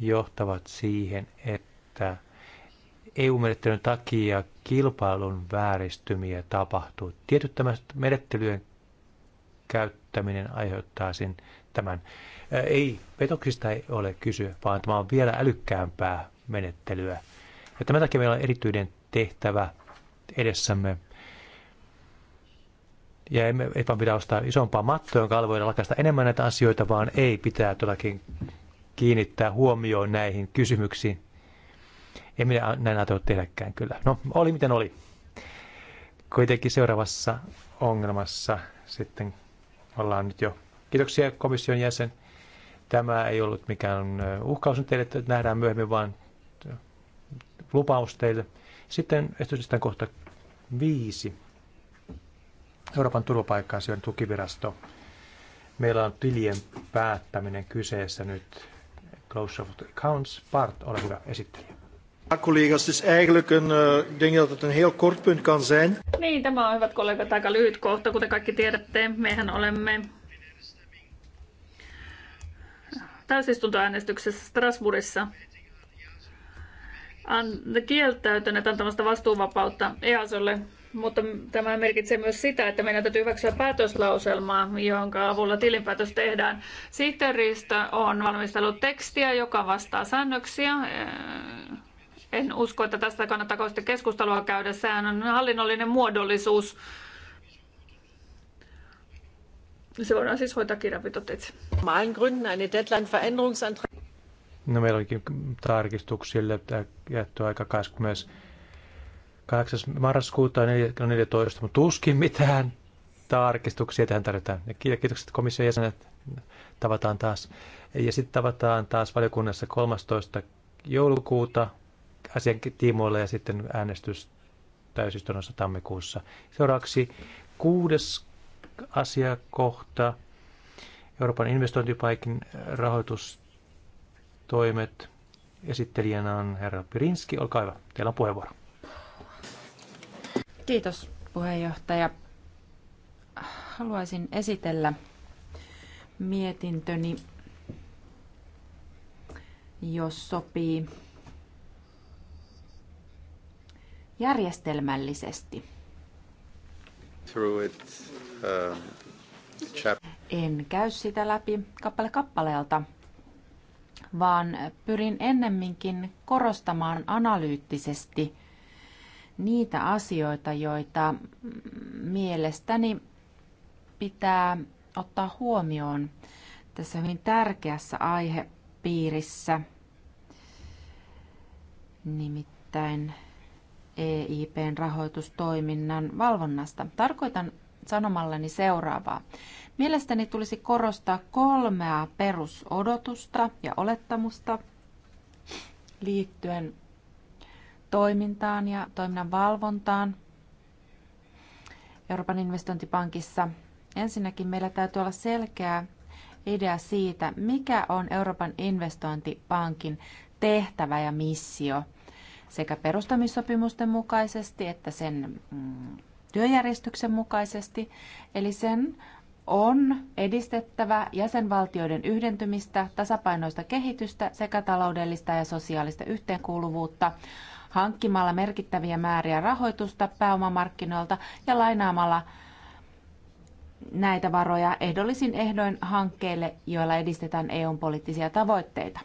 johtavat siihen, että EU-menettelyn takia kilpailun vääristymiä tapahtuu. Tietyt menettelyjen käyttäminen aiheuttaa sen tämän. Ei, petoksista ei ole kysy, vaan tämä on vielä älykkäämpää menettelyä. Ja tämän takia meillä on erityinen tehtävä edessämme. Ja emme, ei vaan pitää ostaa isompaa mattoa, jonka alla voidaan lakaista enemmän näitä asioita, vaan ei pitää todellakin kiinnittää huomioon näihin kysymyksiin. En minä näin ajatellut tehdäkään kyllä. No, oli miten oli. Kuitenkin seuraavassa ongelmassa sitten ollaan nyt jo. Kiitoksia komission jäsen. Tämä ei ollut mikään uhkaus teille, että nähdään myöhemmin, vaan lupaus teille. Sitten esitystään kohta viisi. Euroopan turvapaikka-asioiden tukivirasto. Meillä on tilien päättäminen kyseessä nyt Close Accounts. Part, ole hyvä esittelijä. Ja collega's, het is eigenlijk een, uh, eh, ik denk dat het een heel kort punt kan zijn. Niin, tämä on hyvät kollegat, aika lyhyt kohta, kuten kaikki tiedätte. Mehän olemme täysistuntoäänestyksessä Strasbourgissa an, kieltäytyneet antamasta vastuuvapautta EASOlle mutta tämä merkitsee myös sitä, että meidän täytyy hyväksyä päätöslauselmaa, jonka avulla tilinpäätös tehdään. Sihteeristö on valmistellut tekstiä, joka vastaa säännöksiä. Eh, en usko, että tästä kannattaa kauheasti keskustelua käydä. Sehän on hallinnollinen muodollisuus. Se voidaan siis hoitaa kirjanpitoteitse. Malen Gründen eine Deadline No meillä olikin tarkistuksille jätty aika 20 8. marraskuuta 2014, mutta tuskin mitään tarkistuksia tähän tarvitaan. Ja kiitokset komission jäsenet, tavataan taas. Ja sitten tavataan taas valiokunnassa 13. joulukuuta asian tiimoilla ja sitten äänestys täysistunnossa tammikuussa. Seuraavaksi kuudes asiakohta, Euroopan investointipaikin rahoitustoimet. Esittelijänä on herra Pirinski, olkaa hyvä, teillä on puheenvuoro. Kiitos puheenjohtaja. Haluaisin esitellä mietintöni, jos sopii järjestelmällisesti. Uh, en käy sitä läpi kappale kappaleelta, vaan pyrin ennemminkin korostamaan analyyttisesti – niitä asioita, joita mielestäni pitää ottaa huomioon tässä hyvin tärkeässä aihepiirissä, nimittäin EIPn rahoitustoiminnan valvonnasta. Tarkoitan sanomallani seuraavaa. Mielestäni tulisi korostaa kolmea perusodotusta ja olettamusta liittyen toimintaan ja toiminnan valvontaan Euroopan investointipankissa. Ensinnäkin meillä täytyy olla selkeä idea siitä, mikä on Euroopan investointipankin tehtävä ja missio sekä perustamissopimusten mukaisesti että sen mm, työjärjestyksen mukaisesti. Eli sen on edistettävä jäsenvaltioiden yhdentymistä, tasapainoista kehitystä sekä taloudellista ja sosiaalista yhteenkuuluvuutta hankkimalla merkittäviä määriä rahoitusta pääomamarkkinoilta ja lainaamalla näitä varoja ehdollisin ehdoin hankkeille, joilla edistetään EUn poliittisia tavoitteita.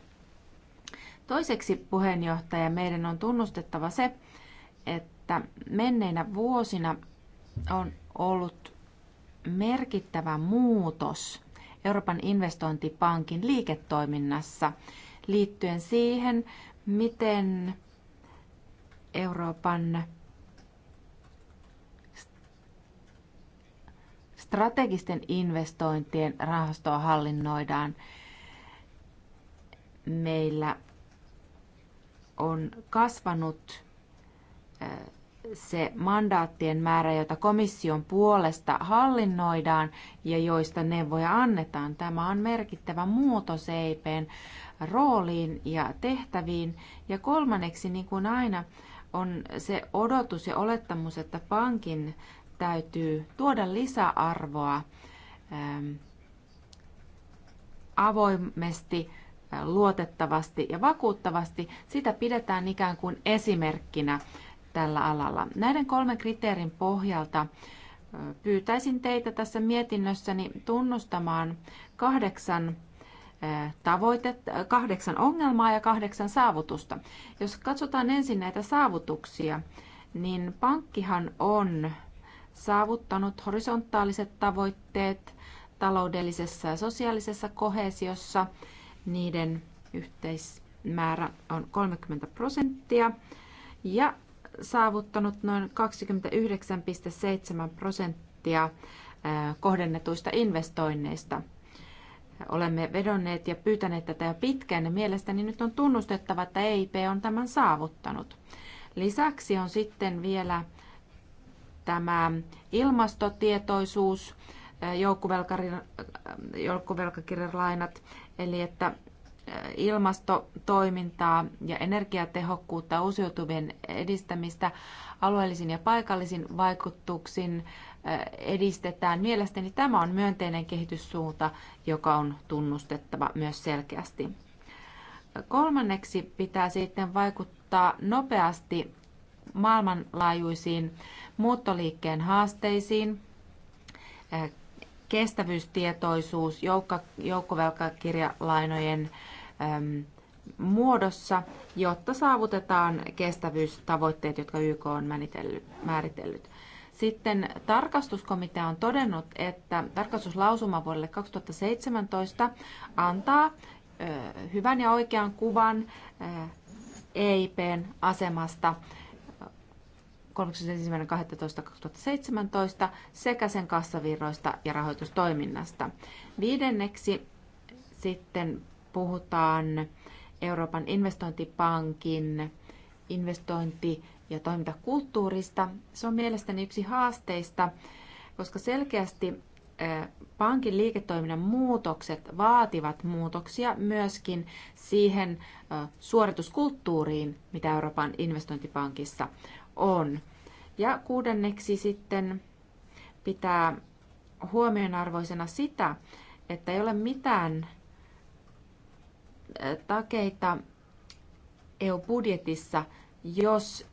Toiseksi puheenjohtaja, meidän on tunnustettava se, että menneinä vuosina on ollut merkittävä muutos Euroopan investointipankin liiketoiminnassa liittyen siihen, miten Euroopan strategisten investointien rahastoa hallinnoidaan. Meillä on kasvanut se mandaattien määrä, jota komission puolesta hallinnoidaan ja joista neuvoja annetaan. Tämä on merkittävä muutos EIPn rooliin ja tehtäviin. Ja kolmanneksi, niin kuin aina, on se odotus ja olettamus, että pankin täytyy tuoda lisäarvoa ähm, avoimesti, äh, luotettavasti ja vakuuttavasti. Sitä pidetään ikään kuin esimerkkinä tällä alalla. Näiden kolmen kriteerin pohjalta äh, pyytäisin teitä tässä mietinnössäni tunnustamaan kahdeksan tavoite, kahdeksan ongelmaa ja kahdeksan saavutusta. Jos katsotaan ensin näitä saavutuksia, niin pankkihan on saavuttanut horisontaaliset tavoitteet taloudellisessa ja sosiaalisessa kohesiossa. Niiden yhteismäärä on 30 prosenttia ja saavuttanut noin 29,7 prosenttia eh, kohdennetuista investoinneista – olemme vedonneet ja pyytäneet tätä jo pitkään, niin mielestäni nyt on tunnustettava, että EIP on tämän saavuttanut. Lisäksi on sitten vielä tämä ilmastotietoisuus, joukkuvelkakirjalainat, eli että ilmastotoimintaa ja energiatehokkuutta uusiutuvien edistämistä alueellisin ja paikallisin vaikutuksin edistetään. Mielestäni tämä on myönteinen kehityssuunta, joka on tunnustettava myös selkeästi. Kolmanneksi pitää sitten vaikuttaa nopeasti maailmanlaajuisiin muuttoliikkeen haasteisiin. Kestävyystietoisuus joukkovelkakirjalainojen muodossa, jotta saavutetaan kestävyystavoitteet, jotka YK on määritellyt. Sitten tarkastuskomitea on todennut, että tarkastuslausuma vuodelle 2017 antaa hyvän ja oikean kuvan EIPn asemasta 31.12.2017 sekä sen kassavirroista ja rahoitustoiminnasta. Viidenneksi sitten puhutaan Euroopan investointipankin investointi ja toimintakulttuurista. Se on mielestäni yksi haasteista, koska selkeästi pankin liiketoiminnan muutokset vaativat muutoksia myöskin siihen suorituskulttuuriin, mitä Euroopan investointipankissa on. Ja kuudenneksi sitten pitää huomionarvoisena sitä, että ei ole mitään takeita EU-budjetissa, jos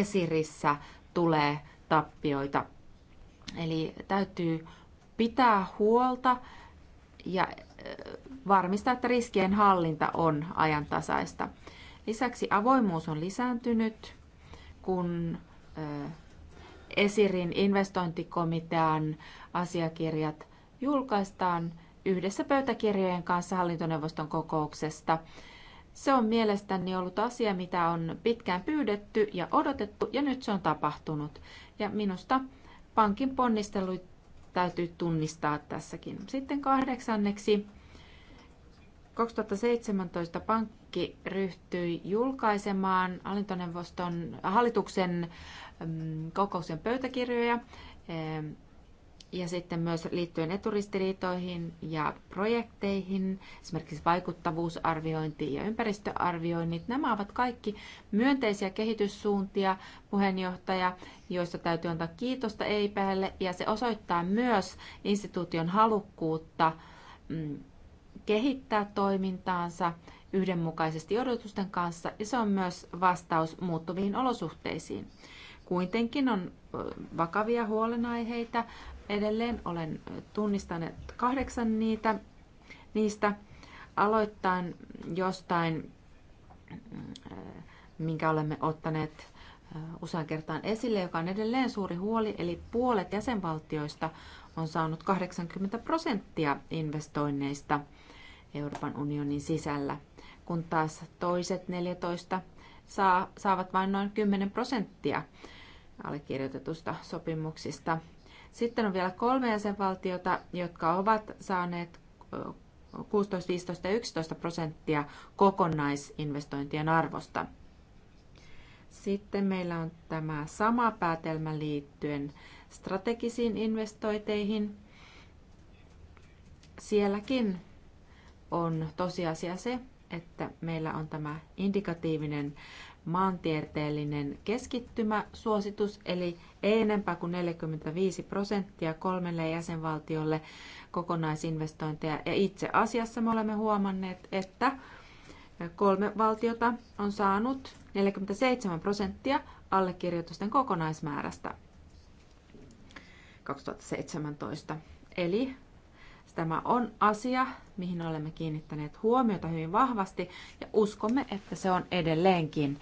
esirissä tulee tappioita. Eli täytyy pitää huolta ja äh, varmistaa, että riskien hallinta on ajantasaista. Lisäksi avoimuus on lisääntynyt, kun äh, Esirin investointikomitean asiakirjat julkaistaan yhdessä pöytäkirjojen kanssa hallintoneuvoston kokouksesta se on mielestäni ollut asia, mitä on pitkään pyydetty ja odotettu, ja nyt se on tapahtunut. Ja minusta pankin ponnistelu täytyy tunnistaa tässäkin. Sitten kahdeksanneksi 2017 pankki ryhtyi julkaisemaan hallituksen mm, kokouksen pöytäkirjoja ja sitten myös liittyen eturistiriitoihin ja projekteihin, esimerkiksi vaikuttavuusarviointi ja ympäristöarvioinnit. Nämä ovat kaikki myönteisiä kehityssuuntia, puheenjohtaja, joista täytyy antaa kiitosta EIPälle, ja se osoittaa myös instituution halukkuutta mm, kehittää toimintaansa yhdenmukaisesti odotusten kanssa, ja se on myös vastaus muuttuviin olosuhteisiin. Kuitenkin on vakavia huolenaiheita Edelleen olen tunnistanut kahdeksan niitä, niistä aloittain jostain, mm, minkä olemme ottaneet usean kertaan esille, joka on edelleen suuri huoli, eli puolet jäsenvaltioista on saanut 80 prosenttia investoinneista Euroopan unionin sisällä, kun taas toiset 14 saa, saavat vain noin 10 prosenttia allekirjoitetusta sopimuksista. Sitten on vielä kolme jäsenvaltiota, jotka ovat saaneet 16, 15 ja 11 prosenttia kokonaisinvestointien arvosta. Sitten meillä on tämä sama päätelmä liittyen strategisiin investointeihin. Sielläkin on tosiasia se, että meillä on tämä indikatiivinen maantieteellinen suositus eli ei enempää kuin 45 prosenttia kolmelle jäsenvaltiolle kokonaisinvestointeja. Ja itse asiassa me olemme huomanneet, että kolme valtiota on saanut 47 prosenttia allekirjoitusten kokonaismäärästä 2017. Eli Tämä on asia, mihin olemme kiinnittäneet huomiota hyvin vahvasti ja uskomme, että se on edelleenkin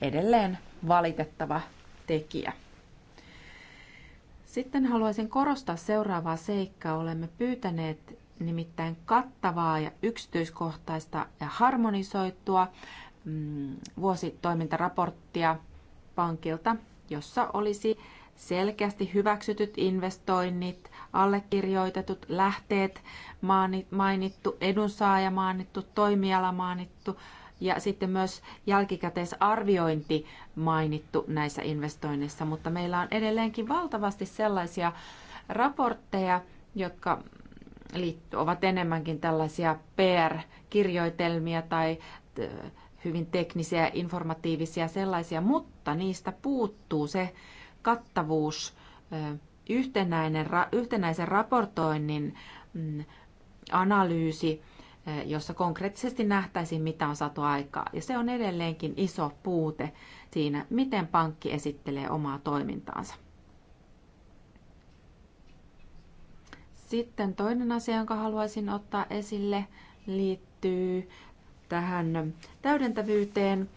edelleen valitettava tekijä. Sitten haluaisin korostaa seuraavaa seikkaa. Olemme pyytäneet nimittäin kattavaa ja yksityiskohtaista ja harmonisoitua mm, vuositoimintaraporttia pankilta, jossa olisi selkeästi hyväksytyt investoinnit, allekirjoitetut lähteet mainittu, edunsaaja mainittu, toimiala mainittu ja sitten myös jälkikäteisarviointi mainittu näissä investoinneissa, mutta meillä on edelleenkin valtavasti sellaisia raportteja, jotka ovat enemmänkin tällaisia PR-kirjoitelmia tai hyvin teknisiä, informatiivisia sellaisia, mutta niistä puuttuu se kattavuus yhtenäinen, ra, yhtenäisen raportoinnin mm, analyysi, eh, jossa konkreettisesti nähtäisiin, mitä on saatu aikaa. Ja se on edelleenkin iso puute siinä, miten pankki esittelee omaa toimintaansa. Sitten toinen asia, jonka haluaisin ottaa esille, liittyy tähän täydentävyyteen.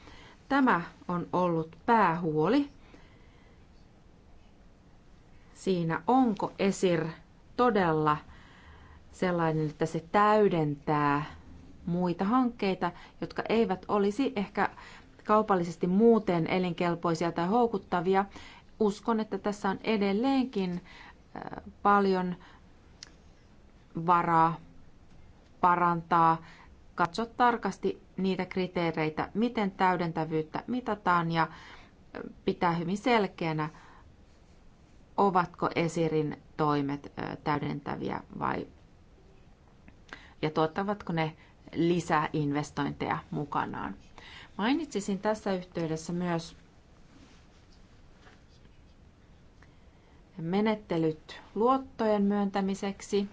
Tämä on ollut päähuoli siinä, onko esir todella sellainen, että se täydentää muita hankkeita, jotka eivät olisi ehkä kaupallisesti muuten elinkelpoisia tai houkuttavia. Uskon, että tässä on edelleenkin äh, paljon varaa parantaa, katso tarkasti niitä kriteereitä, miten täydentävyyttä mitataan ja äh, pitää hyvin selkeänä ovatko Esirin toimet täydentäviä vai ja tuottavatko ne lisäinvestointeja mukanaan. Mainitsisin tässä yhteydessä myös menettelyt luottojen myöntämiseksi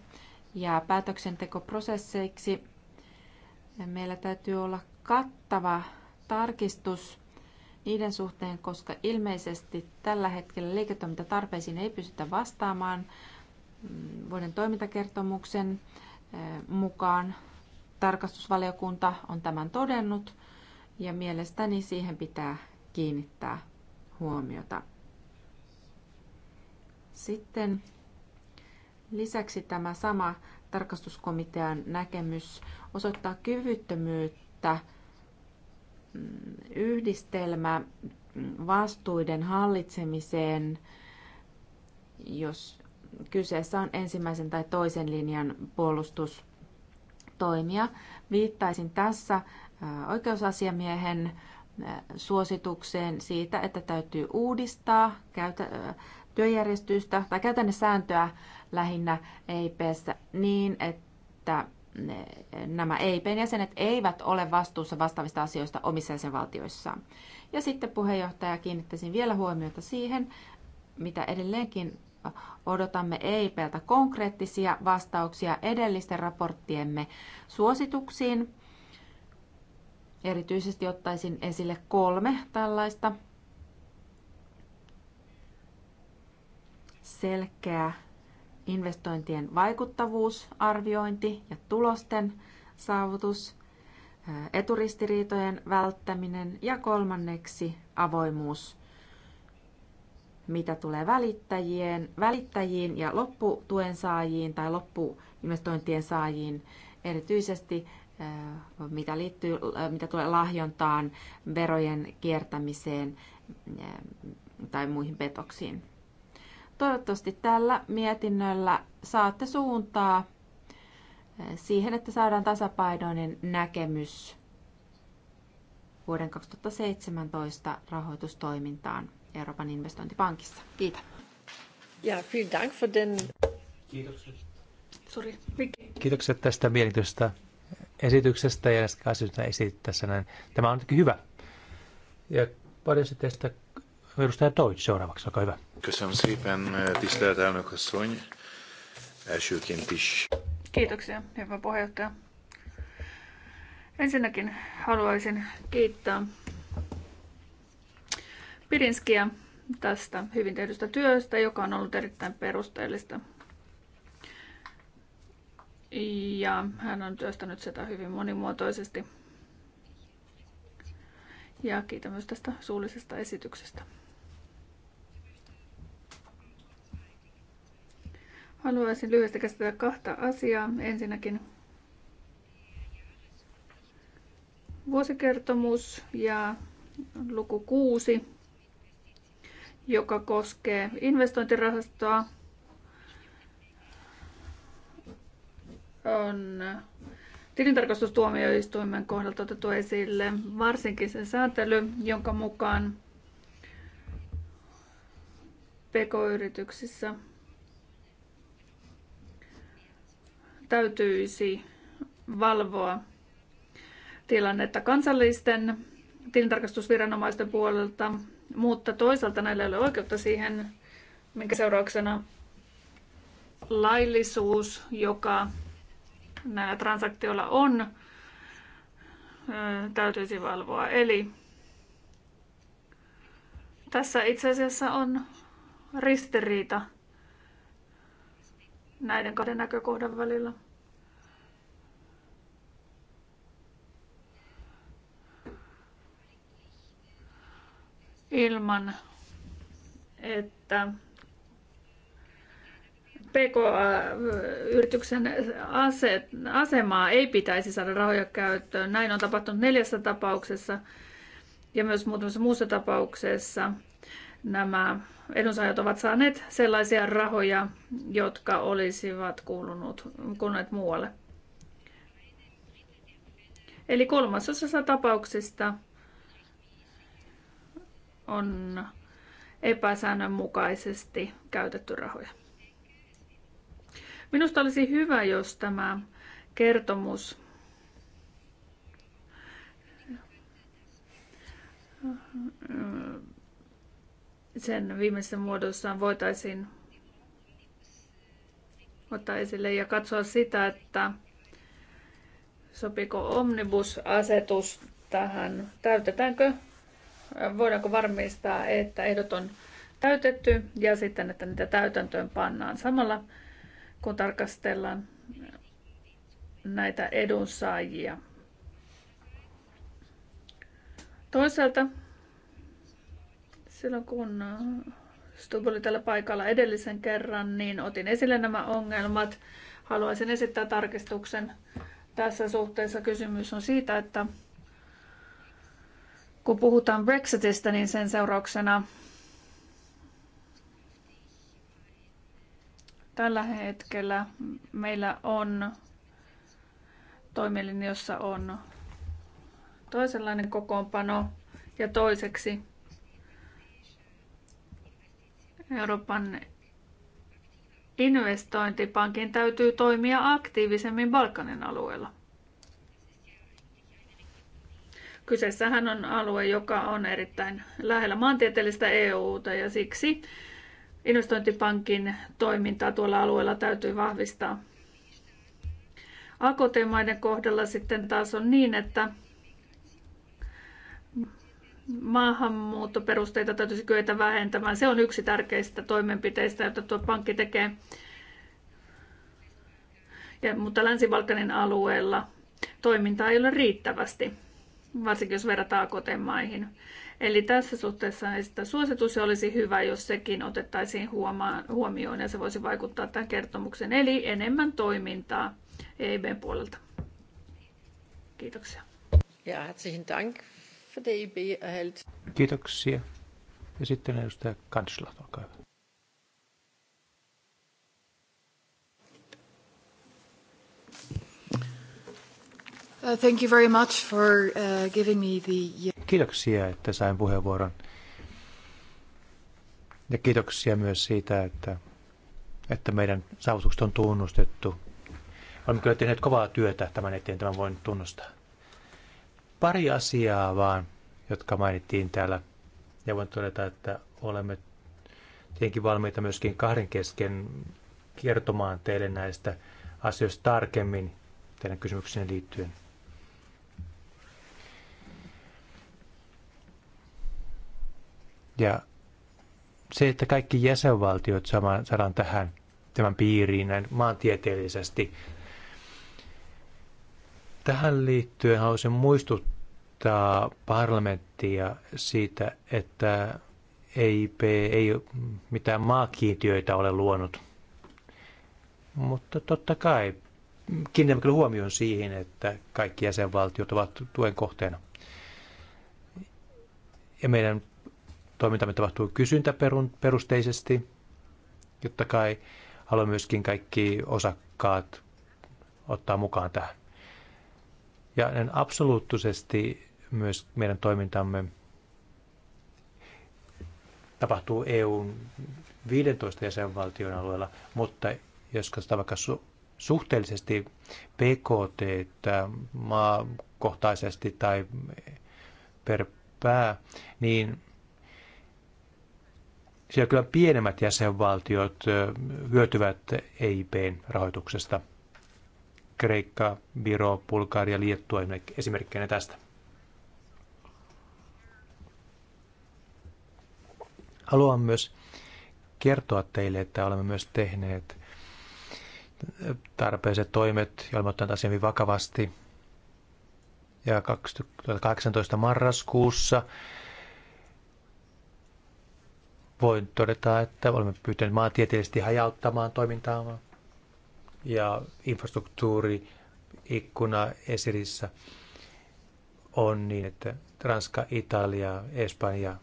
ja päätöksentekoprosesseiksi. Meillä täytyy olla kattava tarkistus niiden suhteen, koska ilmeisesti tällä hetkellä liiketoimintatarpeisiin ei pystytä vastaamaan mm, vuoden toimintakertomuksen eh, mukaan. Tarkastusvaliokunta on tämän todennut ja mielestäni siihen pitää kiinnittää huomiota. Sitten lisäksi tämä sama tarkastuskomitean näkemys osoittaa kyvyttömyyttä yhdistelmä vastuiden hallitsemiseen, jos kyseessä on ensimmäisen tai toisen linjan puolustustoimia. Viittaisin tässä oikeusasiamiehen suositukseen siitä, että täytyy uudistaa työjärjestystä tai käytännön sääntöä lähinnä EIPssä niin, että nämä EIPn jäsenet eivät ole vastuussa vastaavista asioista omissa jäsenvaltioissaan. Ja sitten puheenjohtaja kiinnittäisin vielä huomiota siihen, mitä edelleenkin odotamme EIPltä konkreettisia vastauksia edellisten raporttiemme suosituksiin. Erityisesti ottaisin esille kolme tällaista selkeää investointien vaikuttavuusarviointi ja tulosten saavutus, eturistiriitojen välttäminen ja kolmanneksi avoimuus, mitä tulee välittäjien, välittäjiin ja lopputuen saajiin tai loppuinvestointien saajiin, erityisesti mitä, liittyy, mitä tulee lahjontaan, verojen kiertämiseen tai muihin petoksiin. Toivottavasti tällä mietinnöllä saatte suuntaa eh, siihen, että saadaan tasapainoinen näkemys vuoden 2017 rahoitustoimintaan Euroopan investointipankissa. Kiitos. Ja, vielen Dank für den... Kiitokset. Sorry. Kiitokset tästä mielenkiintoisesta esityksestä ja näistä asioista esittäessä. Näin. Tämä on hyvä. Ja paljon tästä. Edustaja Toit seuraavaksi, olkaa hyvä. Köszönöm szépen, tisztelt elnökasszony. Elsőként is. Kiitoksia, hyvä puheenjohtaja. Ensinnäkin haluaisin kiittää Pirinskiä tästä hyvin tehdystä työstä, joka on ollut erittäin perusteellista. Ja hän on työstänyt sitä hyvin monimuotoisesti. Ja kiitän myös tästä suullisesta esityksestä. Haluaisin lyhyesti käsitellä kahta asiaa. Ensinnäkin vuosikertomus ja luku 6, joka koskee investointirahastoa, on tilintarkastustuomioistuimen kohdalta otettu esille varsinkin se sääntely, jonka mukaan pk-yrityksissä täytyisi valvoa tilannetta kansallisten tilintarkastusviranomaisten puolelta, mutta toisaalta näillä ei ole oikeutta siihen, minkä seurauksena laillisuus, joka näillä transaktioilla on, täytyisi valvoa. Eli tässä itse asiassa on ristiriita näiden kahden näkökohdan välillä. Ilman, että PK-yrityksen asemaa ei pitäisi saada rahoja käyttöön. Näin on tapahtunut neljässä tapauksessa ja myös muutamassa muussa tapauksessa nämä edunsaajat ovat saaneet sellaisia rahoja, jotka olisivat kuulunut, kuuluneet muualle. Eli kolmasosassa tapauksista on epäsäännönmukaisesti käytetty rahoja. Minusta olisi hyvä, jos tämä kertomus sen viimeisessä muodossaan voitaisiin ottaa esille ja katsoa sitä, että sopiko omnibus-asetus tähän, täytetäänkö, voidaanko varmistaa, että ehdot on täytetty ja sitten, että niitä täytäntöön pannaan samalla, kun tarkastellaan näitä edunsaajia. Toisaalta Silloin kun äh, Stubb oli tällä paikalla edellisen kerran, niin otin esille nämä ongelmat. Haluaisin esittää tarkistuksen. Tässä suhteessa kysymys on siitä, että kun puhutaan Brexitistä, niin sen seurauksena tällä hetkellä meillä on toimielin, jossa on toisenlainen kokoonpano ja toiseksi Euroopan investointipankin täytyy toimia aktiivisemmin Balkanin alueella. Kyseessähän on alue, joka on erittäin lähellä maantieteellistä EUta ja siksi investointipankin toimintaa tuolla alueella täytyy vahvistaa. AKT-maiden kohdalla sitten taas on niin, että maahanmuuttoperusteita täytyisi kyetä vähentämään. Se on yksi tärkeistä toimenpiteistä, joita tuo pankki tekee. Ja, mutta Länsi-Balkanin alueella toimintaa ei ole riittävästi, varsinkin jos verrataan kotemaihin. Eli tässä suhteessa sitä suositus olisi hyvä, jos sekin otettaisiin huomioon ja se voisi vaikuttaa tämän kertomuksen. Eli enemmän toimintaa EIBn puolelta. Kiitoksia. Ja herzlichen Dank Kiitoksia. Ja sitten edustaja Kansla, olkaa hyvä. Uh, thank you very much for uh, giving me the... Kiitoksia, että sain puheenvuoron. Ja kiitoksia myös siitä, että, että meidän saavutukset on tunnustettu. Olemme kyllä tehneet kovaa työtä tämän eteen, tämän voin tunnustaa pari asiaa vaan, jotka mainittiin täällä. Ja voin todeta, että olemme tietenkin valmiita myöskin kahden kesken kertomaan teille näistä asioista tarkemmin teidän kysymykseen liittyen. Ja se, että kaikki jäsenvaltiot saadaan tähän tämän piiriin näin maantieteellisesti. Tähän liittyen haluaisin muistuttaa, muistuttaa parlamenttia siitä, että EIP ei mitään maakiintiöitä ole luonut. Mutta totta kai kiinnitämme kyllä huomioon siihen, että kaikki jäsenvaltiot ovat tuen kohteena. Ja meidän toimintamme tapahtuu kysyntäperusteisesti. Jotta kai haluamme myöskin kaikki osakkaat ottaa mukaan tähän. Ja absoluuttisesti myös meidän toimintamme tapahtuu EUn 15 jäsenvaltion alueella, mutta jos katsotaan vaikka su- suhteellisesti PKT maakohtaisesti tai per pää, niin siellä kyllä pienemmät jäsenvaltiot hyötyvät EIPn rahoituksesta. Kreikka, Viro, Bulgaria, Liettua esimerkkinä tästä. Haluan myös kertoa teille, että olemme myös tehneet tarpeelliset toimet ja olemme ottaneet asian hyvin vakavasti. Ja 2018 marraskuussa voin todeta, että olemme pyytäneet maantieteellisesti hajauttamaan toimintaa ja infrastruktuuri ikkuna esirissä on niin, että Ranska, Italia, Espanja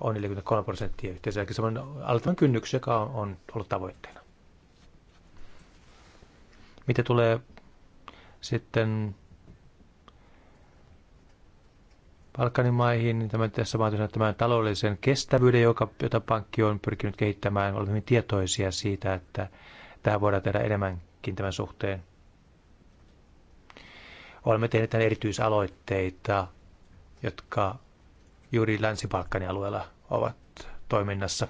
on 43 prosenttia yhteensä, eli semmoinen alettavan kynnyksen, joka on ollut tavoitteena. Mitä tulee sitten Balkanin maihin, niin tämä tässä mainitaan tämän taloudellisen kestävyyden, joka, jota pankki on pyrkinyt kehittämään. Olemme hyvin tietoisia siitä, että tähän voidaan tehdä enemmänkin tämän suhteen. Olemme tehneet erityisaloitteita, jotka juuri Länsi-Balkanin alueella ovat toiminnassa.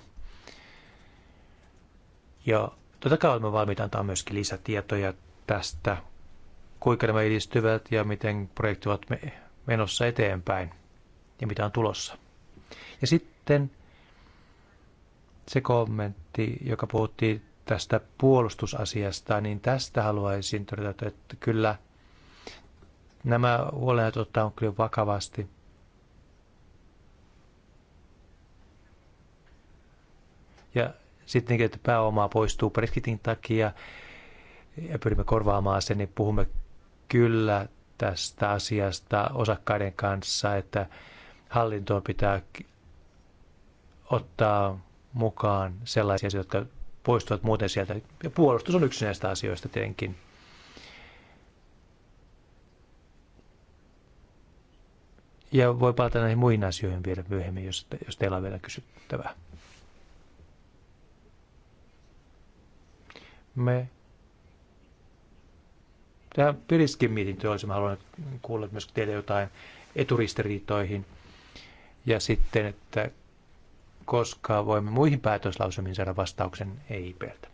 Ja totta kai olemme valmiita antaa myöskin lisätietoja tästä, kuinka nämä edistyvät ja miten projekti ovat menossa eteenpäin ja mitä on tulossa. Ja sitten se kommentti, joka puhuttiin tästä puolustusasiasta, niin tästä haluaisin todeta, että kyllä nämä huolenaiheet ottaa on kyllä vakavasti – ja sitten että pääomaa poistuu Brexitin takia ja pyrimme korvaamaan sen, niin puhumme kyllä tästä asiasta osakkaiden kanssa, että hallintoon pitää ottaa mukaan sellaisia asioita, jotka poistuvat muuten sieltä. Ja puolustus on yksi näistä asioista tietenkin. Ja voi palata näihin muihin asioihin vielä myöhemmin, jos, jos teillä on vielä kysyttävää. me Tämä Piriskin mietintö olisi, mä haluan kuulla myös teille jotain eturistiriitoihin. Ja sitten, että koska voimme muihin päätöslausumiin saada vastauksen ei EIPltä.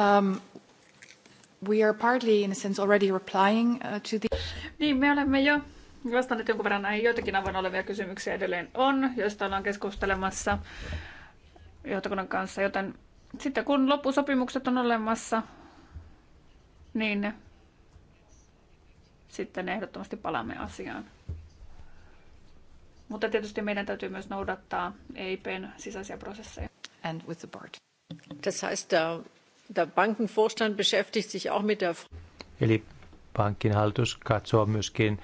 Um, we are partly, in a sense, already replying uh, to the... Niin, me olemme jo vastanneet jonkun verran näihin joitakin avoin olevia kysymyksiä edelleen on, joista ollaan keskustelemassa johtokunnan kanssa, joten sitten kun loppusopimukset on olemassa, niin sitten ehdottomasti palaamme asiaan. Mutta tietysti meidän täytyy myös noudattaa EIPn sisäisiä prosesseja. And with the board. Das heißt, uh, Der Bankenvorstand beschäftigt sich auch mit der... Frage. Eli pankin hallitus katsoo myöskin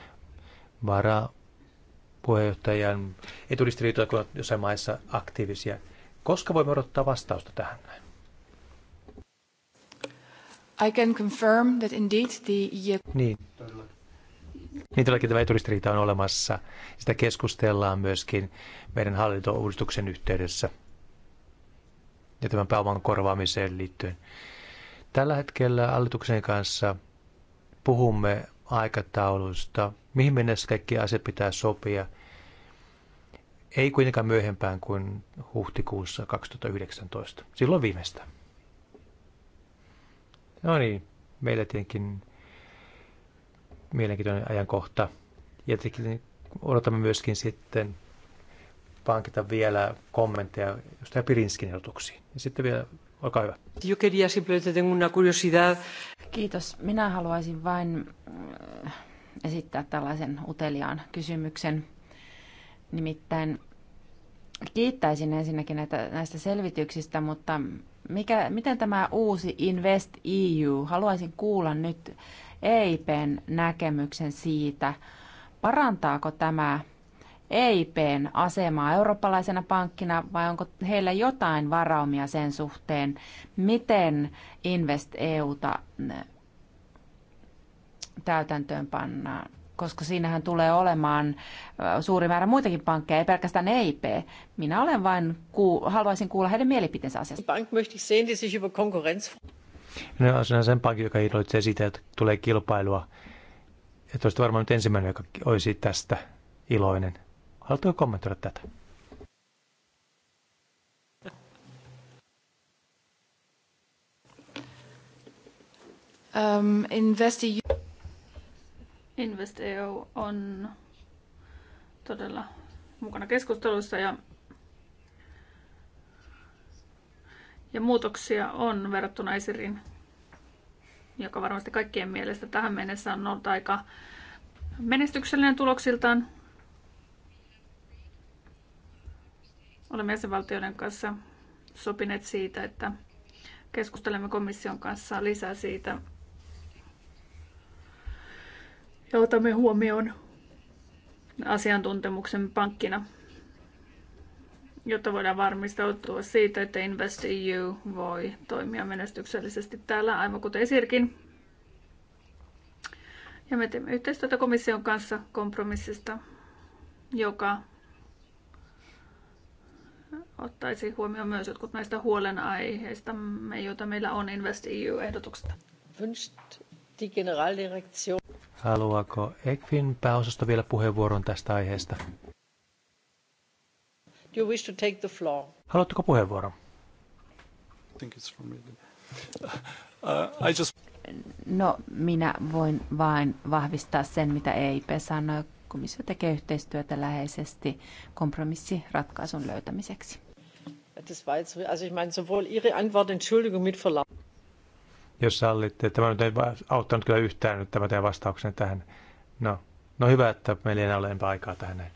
varapuheenjohtajan eturistiriitoja, kun on jossain maissa aktiivisia. Koska voimme odottaa vastausta tähän näin? I can confirm that indeed the... Niin, niin todellakin tämä eturistiriita on olemassa. Sitä keskustellaan myöskin meidän hallintouudistuksen yhteydessä – ja tämän pääoman korvaamiseen liittyen. Tällä hetkellä hallituksen kanssa puhumme aikataulusta, mihin mennessä kaikki asiat pitää sopia. Ei kuitenkaan myöhempään kuin huhtikuussa 2019. Silloin viimeistä. No niin, meillä tietenkin mielenkiintoinen ajankohta. Ja odotamme myöskin sitten pankita vielä kommentteja jostain Pirinskin ehdotuksiin. Ja sitten vielä, olkaa hyvä. Yo quería simplemente tengo una curiosidad. Kiitos. Minä haluaisin vain äh, esittää tällaisen uteliaan kysymyksen. Nimittäin kiittäisin ensinnäkin näitä, näistä selvityksistä, mutta mikä, miten tämä uusi Invest EU, haluaisin kuulla nyt EIPn näkemyksen siitä, parantaako tämä EIPn asemaa eurooppalaisena pankkina vai onko heillä jotain varaumia sen suhteen, miten Invest EUta täytäntöön pannaan? Koska siinähän tulee olemaan suuri määrä muitakin pankkeja, ei pelkästään EIP. Minä olen vain ku, haluaisin kuulla heidän mielipiteensä asiasta. Bank möchte ich sehen, die sich über Konkurrenz... No, se on sen pankki, joka iloitsee siitä, että tulee kilpailua. Että olisit varmaan nyt ensimmäinen, joka olisi tästä iloinen. Haluatko kommentoida tätä? Um, investi... E InvestEU on todella mukana keskustelussa ja, ja muutoksia on verrattuna Esiriin, joka varmasti kaikkien mielestä tähän mennessä on ollut aika menestyksellinen tuloksiltaan. Olemme jäsenvaltioiden kanssa sopineet siitä, että keskustelemme komission kanssa lisää siitä ja otamme huomioon asiantuntemuksen pankkina, jotta voidaan varmistautua siitä, että InvestEU voi toimia menestyksellisesti täällä, aivan kuten Sirkin. Ja me teemme yhteistyötä komission kanssa kompromissista, joka ottaisi huomioon myös jotkut näistä huolenaiheista, joita meillä on Invest EU-ehdotuksesta. Haluaako ECFIN pääosasto vielä puheenvuoron tästä aiheesta? Do you wish to take the floor? Haluatteko puheenvuoron? think it's from me. Uh, I just... No, minä voin vain vahvistaa sen, mitä EIP sanoi. Komissio tekee yhteistyötä läheisesti kompromissiratkaisun löytämiseksi das war jetzt, also ich meine, sowohl Ihre Antwort, Entschuldigung, mit Verlaub. Jos sallitte, tämä nyt ei auttanut kyllä yhtään nyt tämä teidän vastauksen tähän. No, no hyvä, että meillä ei enää ole enempää aikaa tähän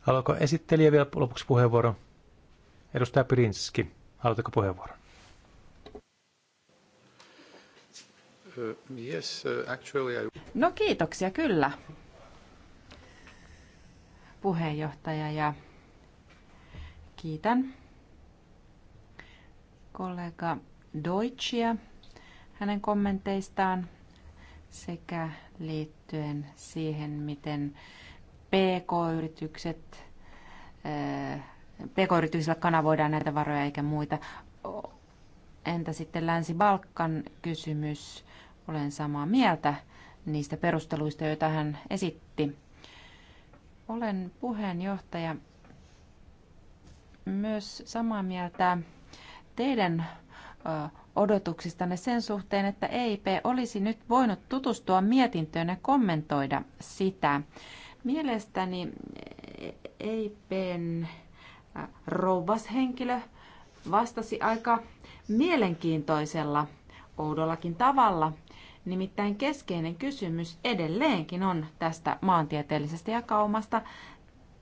Haluatko esittelijä vielä lopuksi puheenvuoro? Edustaja Pirinski, haluatteko puheenvuoron? Uh, yes, uh, actually I... No kiitoksia, kyllä. Puheenjohtaja ja kiitän kollega Deutschia hänen kommenteistaan sekä liittyen siihen, miten PK-yritykset, eh, PK-yrityksillä kanavoidaan näitä varoja eikä muita. Entä sitten Länsi-Balkan kysymys? Olen samaa mieltä niistä perusteluista, joita hän esitti. Olen puheenjohtaja myös samaa mieltä teidän odotuksistanne sen suhteen, että EIP olisi nyt voinut tutustua mietintöön ja kommentoida sitä. Mielestäni EIPn rouvashenkilö vastasi aika mielenkiintoisella, oudollakin tavalla. Nimittäin keskeinen kysymys edelleenkin on tästä maantieteellisestä jakaumasta.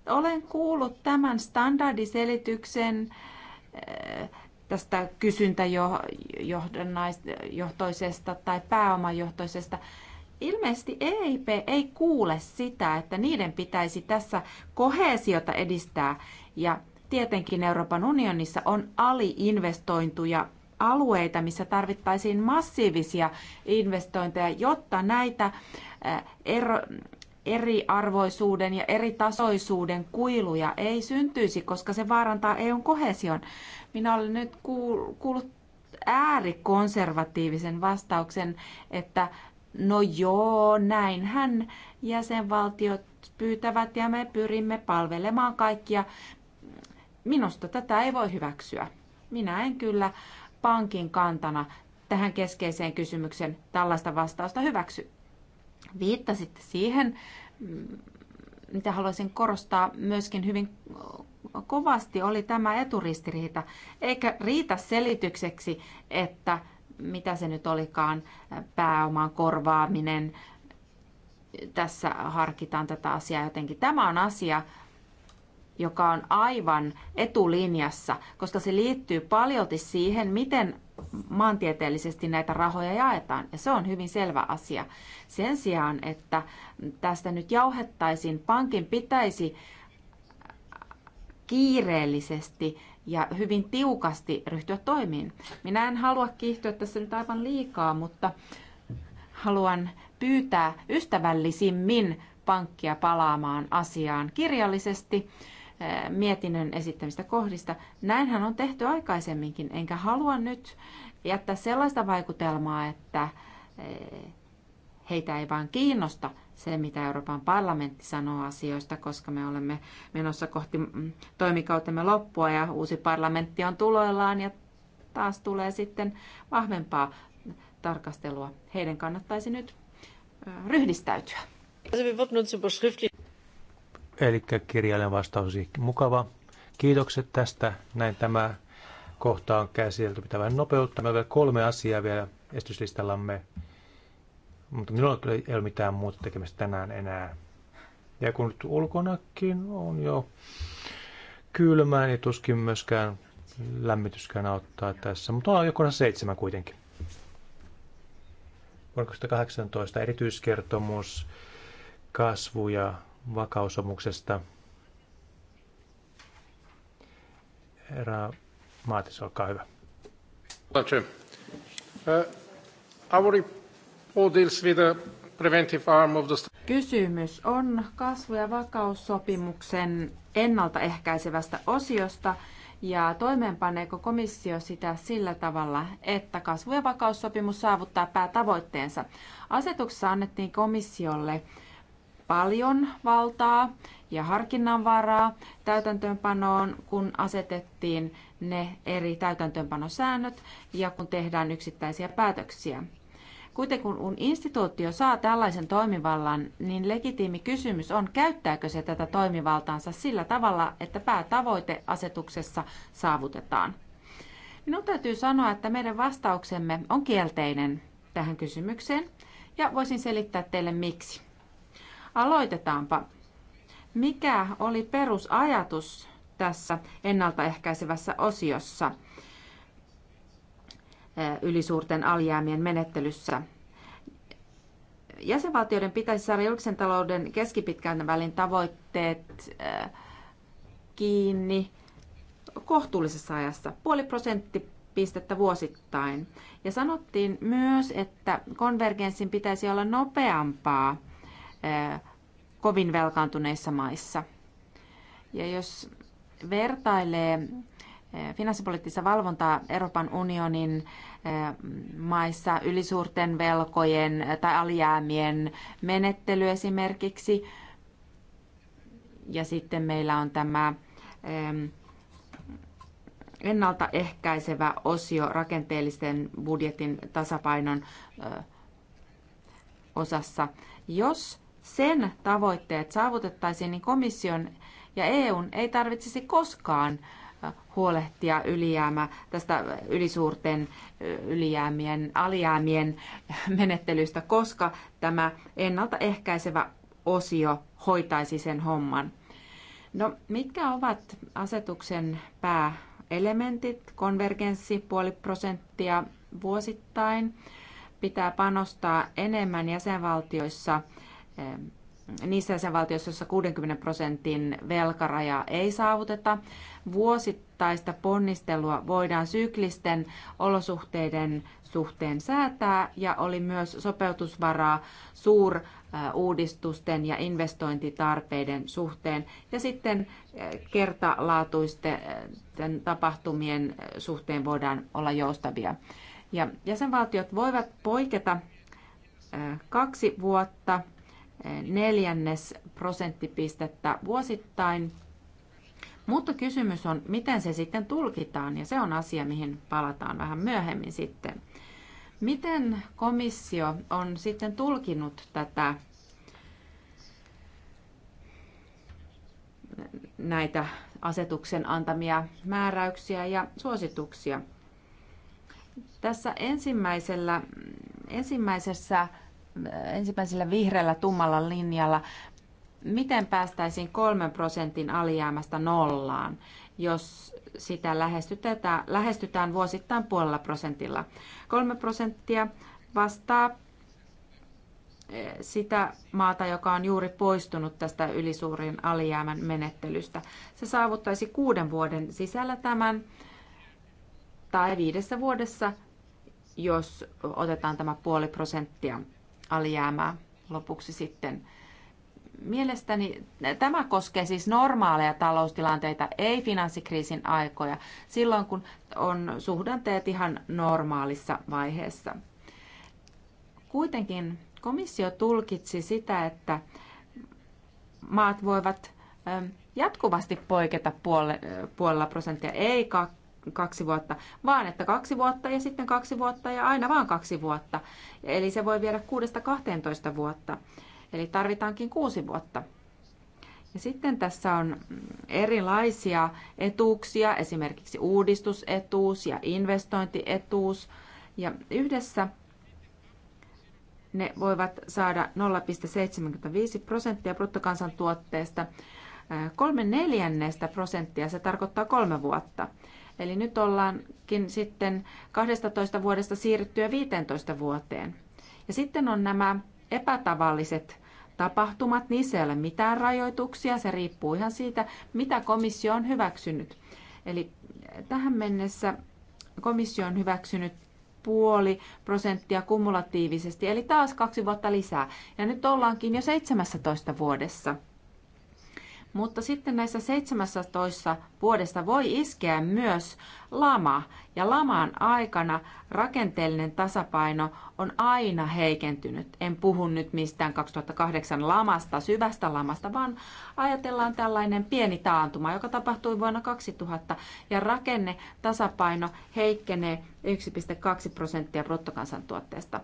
Olen kuullut tämän standardiselityksen tästä kysyntäjohtoisesta tai pääomajohtoisesta. Ilmeisesti EIP ei kuule sitä, että niiden pitäisi tässä kohesiota edistää. Ja tietenkin Euroopan unionissa on aliinvestointuja alueita, missä tarvittaisiin massiivisia investointeja, jotta näitä äh, ero, eriarvoisuuden ja eritasoisuuden kuiluja ei syntyisi, koska se vaarantaa EUn kohesion. Minä olen nyt kuullut äärikonservatiivisen vastauksen, että no joo, näinhän jäsenvaltiot pyytävät ja me pyrimme palvelemaan kaikkia. Minusta tätä ei voi hyväksyä. Minä en kyllä pankin kantana tähän keskeiseen kysymykseen tällaista vastausta hyväksy. Viittasitte siihen, mm, mitä haluaisin korostaa myöskin hyvin kovasti, oli tämä eturistiriita. Eikä riitä selitykseksi, että mitä se nyt olikaan, pääoman korvaaminen, tässä harkitaan tätä asiaa jotenkin. Tämä on asia, joka on aivan etulinjassa, koska se liittyy paljolti siihen, miten maantieteellisesti näitä rahoja jaetaan, ja se on hyvin selvä asia. Sen sijaan, että tästä nyt jauhettaisiin, pankin pitäisi kiireellisesti ja hyvin tiukasti ryhtyä toimiin. Minä en halua kiihtyä tässä nyt aivan liikaa, mutta haluan pyytää ystävällisimmin pankkia palaamaan asiaan kirjallisesti Eh, mietinnön esittämistä kohdista. Näinhän on tehty aikaisemminkin, enkä halua nyt jättää sellaista vaikutelmaa, että eh, heitä ei vaan kiinnosta se, mitä Euroopan parlamentti sanoo asioista, koska me olemme menossa kohti mm, toimikautemme loppua ja uusi parlamentti on tuloillaan ja taas tulee sitten vahvempaa tarkastelua. Heidän kannattaisi nyt eh, ryhdistäytyä. Eli kirjallinen vastaus mukava. Kiitokset tästä. Näin tämä kohta on käsitelty. Pitää vähän Meillä on vielä kolme asiaa vielä estyslistallamme. Mutta minulla ei ole mitään muuta tekemistä tänään enää. Ja kun nyt ulkonakin on jo kylmää, niin tuskin myöskään lämmityskään auttaa tässä. Mutta on joku seitsemän kuitenkin. Vuonna 2018 erityiskertomus kasvu- ja vakausomuksesta. Herra Maatis, olkaa hyvä. Uh, Kysymys on kasvu- ja vakaussopimuksen ennaltaehkäisevästä osiosta ja toimeenpaneeko komissio sitä sillä tavalla, että kasvu- ja vakaussopimus saavuttaa päätavoitteensa. Asetuksessa annettiin komissiolle paljon valtaa ja harkinnanvaraa täytäntöönpanoon, kun asetettiin ne eri täytäntöönpanosäännöt ja kun tehdään yksittäisiä päätöksiä. Kuitenkin kun instituutio saa tällaisen toimivallan, niin legitiimi kysymys on, käyttääkö se tätä toimivaltaansa sillä tavalla, että päätavoite asetuksessa saavutetaan. Minun täytyy sanoa, että meidän vastauksemme on kielteinen tähän kysymykseen ja voisin selittää teille miksi. Aloitetaanpa. Mikä oli perusajatus tässä ennaltaehkäisevässä osiossa eh, ylisuurten alijäämien menettelyssä? Jäsenvaltioiden pitäisi saada julkisen talouden keskipitkän välin tavoitteet eh, kiinni kohtuullisessa ajassa, puoli prosenttipistettä vuosittain. Ja sanottiin myös, että konvergenssin pitäisi olla nopeampaa Eh, kovin velkaantuneissa maissa. Ja jos vertailee eh, finanssipoliittista valvontaa Euroopan unionin eh, maissa ylisuurten velkojen tai alijäämien menettely esimerkiksi, ja sitten meillä on tämä ennaltaehkäisevä osio rakenteellisten budjetin tasapainon osassa. Jos sen tavoitteet saavutettaisiin, niin komission ja EUn ei tarvitsisi koskaan huolehtia ylijäämä, tästä ylisuurten ylijäämien, alijäämien menettelystä, koska tämä ennaltaehkäisevä osio hoitaisi sen homman. No, mitkä ovat asetuksen pääelementit? Konvergenssi, puoli prosenttia vuosittain. Pitää panostaa enemmän jäsenvaltioissa niissä jäsenvaltioissa, joissa 60 prosentin velkaraja ei saavuteta. Vuosittaista ponnistelua voidaan syklisten olosuhteiden suhteen säätää ja oli myös sopeutusvaraa suur uudistusten ja investointitarpeiden suhteen ja sitten e, kertalaatuisten tapahtumien suhteen voidaan olla joustavia. Ja jäsenvaltiot voivat poiketa e, kaksi vuotta neljännes prosenttipistettä vuosittain. Mutta kysymys on, miten se sitten tulkitaan, ja se on asia, mihin palataan vähän myöhemmin sitten. Miten komissio on sitten tulkinut tätä näitä asetuksen antamia määräyksiä ja suosituksia? Tässä ensimmäisellä, ensimmäisessä ensimmäisellä vihreällä tummalla linjalla, miten päästäisiin kolmen prosentin alijäämästä nollaan, jos sitä lähestytään, lähestytään vuosittain puolella prosentilla. Kolme prosenttia vastaa eh, sitä maata, joka on juuri poistunut tästä ylisuurin alijäämän menettelystä. Se saavuttaisi kuuden vuoden sisällä tämän tai viidessä vuodessa, jos otetaan tämä puoli prosenttia alijäämää lopuksi sitten. Mielestäni tämä koskee siis normaaleja taloustilanteita, ei finanssikriisin aikoja, silloin kun on suhdanteet ihan normaalissa vaiheessa. Kuitenkin komissio tulkitsi sitä, että maat voivat jatkuvasti poiketa puolella prosenttia, ei kaksi vuotta, vaan että kaksi vuotta ja sitten kaksi vuotta ja aina vaan kaksi vuotta. Eli se voi viedä 6-12 vuotta. Eli tarvitaankin kuusi vuotta. Ja sitten tässä on erilaisia etuuksia, esimerkiksi uudistusetuus ja investointietuus. Ja yhdessä ne voivat saada 0,75 prosenttia bruttokansantuotteesta. Kolme neljännestä prosenttia se tarkoittaa kolme vuotta. Eli nyt ollaankin sitten 12 vuodesta siirryttyä 15 vuoteen. Ja sitten on nämä epätavalliset tapahtumat, niissä ei ole mitään rajoituksia, se riippuu ihan siitä, mitä komissio on hyväksynyt. Eli tähän mennessä komissio on hyväksynyt puoli prosenttia kumulatiivisesti, eli taas kaksi vuotta lisää. Ja nyt ollaankin jo 17 vuodessa – mutta sitten näissä 17 vuodesta voi iskeä myös lama. Ja laman aikana rakenteellinen tasapaino on aina heikentynyt. En puhu nyt mistään 2008 lamasta, syvästä lamasta, vaan ajatellaan tällainen pieni taantuma, joka tapahtui vuonna 2000. Ja rakenne tasapaino heikkenee 1,2 prosenttia bruttokansantuotteesta.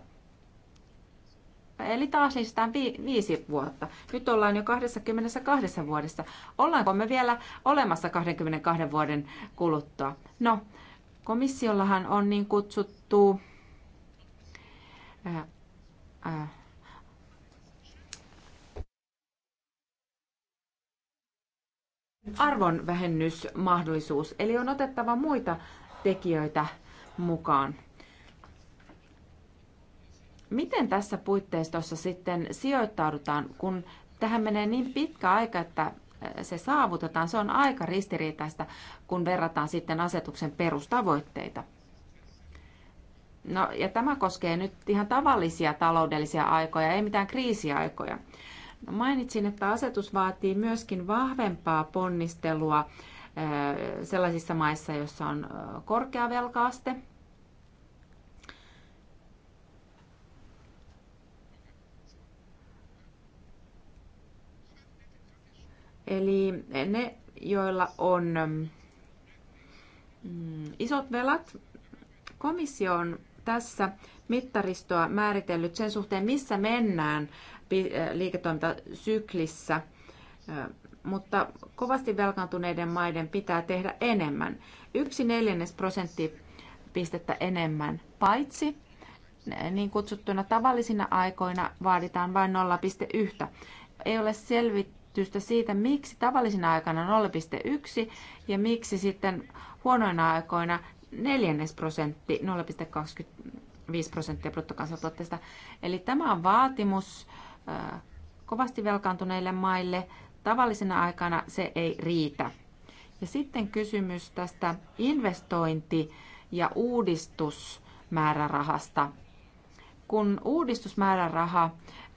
Eli taas siis tämän vi- viisi vuotta. Nyt ollaan jo 22 vuodessa. Ollaanko me vielä olemassa 22 vuoden kuluttua? No, komissiollahan on niin kutsuttu ää, ää, arvonvähennysmahdollisuus. Eli on otettava muita tekijöitä mukaan. Miten tässä puitteistossa sitten sijoittaudutaan, kun tähän menee niin pitkä aika, että äh, se saavutetaan? Se on aika ristiriitaista, kun verrataan sitten asetuksen perustavoitteita. No, ja tämä koskee nyt ihan tavallisia taloudellisia aikoja, ei mitään kriisiaikoja. No, mainitsin, että asetus vaatii myöskin vahvempaa ponnistelua äh, sellaisissa maissa, joissa on äh, korkea velkaaste, Eli ne, joilla on mm, isot velat, komissio on tässä mittaristoa määritellyt sen suhteen, missä mennään liiketoimintasyklissä, mutta kovasti velkaantuneiden maiden pitää tehdä enemmän. Yksi neljännes prosenttipistettä enemmän, paitsi niin kutsuttuna tavallisina aikoina vaaditaan vain 0,1. Ei ole selvit, selitystä siitä, miksi tavallisina aikana 0,1 ja miksi sitten huonoina aikoina neljännes prosentti 0,25 prosenttia bruttokansantuotteesta. Eli tämä on vaatimus kovasti velkaantuneille maille. Tavallisena aikana se ei riitä. Ja sitten kysymys tästä investointi- ja uudistusmäärärahasta kun uudistusmääräraha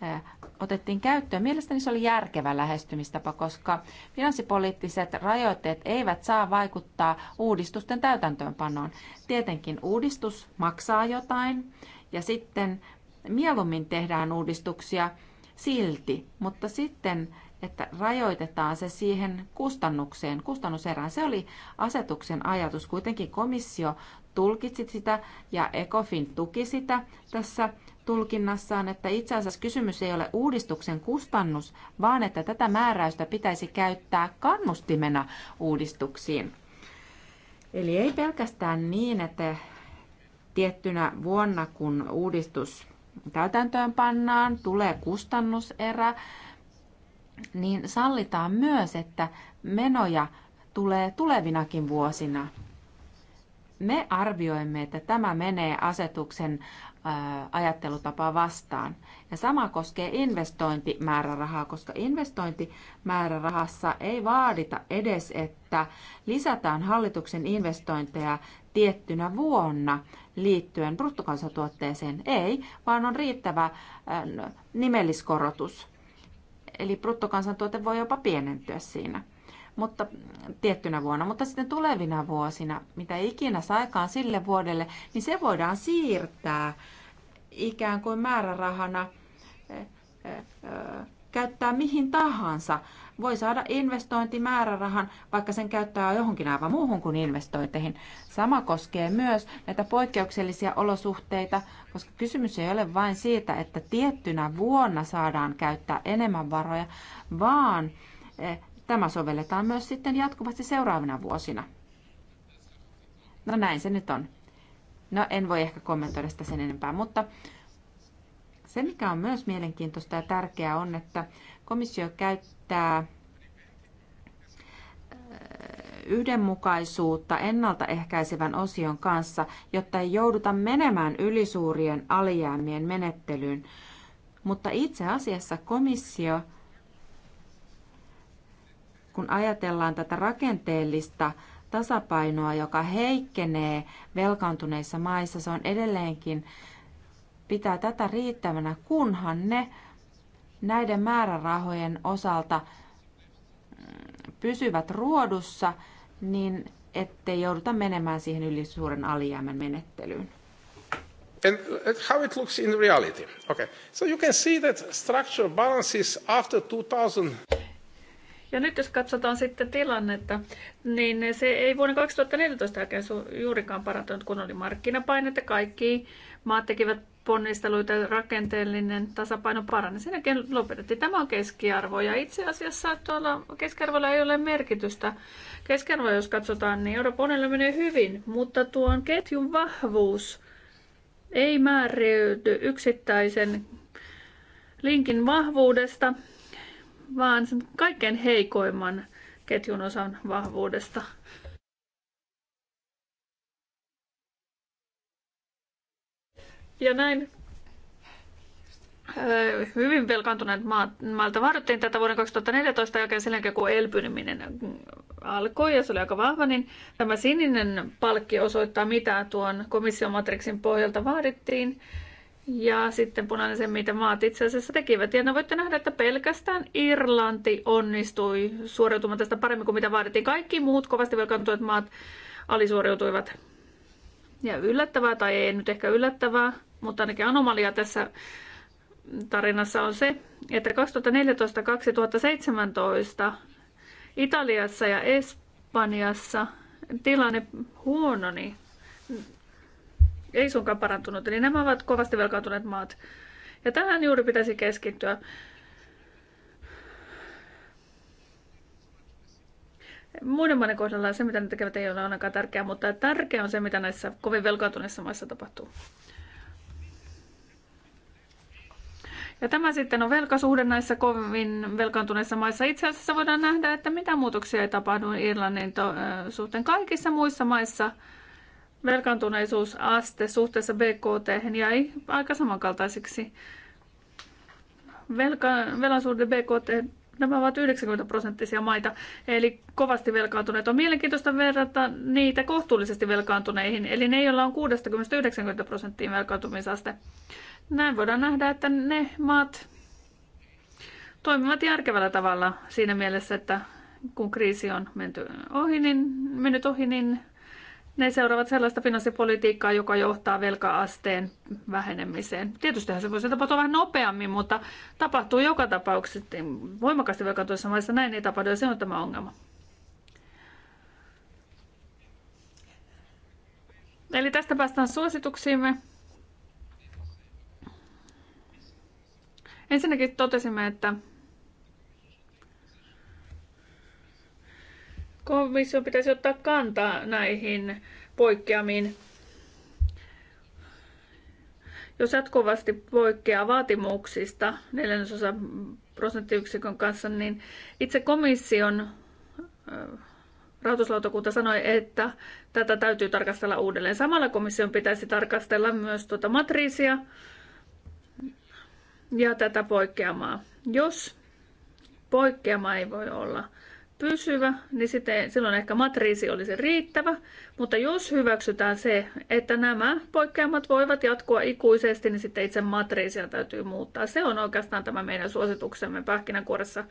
eh, otettiin käyttöön, mielestäni se oli järkevä lähestymistapa, koska finanssipoliittiset rajoitteet eivät saa vaikuttaa uudistusten täytäntöönpanoon. Tietenkin uudistus maksaa jotain ja sitten mieluummin tehdään uudistuksia silti, mutta sitten että rajoitetaan se siihen kustannukseen, kustannuserään. Se oli asetuksen ajatus. Kuitenkin komissio tulkitsit sitä ja ECOFIN tuki sitä tässä tulkinnassaan, että itse asiassa kysymys ei ole uudistuksen kustannus, vaan että tätä määräystä pitäisi käyttää kannustimena uudistuksiin. Eli ei pelkästään niin, että tiettynä vuonna, kun uudistus täytäntöön pannaan, tulee kustannuserä, niin sallitaan myös, että menoja tulee tulevinakin vuosina me arvioimme, että tämä menee asetuksen ajattelutapaa vastaan. Ja sama koskee investointimäärärahaa, koska investointimäärärahassa ei vaadita edes, että lisätään hallituksen investointeja tiettynä vuonna liittyen bruttokansantuotteeseen. Ei, vaan on riittävä nimelliskorotus. Eli bruttokansantuote voi jopa pienentyä siinä mutta tiettynä vuonna. Mutta sitten tulevina vuosina, mitä ikinä saikaan sille vuodelle, niin se voidaan siirtää ikään kuin määrärahana eh, eh, käyttää mihin tahansa. Voi saada investointimäärärahan, vaikka sen käyttää johonkin aivan muuhun kuin investointeihin. Sama koskee myös näitä poikkeuksellisia olosuhteita, koska kysymys ei ole vain siitä, että tiettynä vuonna saadaan käyttää enemmän varoja, vaan eh, Tämä sovelletaan myös sitten jatkuvasti seuraavina vuosina. No näin se nyt on. No en voi ehkä kommentoida sitä sen enempää, mutta se mikä on myös mielenkiintoista ja tärkeää on, että komissio käyttää yhdenmukaisuutta ennaltaehkäisevän osion kanssa, jotta ei jouduta menemään ylisuurien alijäämien menettelyyn. Mutta itse asiassa komissio kun ajatellaan tätä rakenteellista tasapainoa, joka heikkenee velkaantuneissa maissa, se on edelleenkin pitää tätä riittävänä, kunhan ne näiden määrärahojen osalta mm, pysyvät ruodussa, niin ettei jouduta menemään siihen yli suuren alijäämän menettelyyn. And uh, how it looks in reality. Okay. So you can see that structural balances after 2000... Ja nyt jos katsotaan sitten tilannetta, niin se ei vuonna 2014 jälkeen juurikaan parantunut, kun oli markkinapainetta. Kaikki maat tekivät ponnisteluita, rakenteellinen tasapaino parani. Sen jälkeen lopetettiin. Tämä on keskiarvo ja itse asiassa tuolla keskiarvolla ei ole merkitystä. Keskiarvo, jos katsotaan, niin Euroopan unionilla menee hyvin, mutta tuon ketjun vahvuus ei määriydy yksittäisen linkin vahvuudesta, vaan sen kaikkein heikoimman ketjun osan vahvuudesta. Ja näin hyvin velkaantuneet maalta varoittiin tätä vuoden 2014 jälkeen sen jälkeen, kun elpyminen alkoi ja se oli aika vahva, niin tämä sininen palkki osoittaa, mitä tuon komission matriksin pohjalta vaadittiin ja sitten punainen se, mitä maat itse asiassa tekivät. Ja no voitte nähdä, että pelkästään Irlanti onnistui suoriutumaan tästä paremmin kuin mitä vaadittiin. Kaikki muut kovasti velkaantuneet maat alisuoriutuivat. Ja yllättävää, tai ei nyt ehkä yllättävää, mutta ainakin anomalia tässä tarinassa on se, että 2014-2017 Italiassa ja Espanjassa tilanne huononi ei suinkaan parantunut. Eli nämä ovat kovasti velkaantuneet maat. Ja tähän juuri pitäisi keskittyä. Muiden maiden kohdalla se, mitä ne tekevät, ei ole ainakaan tärkeää, mutta tärkeää on se, mitä näissä kovin velkaantuneissa maissa tapahtuu. Ja tämä sitten on velkasuhde näissä kovin velkaantuneissa maissa. Itse asiassa voidaan nähdä, että mitä muutoksia ei tapahdu Irlannin suhteen. Kaikissa muissa maissa velkaantuneisuusaste suhteessa BKT jäi aika samankaltaiseksi. Velka, velan suhde BKT, nämä ovat 90 prosenttisia maita, eli kovasti velkaantuneet. On mielenkiintoista verrata niitä kohtuullisesti velkaantuneihin, eli ne, joilla on 60-90 prosenttia velkaantumisaste. Näin voidaan nähdä, että ne maat toimivat järkevällä tavalla siinä mielessä, että kun kriisi on menty ohi, niin, mennyt ohi, niin ne seuraavat sellaista finanssipolitiikkaa, joka johtaa velkaasteen vähenemiseen. Tietysti se voisi tapahtua vähän nopeammin, mutta tapahtuu joka tapauksessa. Voimakkaasti velkaantuessa maissa näin ei tapahdu ja se on tämä ongelma. Eli tästä päästään suosituksiimme. Ensinnäkin totesimme, että komission pitäisi ottaa kantaa näihin poikkeamiin. Jos jatkuvasti poikkeaa vaatimuksista neljännesosa prosenttiyksikön kanssa, niin itse komission rahoituslautakunta sanoi, että tätä täytyy tarkastella uudelleen. Samalla komission pitäisi tarkastella myös tuota matriisia ja tätä poikkeamaa. Jos poikkeama ei voi olla pysyvä, niin sitten silloin ehkä matriisi olisi riittävä. Mutta jos hyväksytään se, että nämä poikkeamat voivat jatkua ikuisesti, niin sitten itse matriisia täytyy muuttaa. Se on oikeastaan tämä meidän suosituksemme pähkinänkuoressa.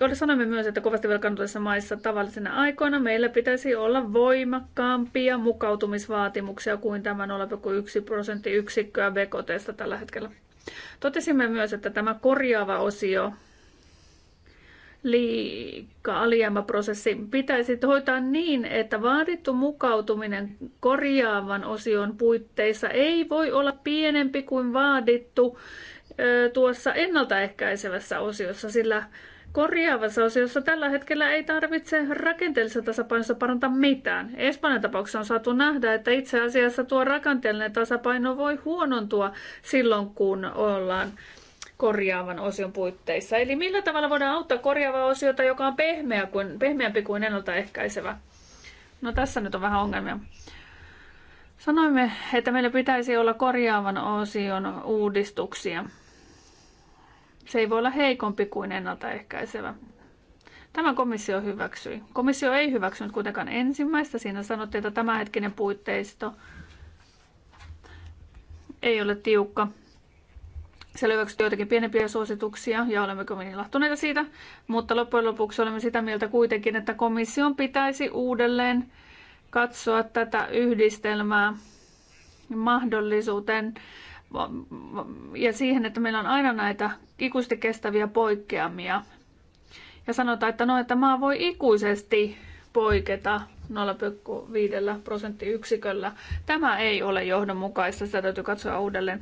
Jolle sanomme myös, että kovasti velkaantuneissa maissa tavallisina aikoina meillä pitäisi olla voimakkaampia mukautumisvaatimuksia kuin tämä 0,1 prosenttiyksikköä BKTstä tällä hetkellä. Totesimme myös, että tämä korjaava osio liika alijäämäprosessi pitäisi hoitaa niin, että vaadittu mukautuminen korjaavan osion puitteissa ei voi olla pienempi kuin vaadittu tuossa ennaltaehkäisevässä osiossa, sillä korjaavassa osiossa tällä hetkellä ei tarvitse rakenteellisessa tasapainossa parantaa mitään. Espanjan tapauksessa on saatu nähdä, että itse asiassa tuo rakenteellinen tasapaino voi huonontua silloin, kun ollaan korjaavan osion puitteissa. Eli millä tavalla voidaan auttaa korjaavaa osiota, joka on pehmeä kuin, pehmeämpi kuin ennaltaehkäisevä? No tässä nyt on vähän ongelmia. Sanoimme, että meillä pitäisi olla korjaavan osion uudistuksia. Se ei voi olla heikompi kuin ennaltaehkäisevä. Tämä komissio hyväksyi. Komissio ei hyväksynyt kuitenkaan ensimmäistä. Siinä sanottiin, että tämänhetkinen puitteisto ei ole tiukka selväksi joitakin pienempiä suosituksia ja olemme kovin ilahtuneita siitä, mutta loppujen lopuksi olemme sitä mieltä kuitenkin, että komission pitäisi uudelleen katsoa tätä yhdistelmää mahdollisuuteen ja siihen, että meillä on aina näitä ikuisesti kestäviä poikkeamia. Ja sanotaan, että no, että maa voi ikuisesti poiketa 0,5 prosenttiyksiköllä. Tämä ei ole johdonmukaista, sitä täytyy katsoa uudelleen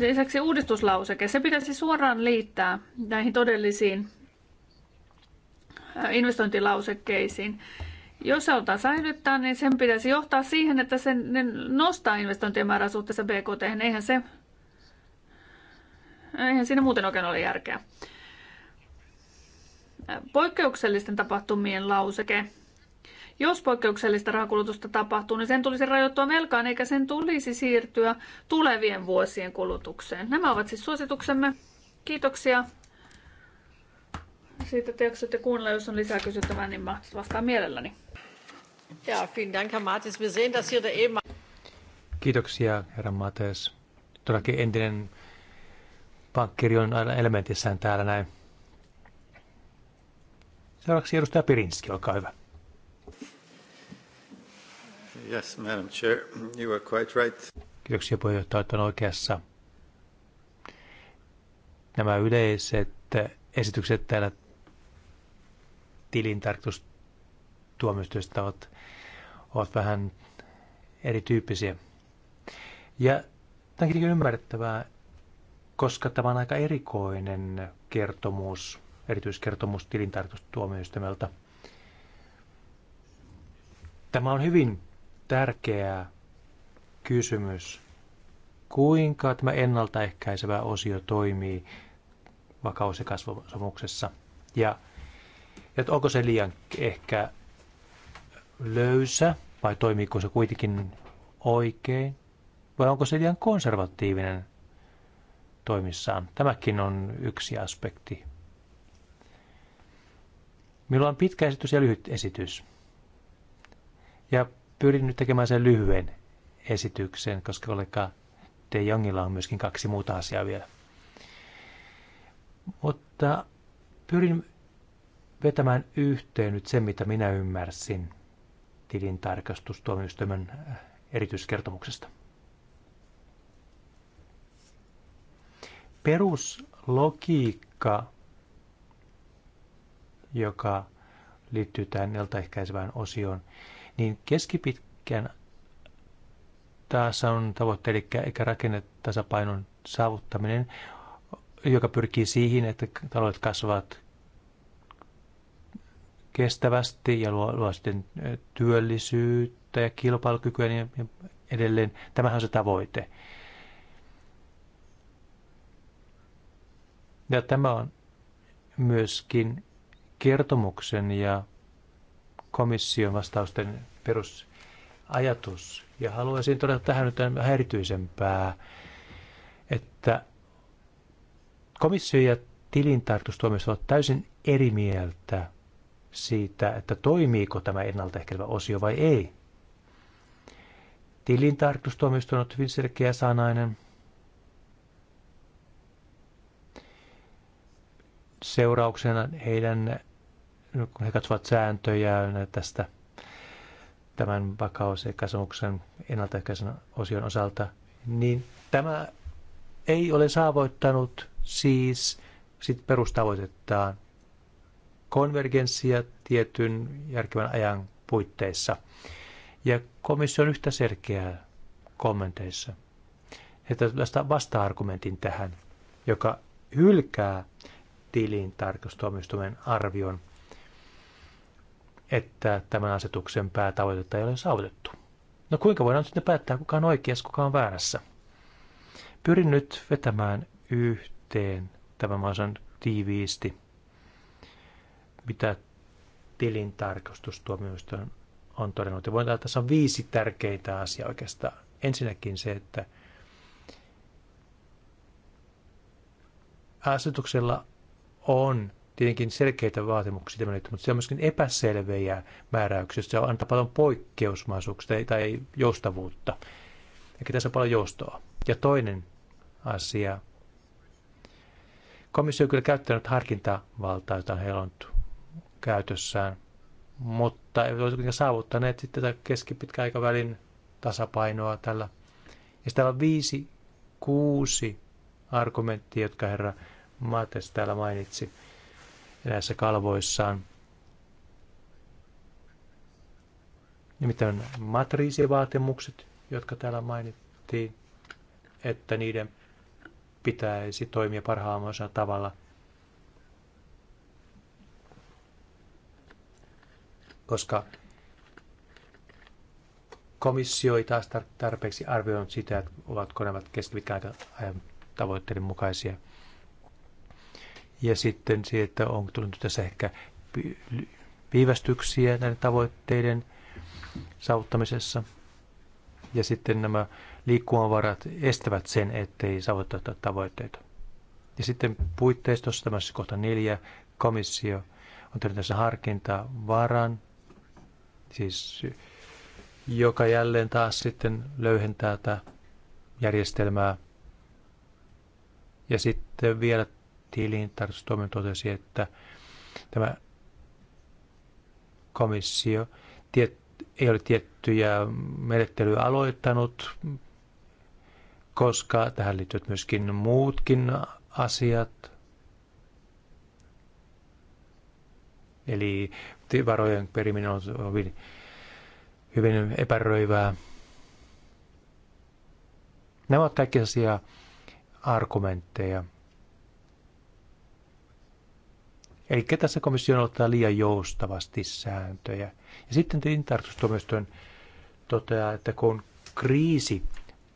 lisäksi uudistuslauseke, se pitäisi suoraan liittää näihin todellisiin äh, investointilausekkeisiin. Jos se halutaan säilyttää, niin sen pitäisi johtaa siihen, että se nostaa investointien määrää suhteessa BKT. Eihän, se, eihän siinä muuten oikein ole järkeä. Äh, poikkeuksellisten tapahtumien lauseke jos poikkeuksellista rahakulutusta tapahtuu, niin sen tulisi rajoittua velkaan eikä sen tulisi siirtyä tulevien vuosien kulutukseen. Nämä ovat siis suosituksemme. Kiitoksia siitä te jaksoitte kuunnella. Jos on lisää kysyttävää, niin mä vastaan mielelläni. Ja, Dank, Herr Martis. Wir sehen, dass hier Kiitoksia, herra Mates. Todellakin entinen pankkiri on aina elementissään täällä näin. Seuraavaksi edustaja Pirinski, olkaa hyvä. Yes, Madam Chair, you are quite right. Kiitoksia puheenjohtaja, että on oikeassa. Nämä yleiset esitykset täällä tilintarkastustuomioistuista ovat, ovat vähän erityyppisiä. Ja tämä on ymmärrettävää, koska tämä on aika erikoinen kertomus, erityiskertomus tilintarkastustuomioistuimelta. Tämä on hyvin tärkeä kysymys. Kuinka tämä ennaltaehkäisevä osio toimii vakaus- ja kasvusomuksessa? Ja, että onko se liian ehkä löysä vai toimiiko se kuitenkin oikein? Vai onko se liian konservatiivinen toimissaan? Tämäkin on yksi aspekti. Minulla on pitkä esitys ja lyhyt esitys. Ja pyrin nyt tekemään sen lyhyen esityksen, koska kollega De Jongilla on myöskin kaksi muuta asiaa vielä. Mutta pyrin vetämään yhteen nyt sen, mitä minä ymmärsin tilintarkastustuomioistuimen äh, erityiskertomuksesta. Peruslogiikka, joka liittyy tähän eltaehkäisevään osioon, niin keskipitkän taas on tavoitteena, eli rakennetasapainon saavuttaminen, joka pyrkii siihen, että taloudet kasvavat kestävästi ja luo, luo sitten työllisyyttä ja kilpailukykyä niin edelleen. Tämähän on se tavoite. Ja tämä on myöskin kertomuksen ja komission vastausten perusajatus. Ja haluaisin todeta tähän nyt vähän erityisempää, että komissio ja tilintarkastustuomioistuin ovat täysin eri mieltä siitä, että toimiiko tämä ennaltaehkäisevä osio vai ei. Tilintarkastustuomioistuin on hyvin selkeä sanainen. Seurauksena heidän, kun he katsovat sääntöjä tästä tämän vakaus- ja kasvamuksen ennaltaehkäisen osion osalta, niin tämä ei ole saavoittanut siis sit perustavoitettaan konvergenssia tietyn järkevän ajan puitteissa. Ja komissio on yhtä selkeää kommenteissa, että tästä vasta-argumentin tähän, joka hylkää tilin tarkastustuomioistuimen arvion – että tämän asetuksen päätavoitetta ei ole saavutettu. No kuinka voidaan sitten päättää, kuka on oikeassa, kuka on väärässä? Pyrin nyt vetämään yhteen tämän maan tiiviisti, mitä tilintarkastustuomioistuin on todennut. Ja voin että tässä on viisi tärkeintä asiaa oikeastaan. Ensinnäkin se, että asetuksella on tietenkin selkeitä vaatimuksia mutta se on myöskin epäselvejä määräyksiä, se antaa paljon poikkeusmahdollisuuksia tai joustavuutta. Eli tässä on paljon joustoa. Ja toinen asia. Komissio on kyllä käyttänyt harkintavaltaa, jota heillä on käytössään, mutta ei ole kuitenkaan saavuttaneet sitten tätä keskipitkän aikavälin tasapainoa tällä. Ja täällä on viisi, kuusi argumenttia, jotka herra Mates täällä mainitsi eräissä kalvoissaan. Nimittäin matriisivaatimukset, jotka täällä mainittiin, että niiden pitäisi toimia parhaamoisella tavalla. Koska komissio ei taas tarpeeksi arvioinut sitä, että ovatko nämä keskipitkän ajan tavoitteiden mukaisia – ja sitten siitä, että on tullut tässä ehkä viivästyksiä näiden tavoitteiden saavuttamisessa. Ja sitten nämä liikkumavarat estävät sen, ettei saavuteta tavoitteita. Ja sitten puitteistossa, tämä siis kohta neljä, komissio on tehnyt tässä harkintaa varan, siis joka jälleen taas sitten löyhentää tätä järjestelmää. Ja sitten vielä tilintarkastustoimen totesi, että tämä komissio tiet, ei ole tiettyjä menettelyä aloittanut, koska tähän liittyvät myöskin muutkin asiat. Eli varojen periminen on hyvin, hyvin epäröivää. Nämä ovat kaikki asia argumentteja, Eli tässä komissio ottaa liian joustavasti sääntöjä. Ja sitten tilintarkastustuomioistuin toteaa, että kun kriisi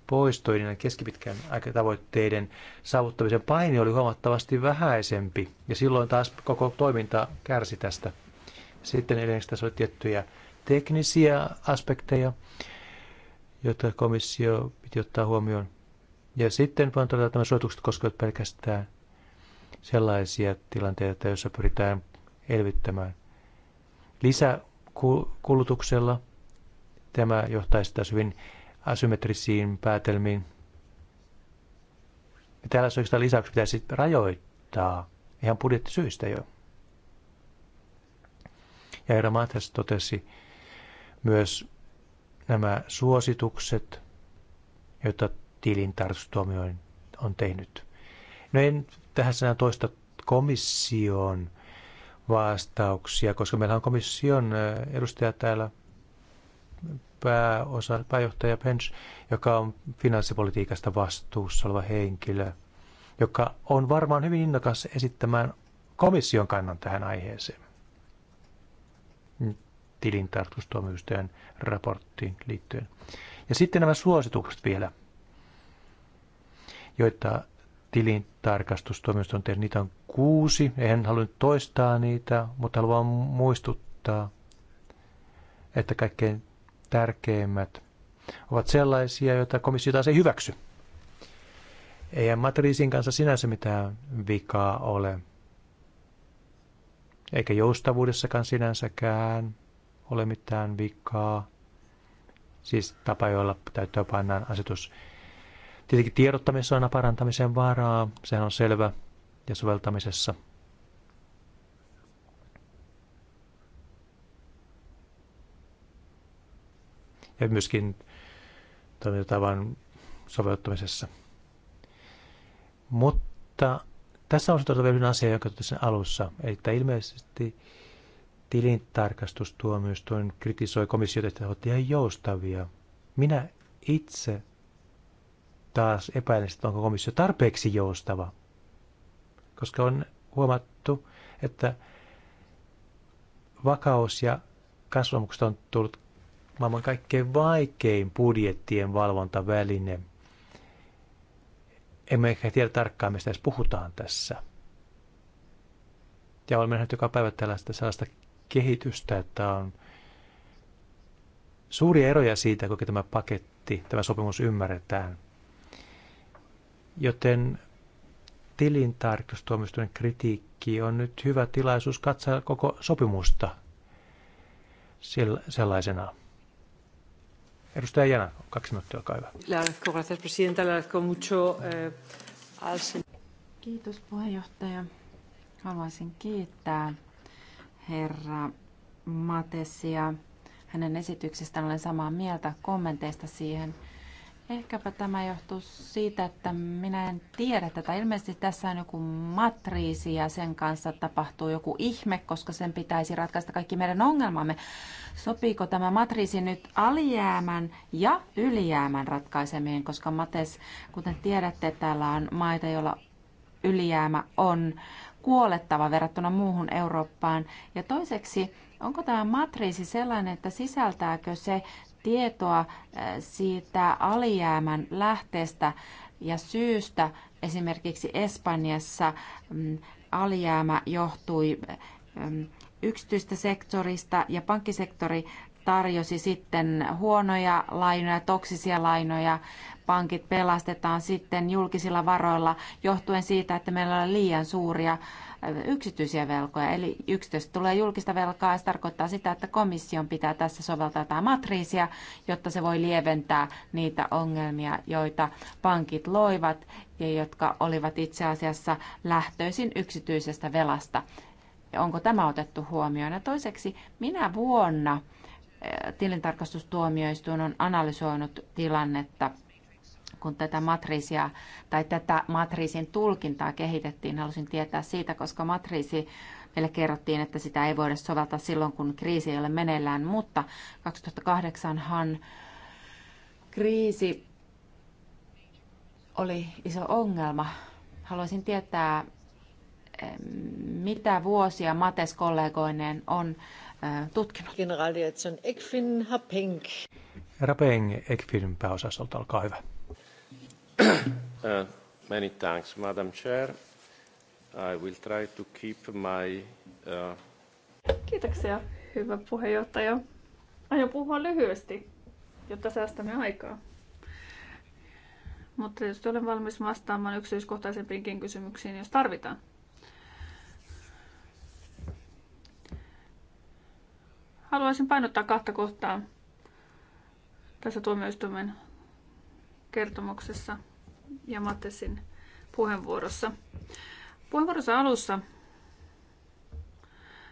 poistui, niin keskipitkän aikatavoitteiden saavuttamisen paine oli huomattavasti vähäisempi, ja silloin taas koko toiminta kärsi tästä. Sitten edelleen tässä oli tiettyjä teknisiä aspekteja, joita komissio piti ottaa huomioon. Ja sitten voin todeta, että nämä suositukset koskevat pelkästään sellaisia tilanteita, joissa pyritään elvyttämään. Lisäkulutuksella tämä johtaisi taas hyvin asymmetrisiin päätelmiin. Ja tällaisia oikeastaan lisäksi pitäisi rajoittaa ihan budjettisyistä jo. Ja Eero Mathes totesi myös nämä suositukset, joita tilintarkastustuomioin on tehnyt. No en tähän sanaan toista komission vastauksia, koska meillä on komission edustaja täällä pääosa, pääjohtaja Pence, joka on finanssipolitiikasta vastuussa oleva henkilö, joka on varmaan hyvin innokas esittämään komission kannan tähän aiheeseen tilintarkastustuomioistuimen raporttiin liittyen. Ja sitten nämä suositukset vielä, joita on tehnyt. Niitä on kuusi. En halua nyt toistaa niitä, mutta haluan muistuttaa, että kaikkein tärkeimmät ovat sellaisia, joita komissio taas ei hyväksy. Ei matriisin kanssa sinänsä mitään vikaa ole. Eikä joustavuudessakaan sinänsäkään ole mitään vikaa. Siis tapa, jolla täytyy pannaan asetus Tietenkin tiedottamisessa on aina parantamisen varaa, sehän on selvä, ja soveltamisessa. Ja myöskin toimintatavan soveltamisessa. Mutta tässä on vielä asia, joka sen alussa. Eli ilmeisesti tilintarkastustuomioistuin kritisoi komissiota, että he ihan joustavia. Minä itse taas epäilen, että onko komissio tarpeeksi joustava, koska on huomattu, että vakaus ja kasvamukset on tullut maailman kaikkein vaikein budjettien valvontaväline. Emme ehkä tiedä tarkkaan, mistä edes puhutaan tässä. Ja olemme nähneet joka päivä tällaista sellaista kehitystä, että on suuria eroja siitä, kuinka tämä paketti, tämä sopimus ymmärretään. Joten tilintarkastustuomioistuimen kritiikki on nyt hyvä tilaisuus katsoa koko sopimusta sellaisena. Edustaja Jana, kaksi minuuttia, olkaa hyvä. presidenta. mucho eh, Kiitos puheenjohtaja. Haluaisin kiittää herra Matesia hänen esityksestään. Olen samaa mieltä kommenteista siihen. Ehkäpä tämä johtuu siitä, että minä en tiedä tätä. Ilmeisesti tässä on joku matriisi ja sen kanssa tapahtuu joku ihme, koska sen pitäisi ratkaista kaikki meidän ongelmamme. Sopiiko tämä matriisi nyt alijäämän ja ylijäämän ratkaisemiin, koska Mates, kuten tiedätte, täällä on maita, joilla ylijäämä on kuolettava verrattuna muuhun Eurooppaan. Ja toiseksi, onko tämä matriisi sellainen, että sisältääkö se tietoa eh, siitä alijäämän lähteestä ja syystä. Esimerkiksi Espanjassa mm, alijäämä johtui mm, yksityistä sektorista ja pankkisektori tarjosi sitten huonoja lainoja, toksisia lainoja. Pankit pelastetaan sitten julkisilla varoilla johtuen siitä, että meillä on liian suuria yksityisiä velkoja. Eli yksityistä tulee julkista velkaa ja se tarkoittaa sitä, että komission pitää tässä soveltaa jotain matriisia, jotta se voi lieventää niitä ongelmia, joita pankit loivat ja jotka olivat itse asiassa lähtöisin yksityisestä velasta. Onko tämä otettu huomioon? Ja toiseksi, minä vuonna eh, tilintarkastustuomioistuin on analysoinut tilannetta – kun tätä matriisia tai tätä matriisin tulkintaa kehitettiin. Niin halusin tietää siitä, koska matriisi Meille kerrottiin, että sitä ei voida soveltaa silloin, kun kriisi ei ole meneillään, mutta 2008han kriisi oli iso ongelma. Haluaisin tietää, eh, mitä vuosia Mates kollegoineen on eh, tutkinut. Generaali Ekfin Hapeng. Herra Peng, Ekfin pääosastolta, olkaa hyvä. Uh, many thanks, Madam Chair. I will try to keep my... Uh... Kiitoksia, hyvä puheenjohtaja. Aion puhua lyhyesti, jotta säästämme aikaa. Mutta tietysti olen valmis vastaamaan yksityiskohtaisempiinkin kysymyksiin, jos tarvitaan. Haluaisin painottaa kahta kohtaa tässä tuomioistuimen kertomuksessa ja Mattesin puheenvuorossa. Puheenvuorossa alussa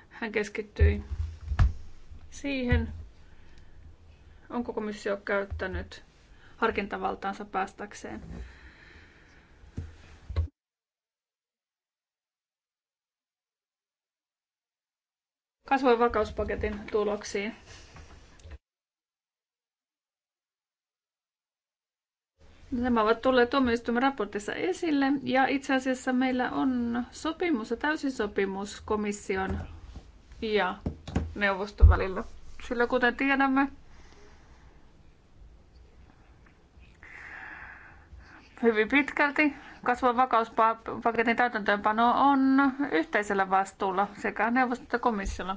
hän keskittyi siihen, onko komissio käyttänyt harkintavaltaansa päästäkseen kasvu- vakauspaketin tuloksiin. Nämä ovat tulleet tuomioistuimen raportissa esille ja itse asiassa meillä on sopimus ja täysin sopimus komission ja neuvoston välillä. Sillä kuten tiedämme, hyvin pitkälti kasvun vakauspaketin täytäntöönpano on yhteisellä vastuulla sekä neuvoston että komissiolla.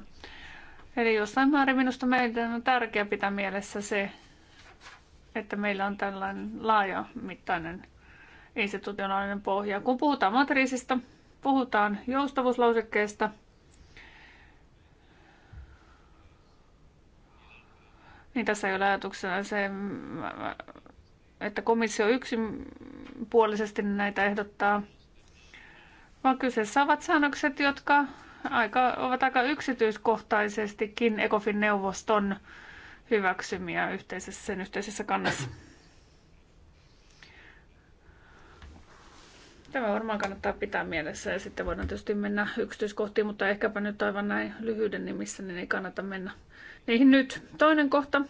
Eli jossain määrin minusta meidän on tärkeää pitää mielessä se, että meillä on tällainen laaja mittainen institutionaalinen pohja. Kun puhutaan matriisista, puhutaan joustavuuslausekkeesta, niin tässä ei ole ajatuksena se, että komissio yksipuolisesti näitä ehdottaa, vaan kyseessä ovat säännökset, jotka aika, ovat aika yksityiskohtaisestikin ECOFIN-neuvoston hyväksymiä yhteisessä, sen yhteisessä kannassa. Tämä varmaan kannattaa pitää mielessä ja sitten voidaan tietysti mennä yksityiskohtiin, mutta ehkäpä nyt aivan näin lyhyyden nimissä, niin ei kannata mennä niihin nyt. Toinen kohta.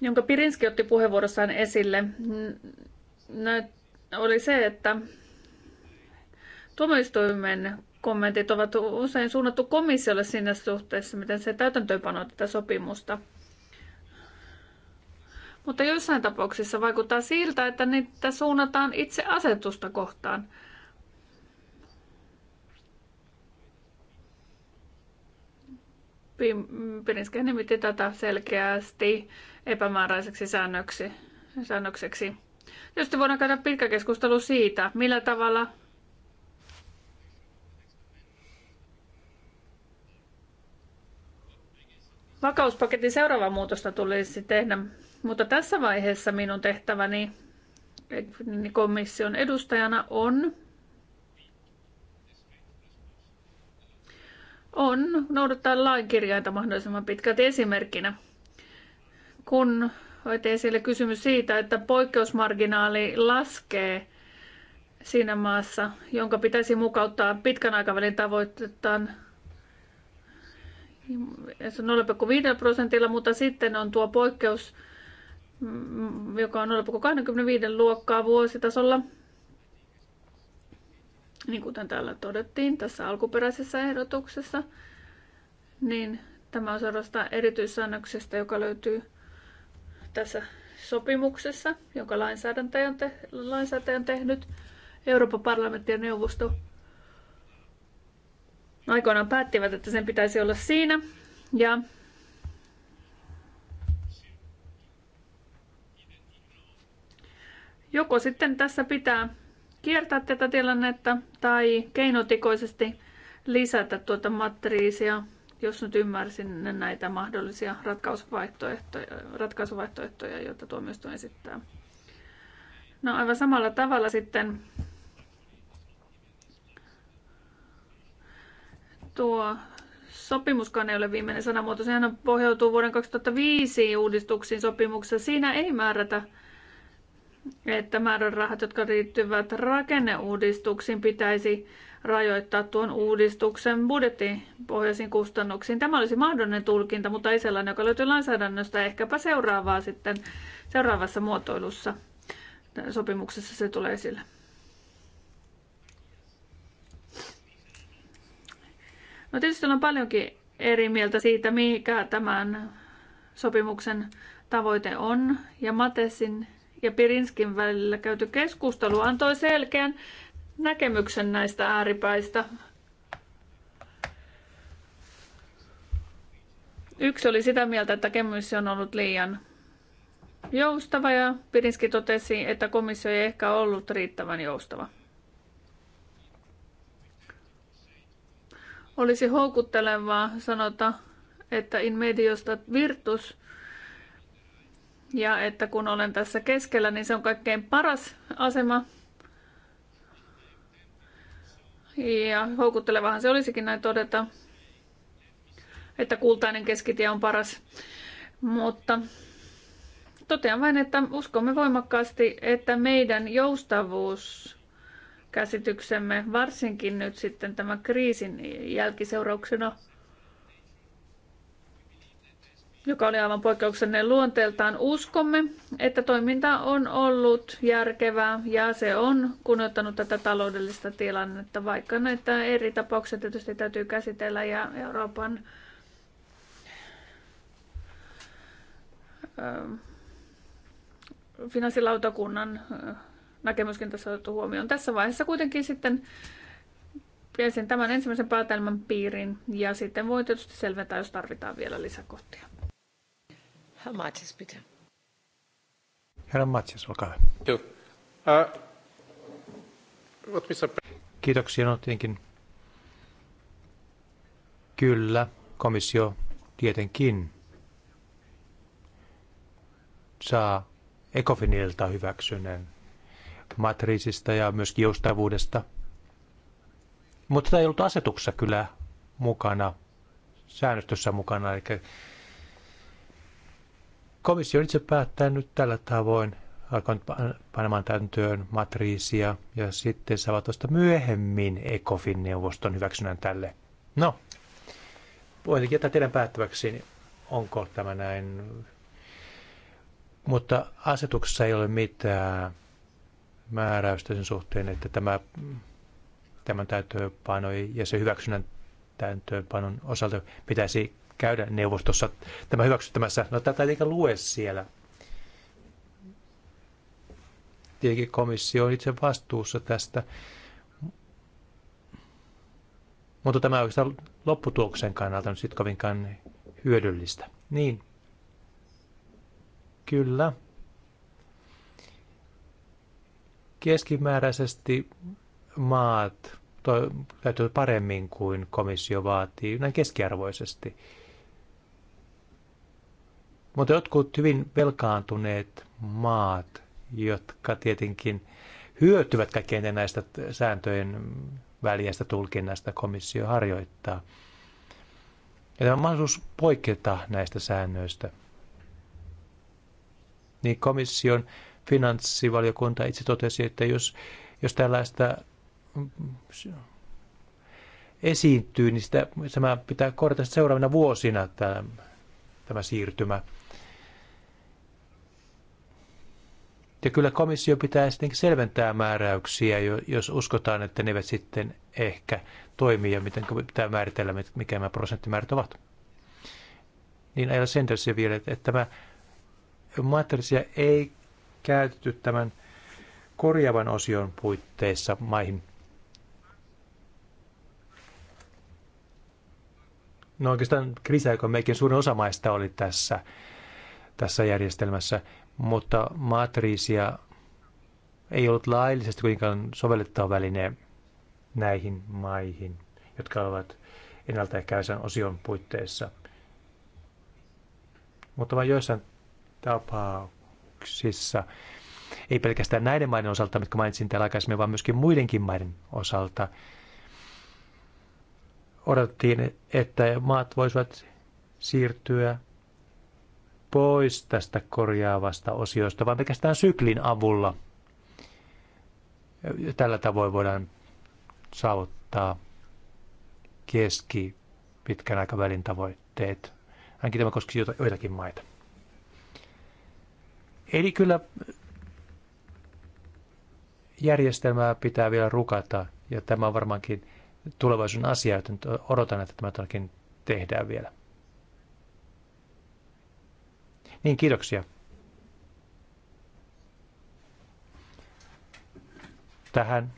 jonka Pirinski otti puheenvuorossaan esille, oli se, että Tuomioistuimen kommentit ovat usein suunnattu komissiolle siinä suhteessa, miten se täytäntöönpano tätä sopimusta. Mutta joissain tapauksissa vaikuttaa siltä, että niitä suunnataan itse asetusta kohtaan. Pirinskehän nimitti tätä selkeästi epämääräiseksi säännöksi, säännökseksi. Tietysti voidaan käydä pitkä keskustelu siitä, millä tavalla vakauspaketin seuraava muutosta tulisi tehdä, mutta tässä vaiheessa minun tehtäväni niin komission edustajana on on noudattaa lainkirjainta mahdollisimman pitkälti esimerkkinä. Kun oitte esille kysymys siitä, että poikkeusmarginaali laskee siinä maassa, jonka pitäisi mukauttaa pitkän aikavälin tavoitettaan 0,5 prosentilla, mutta sitten on tuo poikkeus, mm, joka on 0,25 luokkaa vuositasolla. Niin kuten täällä todettiin tässä alkuperäisessä ehdotuksessa, niin tämä on seurasta erityissäännöksestä, joka löytyy tässä sopimuksessa, jonka lainsäätäjä on, te- on tehnyt. Euroopan parlamentti ja neuvosto aikoinaan päättivät, että sen pitäisi olla siinä. Ja joko sitten tässä pitää kiertää tätä tilannetta tai keinotikoisesti lisätä tuota matriisia, jos nyt ymmärsin näitä mahdollisia ratkaisuvaihtoehtoja, ratkaisuvaihtoehtoja joita tuomioistuin esittää. No aivan samalla tavalla sitten tuo sopimuskaan ei ole viimeinen sanamuoto. Sehän pohjautuu vuoden 2005 uudistuksiin sopimuksessa. Siinä ei määrätä, että määrärahat, jotka liittyvät rakenneuudistuksiin, pitäisi rajoittaa tuon uudistuksen budjettipohjaisiin kustannuksiin. Tämä olisi mahdollinen tulkinta, mutta ei sellainen, joka löytyy lainsäädännöstä. Ehkäpä seuraavaa sitten seuraavassa muotoilussa sopimuksessa se tulee esille. No tietysti on paljonkin eri mieltä siitä, mikä tämän sopimuksen tavoite on. Ja Matesin ja Pirinskin välillä käyty keskustelu antoi selkeän näkemyksen näistä ääripäistä. Yksi oli sitä mieltä, että kemmyys on ollut liian joustava ja Pirinski totesi, että komissio ei ehkä ollut riittävän joustava. Olisi houkuttelevaa sanota, että in mediosta virtus ja että kun olen tässä keskellä, niin se on kaikkein paras asema. Ja houkuttelevahan se olisikin näin todeta, että kultainen keskitie on paras. Mutta totean vain, että uskomme voimakkaasti, että meidän joustavuus käsityksemme, varsinkin nyt sitten tämän kriisin jälkiseurauksena, joka oli aivan poikkeuksellinen luonteeltaan. Uskomme, että toiminta on ollut järkevää ja se on kunnioittanut tätä taloudellista tilannetta, vaikka näitä eri tapauksia tietysti täytyy käsitellä ja Euroopan ähm, finanssilautakunnan äh, näkemyskin tässä on otettu huomioon. Tässä vaiheessa kuitenkin sitten pääsen tämän ensimmäisen päätelmän piiriin ja sitten voi tietysti selventää, jos tarvitaan vielä lisäkohtia. Herr Matsis, bitte. Herra Matsis, olkaa hyvä. Joo. Kiitoksia, no tietenkin. Kyllä, komissio tietenkin saa ekofinilta hyväksynnän matriisista ja myöskin joustavuudesta. Mutta tämä ei ollut asetuksessa kyllä mukana, säännöstössä mukana. Eli komissio on itse päättänyt tällä tavoin, alkanut panemaan täytäntöön matriisia ja sitten saavat tuosta myöhemmin ECOFin neuvoston hyväksynnän tälle. No, voin jättää teidän päättäväksi, niin onko tämä näin. Mutta asetuksessa ei ole mitään määräystä sen suhteen, että tämä, tämän täyttöönpano ja se hyväksynnän täyttöönpanon osalta pitäisi käydä neuvostossa tämä hyväksyttämässä. No tätä ei lue siellä. Tietenkin komissio on itse vastuussa tästä. Mutta tämä on oikeastaan lopputuloksen kannalta nyt sitten kovinkaan hyödyllistä. Niin. Kyllä. keskimääräisesti maat to, paremmin kuin komissio vaatii, näin keskiarvoisesti. Mutta jotkut hyvin velkaantuneet maat, jotka tietenkin hyötyvät kaikkein näistä sääntöjen väliästä tulkinnasta komissio harjoittaa. Ja tämä on mahdollisuus poiketa näistä säännöistä. Niin komission finanssivaliokunta itse totesi, että jos, jos tällaista esiintyy, niin sitä, tämä pitää korjata seuraavina vuosina tämä, tämä siirtymä. Ja kyllä komissio pitää sitten selventää määräyksiä, jos uskotaan, että ne eivät sitten ehkä toimi ja miten pitää määritellä, mikä nämä prosenttimäärät ovat. Niin Aila Sendersia vielä, että tämä matrisia ei käytetty tämän korjaavan osion puitteissa maihin. No oikeastaan kriisiaikojen meikin suurin osa maista oli tässä, tässä järjestelmässä, mutta matriisia ei ollut laillisesti kuitenkaan sovellettava väline näihin maihin, jotka ovat ennaltaehkäisen osion puitteissa. Mutta vain joissain tapauksissa sopimuksissa. Ei pelkästään näiden maiden osalta, mitkä mainitsin täällä aikaisemmin, vaan myöskin muidenkin maiden osalta. Odotettiin, että maat voisivat siirtyä pois tästä korjaavasta osiosta, vaan pelkästään syklin avulla. Tällä tavoin voidaan saavuttaa keski pitkän aikavälin tavoitteet. Ainakin tämä koskisi joitakin maita. Eli kyllä järjestelmää pitää vielä rukata, ja tämä on varmaankin tulevaisuuden asia, joten odotan, että tämä todellakin tehdään vielä. Niin, kiitoksia. Tähän.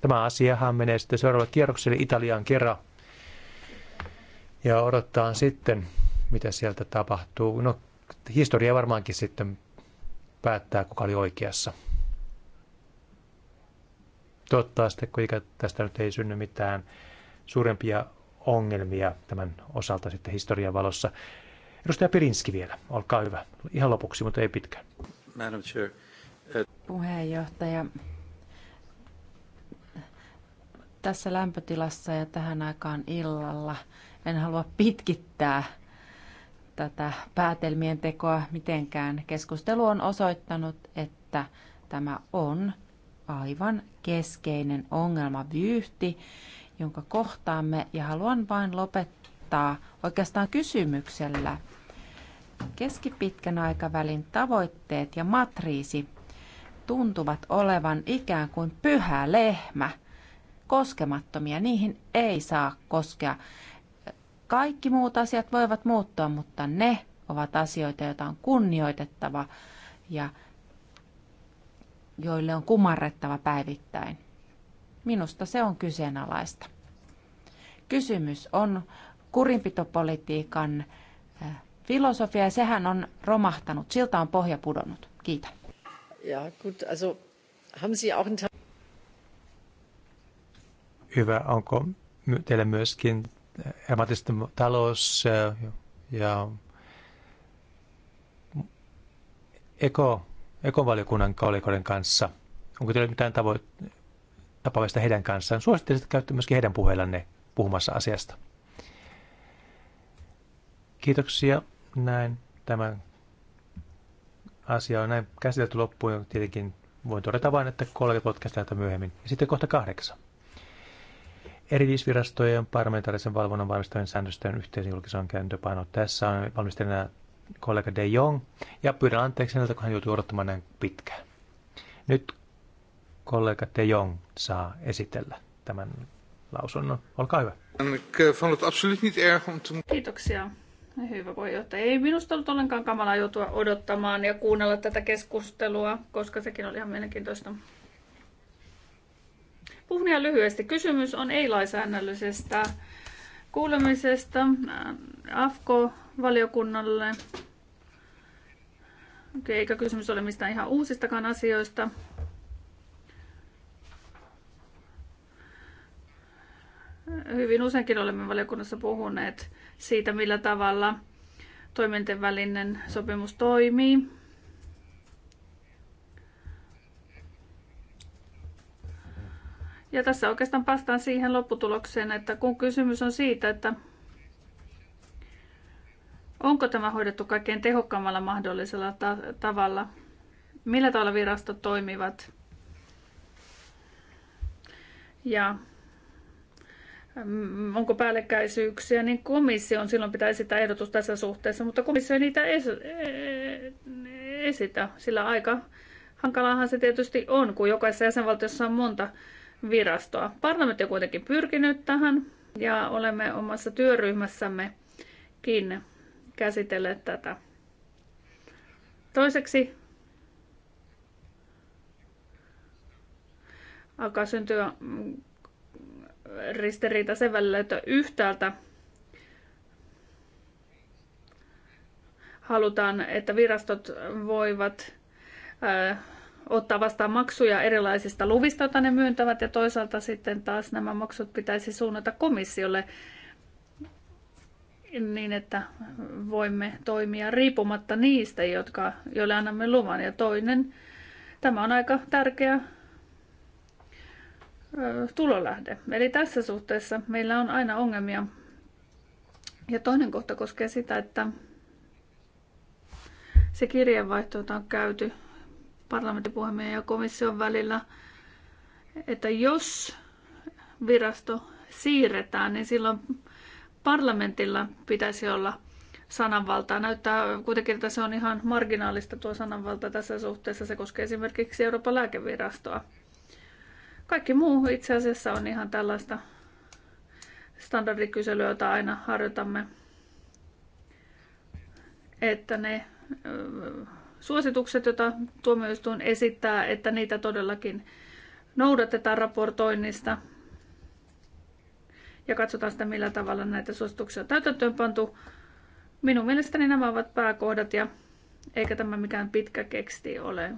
Tämä asiahan menee sitten seuraavalle kierrokselle Italiaan kerran. Ja odottaa sitten, mitä sieltä tapahtuu. No, historia varmaankin sitten päättää, kuka oli oikeassa. Toivottavasti kuinka tästä nyt ei synny mitään suurempia ongelmia tämän osalta sitten historian valossa. Edustaja Pirinski vielä, olkaa hyvä. Ihan lopuksi, mutta ei pitkään. Madam Chair. Uh, Puheenjohtaja, tässä lämpötilassa ja tähän aikaan illalla en halua pitkittää tätä päätelmien tekoa mitenkään. Keskustelu on osoittanut, että tämä on aivan keskeinen vyyhti, jonka kohtaamme, ja haluan vain lopettaa oikeastaan kysymyksellä. Keskipitkän aikavälin tavoitteet ja matriisi tuntuvat olevan ikään kuin pyhä lehmä, koskemattomia, niihin ei saa koskea. Kaikki muut asiat voivat muuttua, mutta ne ovat asioita, joita on kunnioitettava ja joille on kumarrettava päivittäin. Minusta se on kyseenalaista. Kysymys on kurinpitopolitiikan eh, filosofia ja sehän on romahtanut. Siltä on pohja pudonnut. Kiitä. Ja, gut, also, haben Sie auch Hyvä, onko teillä myöskin ammatillisten talous ja eko, ekovaliokunnan kollegoiden kanssa. Onko teillä mitään tavoit- tapaamista heidän kanssaan? että käyttää myöskin heidän puheillanne puhumassa asiasta. Kiitoksia. Näin tämä asia on näin käsitelty loppuun tietenkin voin todeta vain, että kollegat voivat käsitellä myöhemmin. Ja sitten kohta kahdeksan erillisvirastojen parlamentaarisen valvonnan valmistajien säännösten yhteisjulkisen kääntöpaino. Tässä on valmistajana kollega De Jong, ja pyydän anteeksi häneltä, kun hän joutuu odottamaan näin pitkään. Nyt kollega De Jong saa esitellä tämän lausunnon. Olkaa hyvä. Eh, Kiitoksia. Hyvä puheenjohtaja. Ei minusta ollut ollenkaan kamalaa joutua odottamaan ja kuunnella tätä keskustelua, koska sekin oli ihan mielenkiintoista. Puhun ihan lyhyesti. Kysymys on ei lainsäännöllisestä kuulemisesta AFKO-valiokunnalle. Eikä kysymys ole mistään ihan uusistakaan asioista. Hyvin useinkin olemme valiokunnassa puhuneet siitä, millä tavalla toimintavälinen sopimus toimii. Ja tässä oikeastaan päästään siihen lopputulokseen, että kun kysymys on siitä, että onko tämä hoidettu kaikkein tehokkaammalla mahdollisella ta- tavalla, millä tavalla virastot toimivat ja mm, onko päällekkäisyyksiä, niin komission silloin pitää esittää ehdotus tässä suhteessa, mutta komissio ei niitä es- e-, esitä, sillä aika hankalaahan se tietysti on, kun jokaisessa jäsenvaltiossa on monta virastoa. Parlamentti on kuitenkin pyrkinyt tähän ja olemme omassa työryhmässämmekin käsitelleet tätä. Toiseksi alkaa syntyä mm, ristiriita sen välillä, että yhtäältä halutaan, että virastot voivat ottaa vastaan maksuja erilaisista luvista, joita ne myöntävät, ja toisaalta sitten taas nämä maksut pitäisi suunnata komissiolle niin, että voimme toimia riippumatta niistä, jotka, joille annamme luvan. Ja toinen, tämä on aika tärkeä tulolähde. Eli tässä suhteessa meillä on aina ongelmia. Ja toinen kohta koskee sitä, että se kirjeenvaihto, jota on käyty parlamentin puhemiehen ja komission välillä, että jos virasto siirretään, niin silloin parlamentilla pitäisi olla sananvaltaa. Näyttää kuitenkin, että se on ihan marginaalista tuo sananvalta tässä suhteessa. Se koskee esimerkiksi Euroopan lääkevirastoa. Kaikki muu itse asiassa on ihan tällaista standardikyselyä, jota aina harjoitamme, että ne suositukset, joita tuomioistuin esittää, että niitä todellakin noudatetaan raportoinnista ja katsotaan sitä, millä tavalla näitä suosituksia on täytäntöön pantu. Minun mielestäni nämä ovat pääkohdat ja eikä tämä mikään pitkä keksti ole.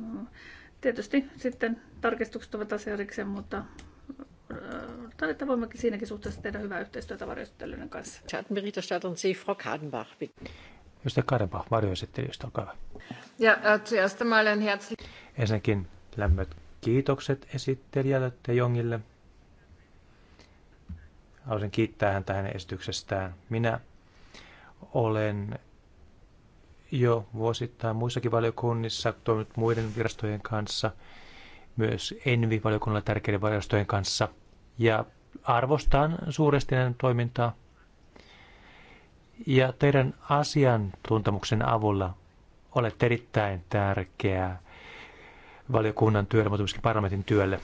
Tietysti sitten tarkistukset ovat asiarikseen, mutta äh, tai että voimmekin siinäkin suhteessa tehdä hyvää yhteistyötä varjostelijoiden kanssa. Schattenberichterstatterin on Frau Kadenbach, Mr. Karepa, varjoesittelijöistä, olkaa Ja zuerst einmal ein Ensinnäkin lämmöt kiitokset esittelijälle Tejongille. Haluaisin kiittää häntä hänen esityksestään. Minä olen jo vuosittain muissakin valiokunnissa toiminut muiden virastojen kanssa, myös Envi-valiokunnalla tärkeiden virastojen kanssa. Ja arvostan suuresti näiden toimintaa. Ja teidän asiantuntemuksen avulla olette erittäin tärkeää valiokunnan työlle, mutta myöskin parlamentin työlle.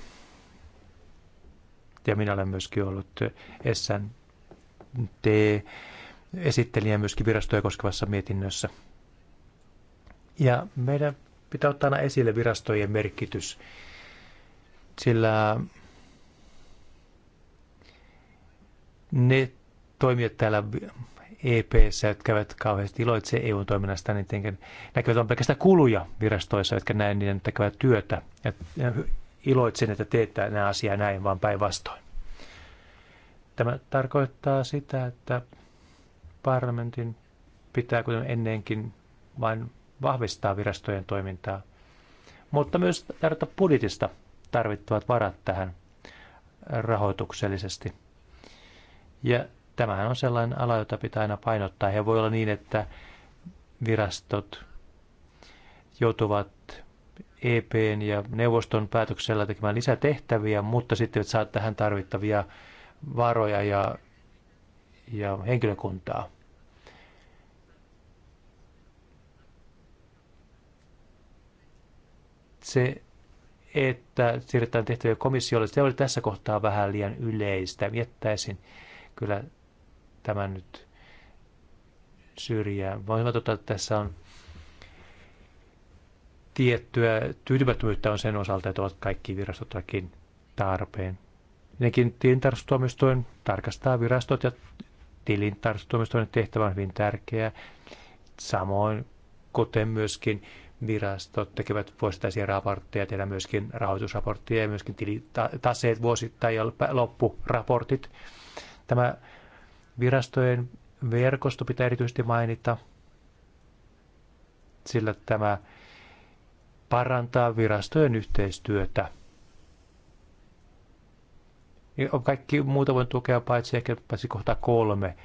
Ja minä olen myöskin ollut SNT-esittelijä myöskin virastoja koskevassa mietinnössä. Ja meidän pitää ottaa aina esille virastojen merkitys, sillä ne toimijat täällä EPssä, jotka eivät kauheasti iloitse eu toiminnasta, niin näkevät on pelkästään kuluja virastoissa, jotka näin niiden tekevät työtä. Ja iloitsen, että teettää nämä asiaa näin, vaan päinvastoin. Tämä tarkoittaa sitä, että parlamentin pitää kuten ennenkin vain vahvistaa virastojen toimintaa, mutta myös tarjota budjetista tarvittavat varat tähän rahoituksellisesti. Ja Tämähän on sellainen ala, jota pitää aina painottaa. Ja voi olla niin, että virastot joutuvat EPn ja neuvoston päätöksellä tekemään lisätehtäviä, mutta sitten että saa tähän tarvittavia varoja ja, ja henkilökuntaa. Se, että siirretään tehtäviä komissiolle, se oli tässä kohtaa vähän liian yleistä. miettäisin kyllä tämän nyt syrjään. Voimme tota, että tässä on tiettyä tyytymättömyyttä on sen osalta, että ovat kaikki virastot tarpeen. Nekin tilintarkastustuomioistuin tarkastaa virastot ja tilintarkastustuomioistuimen tehtävä on hyvin tärkeä. Samoin kuten myöskin virastot tekevät vuosittaisia raportteja, tehdään myöskin rahoitusraportteja ja myöskin tilitaseet vuosittain ja loppuraportit. Tämä Virastojen verkosto pitää erityisesti mainita, sillä tämä parantaa virastojen yhteistyötä. Kaikki muuta voin tukea paitsi ehkä paitsi kohta kolme,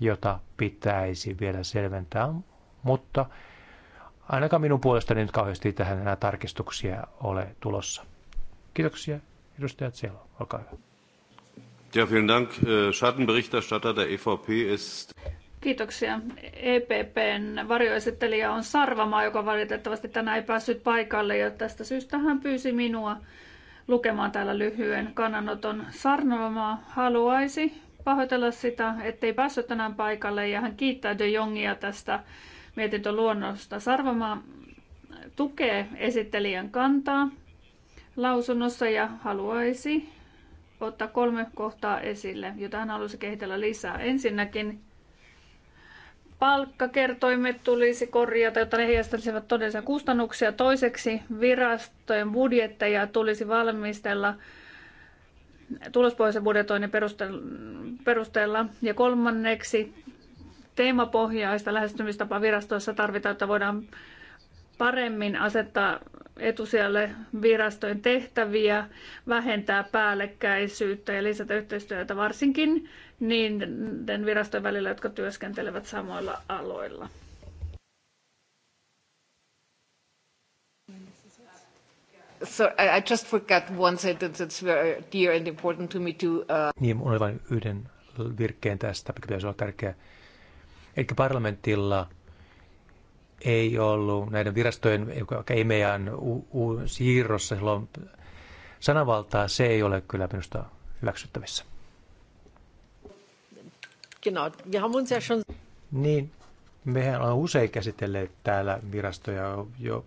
jota pitäisi vielä selventää, mutta ainakaan minun puolestani nyt kauheasti tähän enää tarkistuksia ole tulossa. Kiitoksia, edustajat siellä, olkaa hyvä. Ja, vielen Dank. Äh, Schattenberichterstatter der EVP ist... Kiitoksia. EPPn varjoesittelijä on Sarvamaa, joka valitettavasti tänään ei päässyt paikalle ja tästä syystä hän pyysi minua lukemaan täällä lyhyen kannanoton. Sarvamaa haluaisi pahoitella sitä, ettei päässyt tänään paikalle ja hän kiittää De Jongia tästä mietintöluonnosta. Sarvamaa tukee esittelijän kantaa lausunnossa ja haluaisi ottaa kolme kohtaa esille, jota hän halusi kehitellä lisää. Ensinnäkin palkkakertoimet tulisi korjata, jotta ne heijastelisivat todellisia kustannuksia. Toiseksi virastojen budjetteja tulisi valmistella tulospohjaisen budjetoinnin perusteella. Ja kolmanneksi teemapohjaista lähestymistapaa virastoissa tarvitaan, että voidaan paremmin asettaa etusijalle virastojen tehtäviä, vähentää päällekkäisyyttä ja lisätä yhteistyötä varsinkin niiden virastojen välillä, jotka työskentelevät samoilla aloilla. So I just forgot one sentence that's very dear and important to me to... Uh... Niin, olen vain yhden virkkeen tästä, mikä pitäisi olla tärkeä. Eli parlamentilla ei ollut näiden virastojen, EMEAn u, u, siirrossa silloin sanavaltaa, se ei ole kyllä minusta hyväksyttävissä. Genau, wir haben uns ja schon... Niin, mehän on usein käsitelleet täällä virastoja jo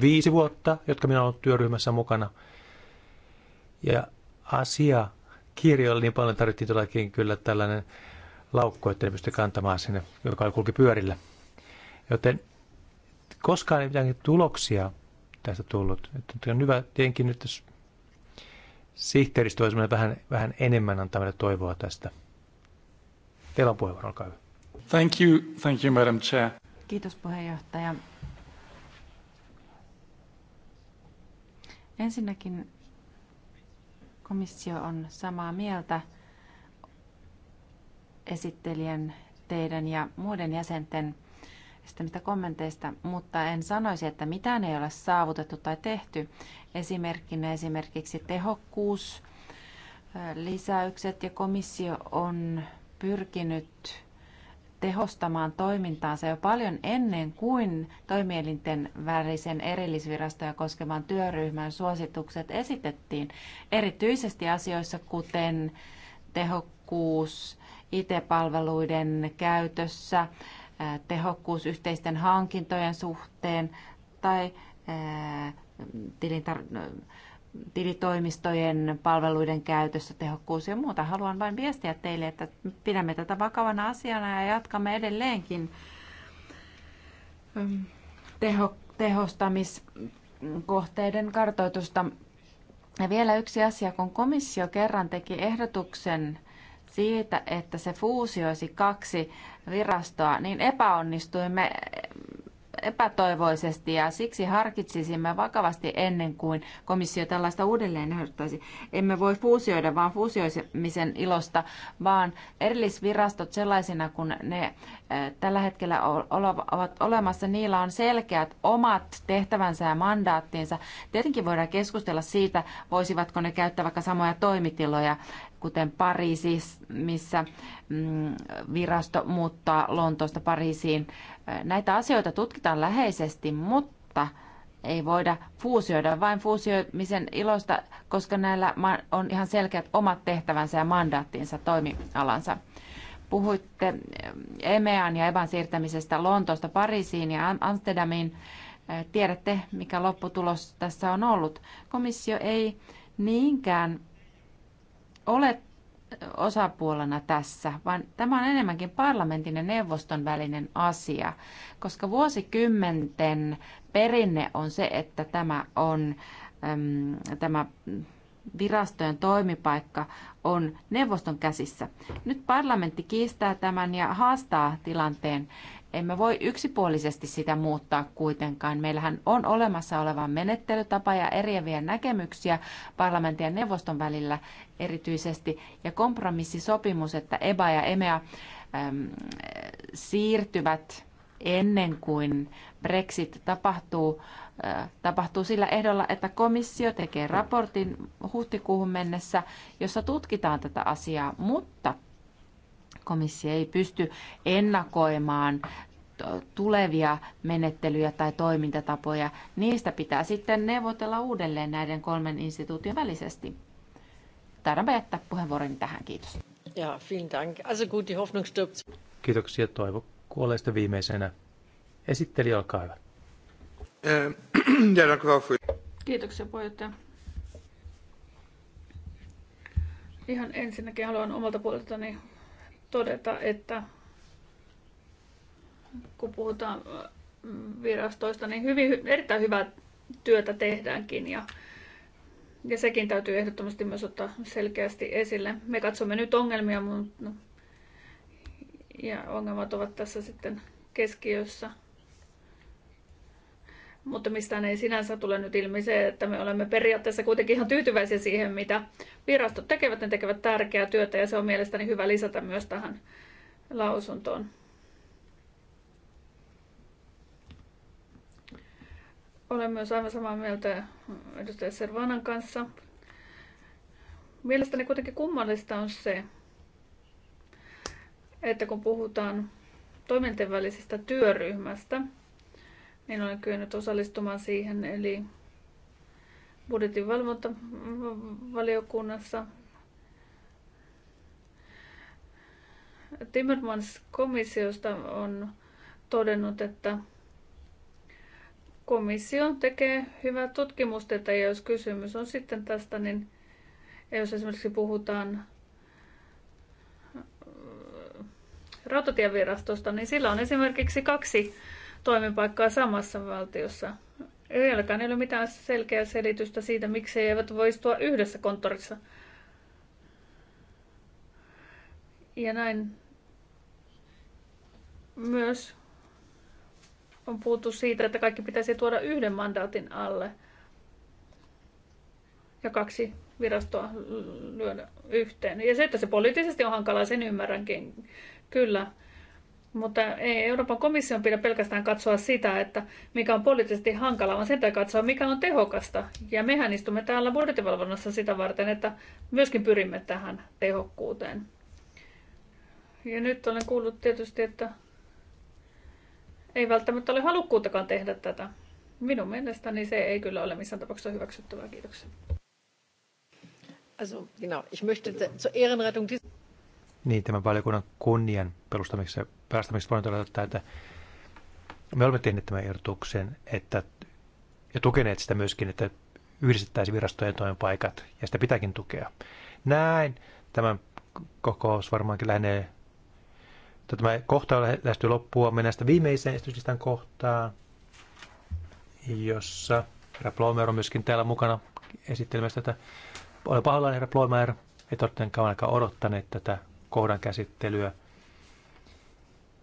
viisi vuotta, jotka minä olen työryhmässä mukana. Ja asia kirjoilla niin paljon tarvittiin todellakin kyllä tällainen laukku, että pystyi kantamaan sinne, joka kulki pyörillä. Joten koskaan ei mitään tuloksia tästä tullut. Että on hyvä tietenkin nyt, jos sihteeristö olisi vähän, vähän enemmän antaa meille toivoa tästä. Teillä on puheenvuoro, olkaa hyvä. Thank you, thank you, Madam Chair. Kiitos puheenjohtaja. Ensinnäkin komissio on samaa mieltä esittelijän, teidän ja muiden jäsenten – esittämistä kommenteista, mutta en sanoisi, että mitään ei ole saavutettu tai tehty. Esimerkkinä esimerkiksi tehokkuus, lisäykset ja komissio on pyrkinyt tehostamaan toimintaansa jo paljon ennen kuin toimielinten välisen erillisvirastoja koskevan työryhmän suositukset esitettiin, erityisesti asioissa kuten tehokkuus, IT-palveluiden käytössä, tehokkuus yhteisten hankintojen suhteen tai tilintar- tilitoimistojen palveluiden käytössä tehokkuus ja muuta. Haluan vain viestiä teille, että pidämme tätä vakavana asiana ja jatkamme edelleenkin teho- tehostamiskohteiden kartoitusta. Ja vielä yksi asia, kun komissio kerran teki ehdotuksen siitä, että se fuusioisi kaksi virastoa, niin epäonnistuimme epätoivoisesti ja siksi harkitsisimme vakavasti ennen kuin komissio tällaista uudelleen ehdottaisi. Emme voi fuusioida vaan fuusioimisen ilosta, vaan erillisvirastot sellaisina kuin ne eh, tällä hetkellä ovat olemassa, niillä on selkeät omat tehtävänsä ja mandaattinsa. Tietenkin voidaan keskustella siitä, voisivatko ne käyttää vaikka samoja toimitiloja kuten Pariisi, missä mm, virasto muuttaa Lontoosta Pariisiin. Näitä asioita tutkitaan läheisesti, mutta ei voida fuusioida vain fuusioimisen ilosta, koska näillä on ihan selkeät omat tehtävänsä ja mandaattinsa, toimialansa. Puhuitte eh, EMEAN ja evan siirtämisestä Lontoosta Pariisiin ja Amsterdamiin. Eh, tiedätte, mikä lopputulos tässä on ollut. Komissio ei niinkään ole osapuolena tässä, vaan tämä on enemmänkin parlamentin ja neuvoston välinen asia, koska vuosikymmenten perinne on se, että tämä on äm, tämä virastojen toimipaikka on neuvoston käsissä. Nyt parlamentti kiistää tämän ja haastaa tilanteen emme voi yksipuolisesti sitä muuttaa kuitenkaan. Meillähän on olemassa oleva menettelytapa ja eriäviä näkemyksiä parlamentin ja neuvoston välillä erityisesti. Ja kompromissisopimus, että EBA ja EMEA äm, siirtyvät ennen kuin Brexit tapahtuu, äh, tapahtuu sillä ehdolla, että komissio tekee raportin huhtikuuhun mennessä, jossa tutkitaan tätä asiaa, mutta komissio ei pysty ennakoimaan tulevia menettelyjä tai toimintatapoja, niistä pitää sitten neuvotella uudelleen näiden kolmen instituution välisesti. Taidanpa jättää puheenvuoroni tähän, kiitos. Ja, vielen dank. Also gut, die Hoffnung stirbt. Kiitoksia Toivo kuolleista viimeisenä. Esitteli, olkaa hyvä. Äh, Kiitoksia puheenjohtaja. Ihan ensinnäkin haluan omalta puoleltani todeta, että kun puhutaan mm, virastoista, niin hyvin, erittäin hyvää työtä tehdäänkin ja, ja sekin täytyy ehdottomasti myös ottaa selkeästi esille. Me katsomme nyt ongelmia, mutta, no, ja ongelmat ovat tässä sitten keskiössä mutta mistään ei sinänsä tule nyt ilmi se, että me olemme periaatteessa kuitenkin ihan tyytyväisiä siihen, mitä virastot tekevät. Ne tekevät tärkeää työtä ja se on mielestäni hyvä lisätä myös tähän lausuntoon. Olen myös aivan samaa mieltä edustaja Servanan kanssa. Mielestäni kuitenkin kummallista on se, että kun puhutaan toimintavälisestä työryhmästä, niin olen kyennyt osallistumaan siihen. Eli budjetin valvontavaliokunnassa Timmermans komissiosta on todennut, että komissio tekee hyvää tutkimusta, ja jos kysymys on sitten tästä, niin jos esimerkiksi puhutaan rautatievirastosta, niin sillä on esimerkiksi kaksi toimipaikkaa samassa valtiossa. Vieläkään ei ole mitään selkeää selitystä siitä, miksi he eivät voi istua yhdessä konttorissa. Ja näin myös on puhuttu siitä, että kaikki pitäisi tuoda yhden mandaatin alle ja kaksi virastoa lyödä yhteen. Ja se, että se poliittisesti on hankalaa, sen ymmärränkin kyllä. Mutta ei Euroopan komission pidä pelkästään katsoa sitä, että mikä on poliittisesti hankalaa, vaan sitä katsoa, mikä on tehokasta. Ja mehän istumme täällä budjettivalvonnassa sitä varten, että myöskin pyrimme tähän tehokkuuteen. Ja nyt olen kuullut tietysti, että ei välttämättä ole halukkuuttakaan tehdä tätä. Minun mielestäni se ei kyllä ole missään tapauksessa hyväksyttävää. Kiitoksia. Also, genau. Ich möchte zur Ehrenrettung dieses niin tämän valiokunnan kunnian perustamiseksi ja päästämiseksi voin todeta, että me olemme tehneet tämän ehdotuksen että, ja tukeneet sitä myöskin, että yhdistettäisiin virastojen toimipaikat ja sitä pitääkin tukea. Näin tämän kokous varmaankin lähenee, tämä kohta lähestyy loppua. Mennään sitä viimeiseen esityslistan kohtaan, jossa herra Plomer on myöskin täällä mukana esittelemässä tätä. Olen pahoillani herra Plomer, et tottenkaan ainakaan odottaneet tätä kohdan käsittelyä.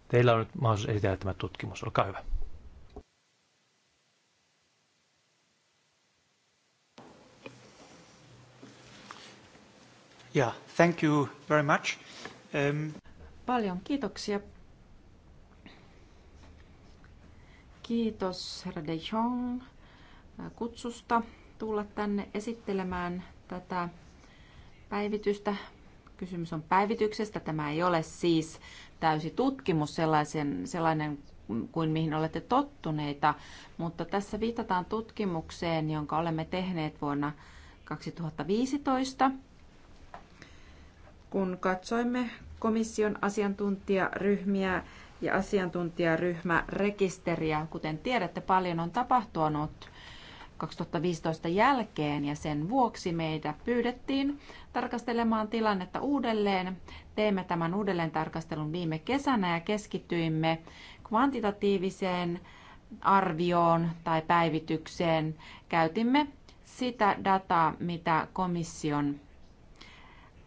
Teillä on nyt mahdollisuus esitellä tämä tutkimus. Olkaa hyvä. Yeah, thank you very much. Um... Paljon kiitoksia. Kiitos herra De Jong kutsusta tulla tänne esittelemään tätä päivitystä Kysymys on päivityksestä. Tämä ei ole siis täysi tutkimus, sellaisen, sellainen kuin mihin olette tottuneita, mutta tässä viitataan tutkimukseen, jonka olemme tehneet vuonna 2015, kun katsoimme komission asiantuntijaryhmiä ja asiantuntijaryhmärekisteriä. Kuten tiedätte, paljon on tapahtunut 2015 jälkeen ja sen vuoksi meitä pyydettiin tarkastelemaan tilannetta uudelleen. Teimme tämän uudelleen tarkastelun viime kesänä ja keskityimme kvantitatiiviseen arvioon tai päivitykseen. Käytimme sitä dataa, mitä komission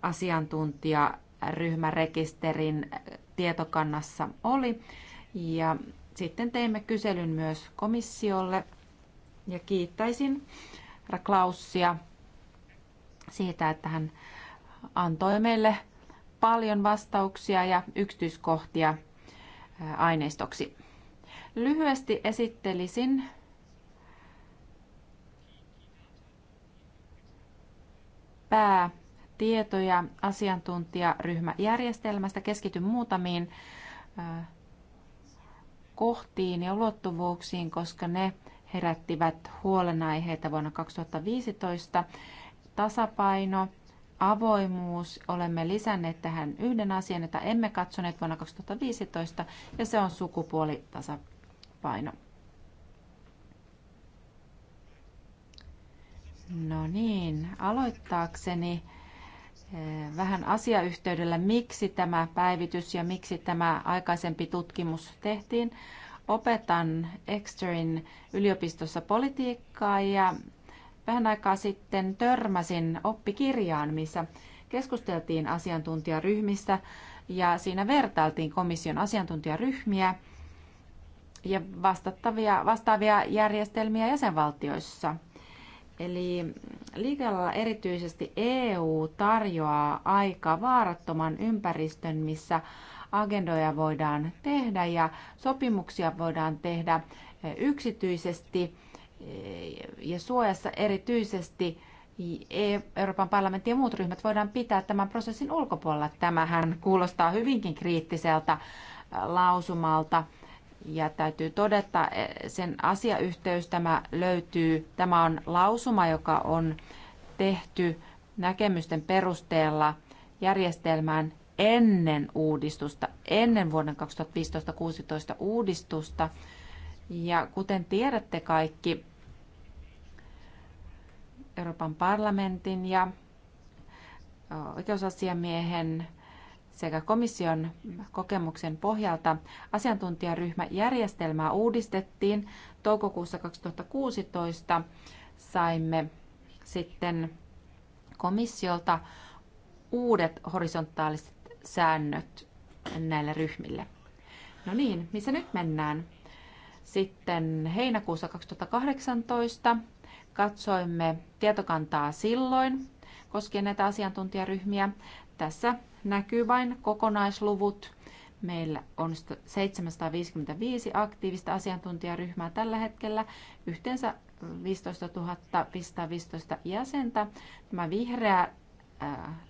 asiantuntijaryhmärekisterin tietokannassa oli. Ja sitten teimme kyselyn myös komissiolle ja kiittäisin Klaussia siitä, että hän antoi meille paljon vastauksia ja yksityiskohtia aineistoksi. Lyhyesti esittelisin päätietoja asiantuntijaryhmäjärjestelmästä. Keskityn muutamiin kohtiin ja ulottuvuuksiin, koska ne herättivät huolenaiheita vuonna 2015. Tasapaino, avoimuus, olemme lisänneet tähän yhden asian, jota emme katsoneet vuonna 2015, ja se on sukupuolitasapaino. No niin, aloittaakseni eh, vähän asiayhteydellä, miksi tämä päivitys ja miksi tämä aikaisempi tutkimus tehtiin opetan Exterin yliopistossa politiikkaa ja vähän aikaa sitten törmäsin oppikirjaan, missä keskusteltiin asiantuntijaryhmistä ja siinä vertailtiin komission asiantuntijaryhmiä ja vastattavia, vastaavia järjestelmiä jäsenvaltioissa. Eli liikealalla erityisesti EU tarjoaa aika vaarattoman ympäristön, missä agendoja voidaan tehdä ja sopimuksia voidaan tehdä eh, yksityisesti eh, ja suojassa erityisesti eh, Euroopan parlamentti ja muut ryhmät voidaan pitää tämän prosessin ulkopuolella. Tämähän kuulostaa hyvinkin kriittiseltä lausumalta ja täytyy todeta sen asiayhteys tämä löytyy. Tämä on lausuma, joka on tehty näkemysten perusteella järjestelmään, ennen uudistusta, ennen vuoden 2015-2016 uudistusta. Ja kuten tiedätte kaikki, Euroopan parlamentin ja oikeusasiamiehen sekä komission kokemuksen pohjalta asiantuntijaryhmä järjestelmää uudistettiin. Toukokuussa 2016 saimme sitten komissiolta uudet horisontaaliset säännöt näille ryhmille. No niin, missä nyt mennään? Sitten heinäkuussa 2018 katsoimme tietokantaa silloin koskien näitä asiantuntijaryhmiä. Tässä näkyy vain kokonaisluvut. Meillä on 755 aktiivista asiantuntijaryhmää tällä hetkellä, yhteensä 15 515 jäsentä. Tämä vihreä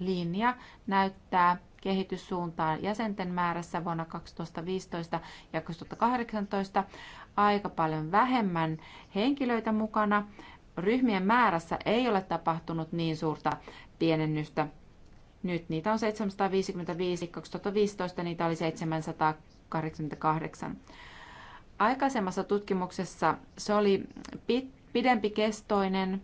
linja näyttää kehityssuuntaan jäsenten määrässä vuonna 2015 ja 2018 aika paljon vähemmän henkilöitä mukana. Ryhmien määrässä ei ole tapahtunut niin suurta pienennystä. Nyt niitä on 755, 2015 niitä oli 788. Aikaisemmassa tutkimuksessa se oli pidempikestoinen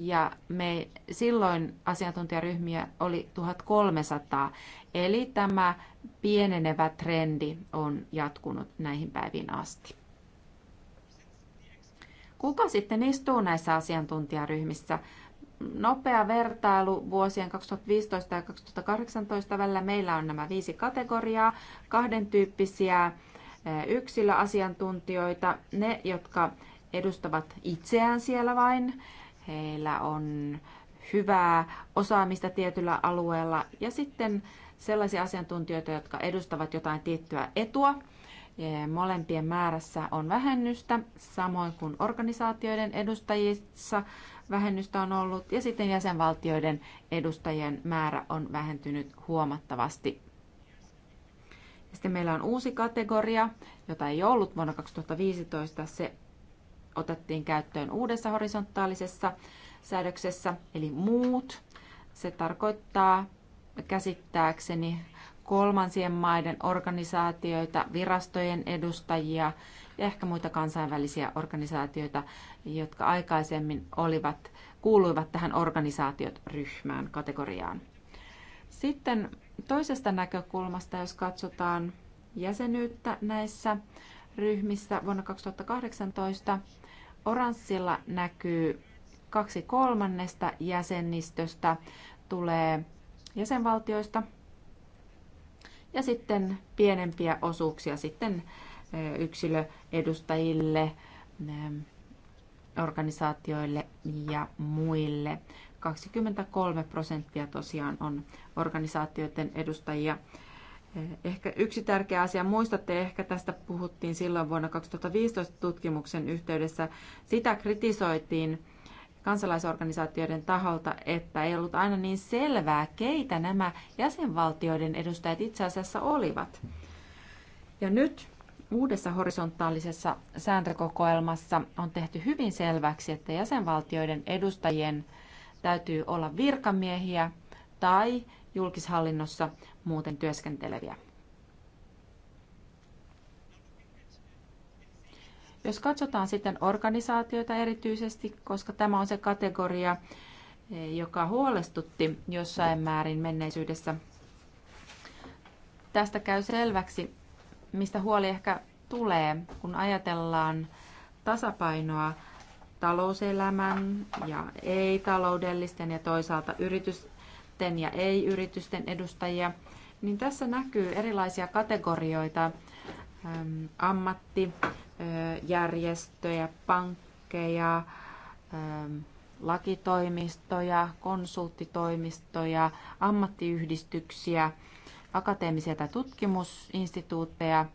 ja me silloin asiantuntijaryhmiä oli 1300. Eli tämä pienenevä trendi on jatkunut näihin päiviin asti. Kuka sitten istuu näissä asiantuntijaryhmissä? Nopea vertailu vuosien 2015 ja 2018 välillä meillä on nämä viisi kategoriaa, kahden tyyppisiä yksilöasiantuntijoita, ne, jotka edustavat itseään siellä vain, heillä on hyvää osaamista tietyllä alueella ja sitten sellaisia asiantuntijoita, jotka edustavat jotain tiettyä etua. Molempien määrässä on vähennystä, samoin kuin organisaatioiden edustajissa vähennystä on ollut, ja sitten jäsenvaltioiden edustajien määrä on vähentynyt huomattavasti. Sitten meillä on uusi kategoria, jota ei ollut vuonna 2015. Se otettiin käyttöön uudessa horisontaalisessa säädöksessä, eli muut. Se tarkoittaa käsittääkseni kolmansien maiden organisaatioita, virastojen edustajia ja ehkä muita kansainvälisiä organisaatioita, jotka aikaisemmin olivat, kuuluivat tähän organisaatiot ryhmään, kategoriaan. Sitten toisesta näkökulmasta, jos katsotaan jäsenyyttä näissä ryhmissä vuonna 2018, Oranssilla näkyy kaksi kolmannesta jäsenistöstä tulee jäsenvaltioista ja sitten pienempiä osuuksia sitten yksilöedustajille, organisaatioille ja muille. 23 prosenttia tosiaan on organisaatioiden edustajia Eh, ehkä yksi tärkeä asia, muistatte ehkä tästä puhuttiin silloin vuonna 2015 tutkimuksen yhteydessä, sitä kritisoitiin kansalaisorganisaatioiden taholta, että ei ollut aina niin selvää, keitä nämä jäsenvaltioiden edustajat itse asiassa olivat. Ja nyt uudessa horisontaalisessa sääntökokoelmassa on tehty hyvin selväksi, että jäsenvaltioiden edustajien täytyy olla virkamiehiä tai julkishallinnossa muuten työskenteleviä. Jos katsotaan sitten organisaatioita erityisesti, koska tämä on se kategoria, eh, joka huolestutti jossain määrin menneisyydessä, tästä käy selväksi, mistä huoli ehkä tulee, kun ajatellaan tasapainoa talouselämän ja ei-taloudellisten ja toisaalta yritys- yritysten ja ei-yritysten edustajia, niin tässä näkyy erilaisia kategorioita, ammattijärjestöjä, pankkeja, lakitoimistoja, konsulttitoimistoja, ammattiyhdistyksiä, akateemisia tai tutkimusinstituutteja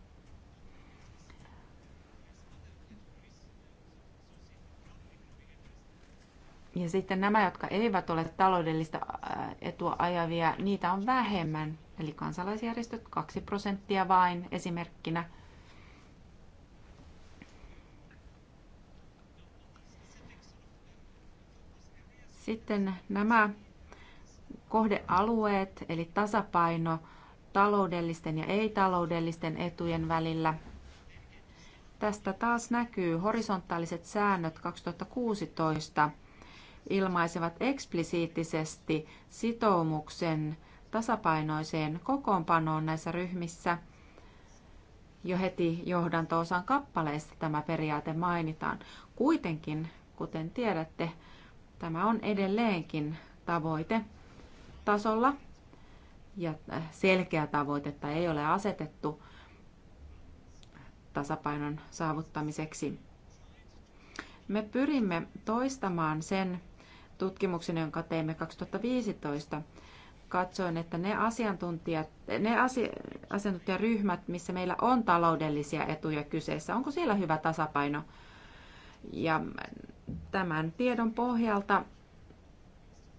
Ja sitten nämä, jotka eivät ole taloudellista etua ajavia, niitä on vähemmän. Eli kansalaisjärjestöt 2 prosenttia vain esimerkkinä. Sitten nämä kohdealueet, eli tasapaino taloudellisten ja ei-taloudellisten etujen välillä. Tästä taas näkyy horisontaaliset säännöt 2016 ilmaisevat eksplisiittisesti sitoumuksen tasapainoiseen kokoonpanoon näissä ryhmissä. Jo heti johdanto-osan kappaleissa tämä periaate mainitaan. Kuitenkin, kuten tiedätte, tämä on edelleenkin tavoite tasolla ja äh, selkeä tavoite, että ei ole asetettu tasapainon saavuttamiseksi. Me pyrimme toistamaan sen, tutkimuksen, jonka teimme 2015, katsoin, että ne, asiantuntijat, ne asi, asiantuntijaryhmät, missä meillä on taloudellisia etuja kyseessä, onko siellä hyvä tasapaino? Ja tämän tiedon pohjalta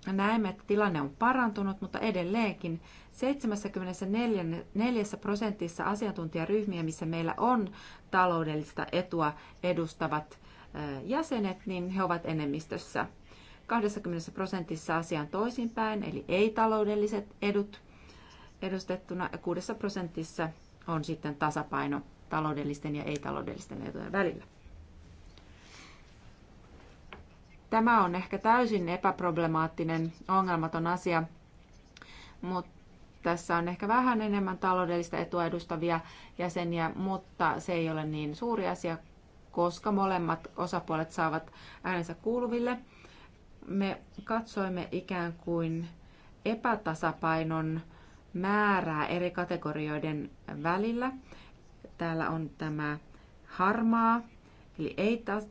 näemme, että tilanne on parantunut, mutta edelleenkin 74 prosentissa asiantuntijaryhmiä, missä meillä on taloudellista etua edustavat jäsenet, niin he ovat enemmistössä. 20 prosentissa on toisinpäin, eli ei-taloudelliset edut edustettuna, ja 6 prosentissa on sitten tasapaino taloudellisten ja ei-taloudellisten etujen välillä. Tämä on ehkä täysin epäproblemaattinen, ongelmaton asia, mutta tässä on ehkä vähän enemmän taloudellista etua edustavia jäseniä, mutta se ei ole niin suuri asia, koska molemmat osapuolet saavat äänensä kuuluville – me katsoimme ikään kuin epätasapainon määrää eri kategorioiden välillä. Täällä on tämä harmaa, eli, ei ta,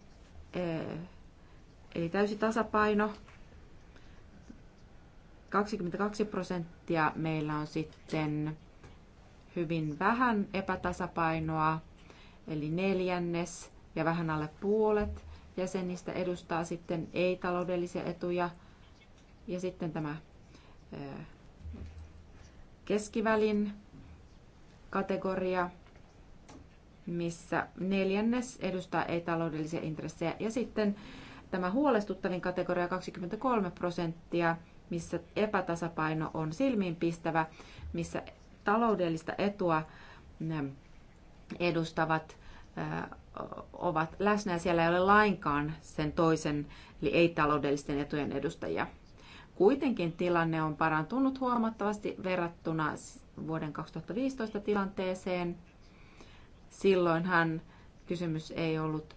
eh, eli täysi tasapaino. 22 prosenttia meillä on sitten hyvin vähän epätasapainoa, eli neljännes ja vähän alle puolet jäsenistä edustaa sitten ei-taloudellisia etuja ja sitten tämä keskivälin kategoria, missä neljännes edustaa ei-taloudellisia intressejä ja sitten tämä huolestuttavin kategoria 23 prosenttia, missä epätasapaino on silmiinpistävä, missä taloudellista etua edustavat ovat läsnä ja siellä ei ole lainkaan sen toisen, eli ei-taloudellisten etujen edustajia. Kuitenkin tilanne on parantunut huomattavasti verrattuna vuoden 2015 tilanteeseen. Silloinhan kysymys ei ollut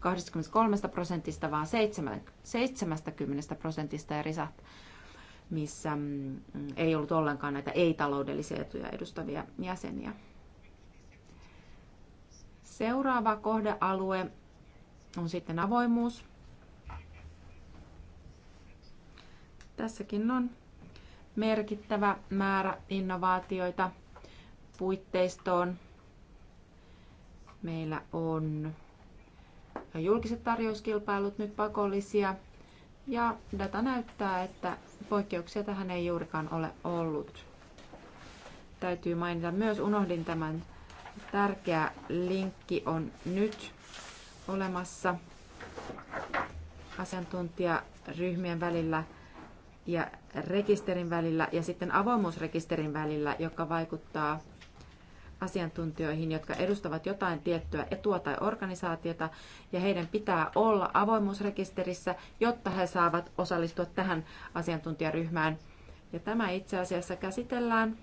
23 prosentista, vaan 70 prosentista ja risat, missä mm, ei ollut ollenkaan näitä ei-taloudellisia etuja edustavia jäseniä. Seuraava kohdealue on sitten avoimuus. Tässäkin on merkittävä määrä innovaatioita puitteistoon. Meillä on julkiset tarjouskilpailut nyt pakollisia ja data näyttää, että poikkeuksia tähän ei juurikaan ole ollut. Täytyy mainita myös, unohdin tämän Tärkeä linkki on nyt olemassa asiantuntijaryhmien välillä ja rekisterin välillä ja sitten avoimuusrekisterin välillä, joka vaikuttaa asiantuntijoihin, jotka edustavat jotain tiettyä etua tai organisaatiota, ja heidän pitää olla avoimuusrekisterissä, jotta he saavat osallistua tähän asiantuntijaryhmään. Ja tämä itse asiassa käsitellään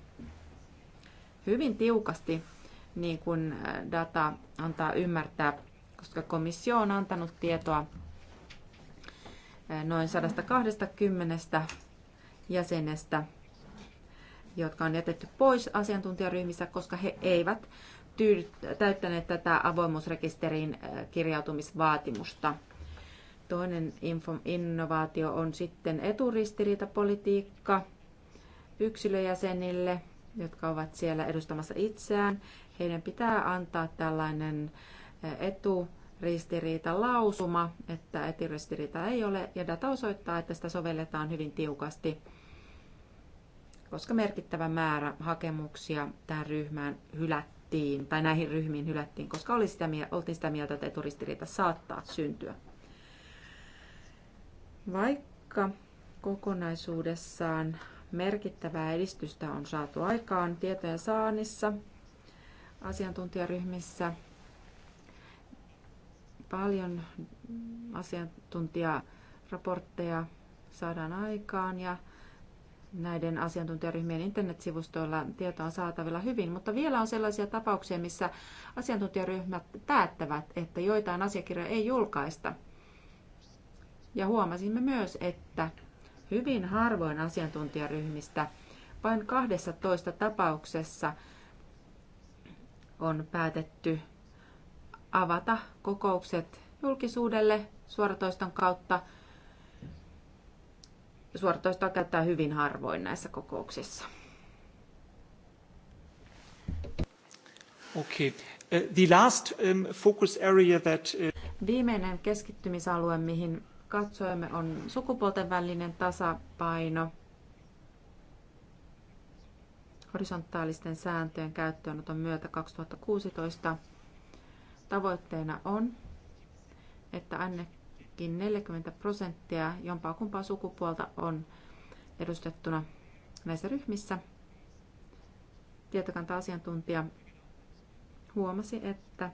hyvin tiukasti niin kuin data antaa ymmärtää, koska komissio on antanut tietoa noin 120 jäsenestä, jotka on jätetty pois asiantuntijaryhmissä, koska he eivät täyttäneet tätä avoimuusrekisteriin kirjautumisvaatimusta. Toinen innovaatio on sitten eturistiriitapolitiikka yksilöjäsenille, jotka ovat siellä edustamassa itseään heidän pitää antaa tällainen eh, etu ristiriita lausuma, että etiristiriita ei ole, ja data osoittaa, että sitä sovelletaan hyvin tiukasti, koska merkittävä määrä hakemuksia tähän ryhmään hylättiin, tai näihin ryhmiin hylättiin, koska oli sitä, oltiin sitä mieltä, että eturistiriita saattaa syntyä. Vaikka kokonaisuudessaan merkittävää edistystä on saatu aikaan tietojen saannissa, asiantuntijaryhmissä. Paljon asiantuntijaraportteja saadaan aikaan ja näiden asiantuntijaryhmien internetsivustoilla tietoa on saatavilla hyvin, mutta vielä on sellaisia tapauksia, missä asiantuntijaryhmät päättävät, että joitain asiakirjoja ei julkaista. Ja huomasimme myös, että hyvin harvoin asiantuntijaryhmistä, vain 12 tapauksessa on päätetty avata kokoukset julkisuudelle suoratoiston kautta. Suoratoistoa käyttää hyvin harvoin näissä kokouksissa. Okay. Uh, the last um, focus area that... Uh, Viimeinen keskittymisalue, mihin katsoimme, on sukupuolten välinen tasapaino – horisontaalisten sääntöjen käyttöönoton myötä 2016 tavoitteena on, että ainakin 40 prosenttia jompaa kumpaa sukupuolta on edustettuna näissä ryhmissä. Tietokanta-asiantuntija huomasi, että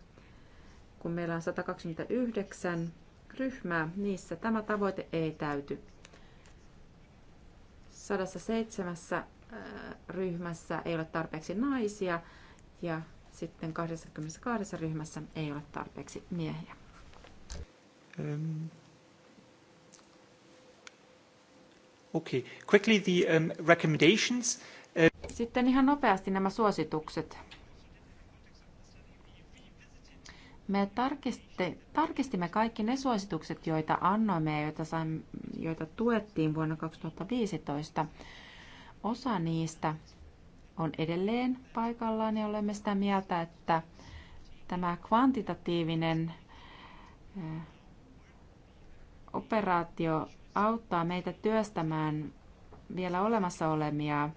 kun meillä on 129 ryhmää, niissä tämä tavoite ei täyty. 107 ryhmässä ei ole tarpeeksi naisia ja sitten 22 ryhmässä ei ole tarpeeksi miehiä. Um. Okay. Quickly the um, recommendations. Uh... Sitten ihan nopeasti nämä suositukset. Me tarkisti, tarkistimme kaikki ne suositukset, joita annoimme ja joita, joita tuettiin vuonna 2015. Osa niistä on edelleen paikallaan ja olemme sitä mieltä, että tämä kvantitatiivinen eh, operaatio auttaa meitä työstämään vielä olemassa olemia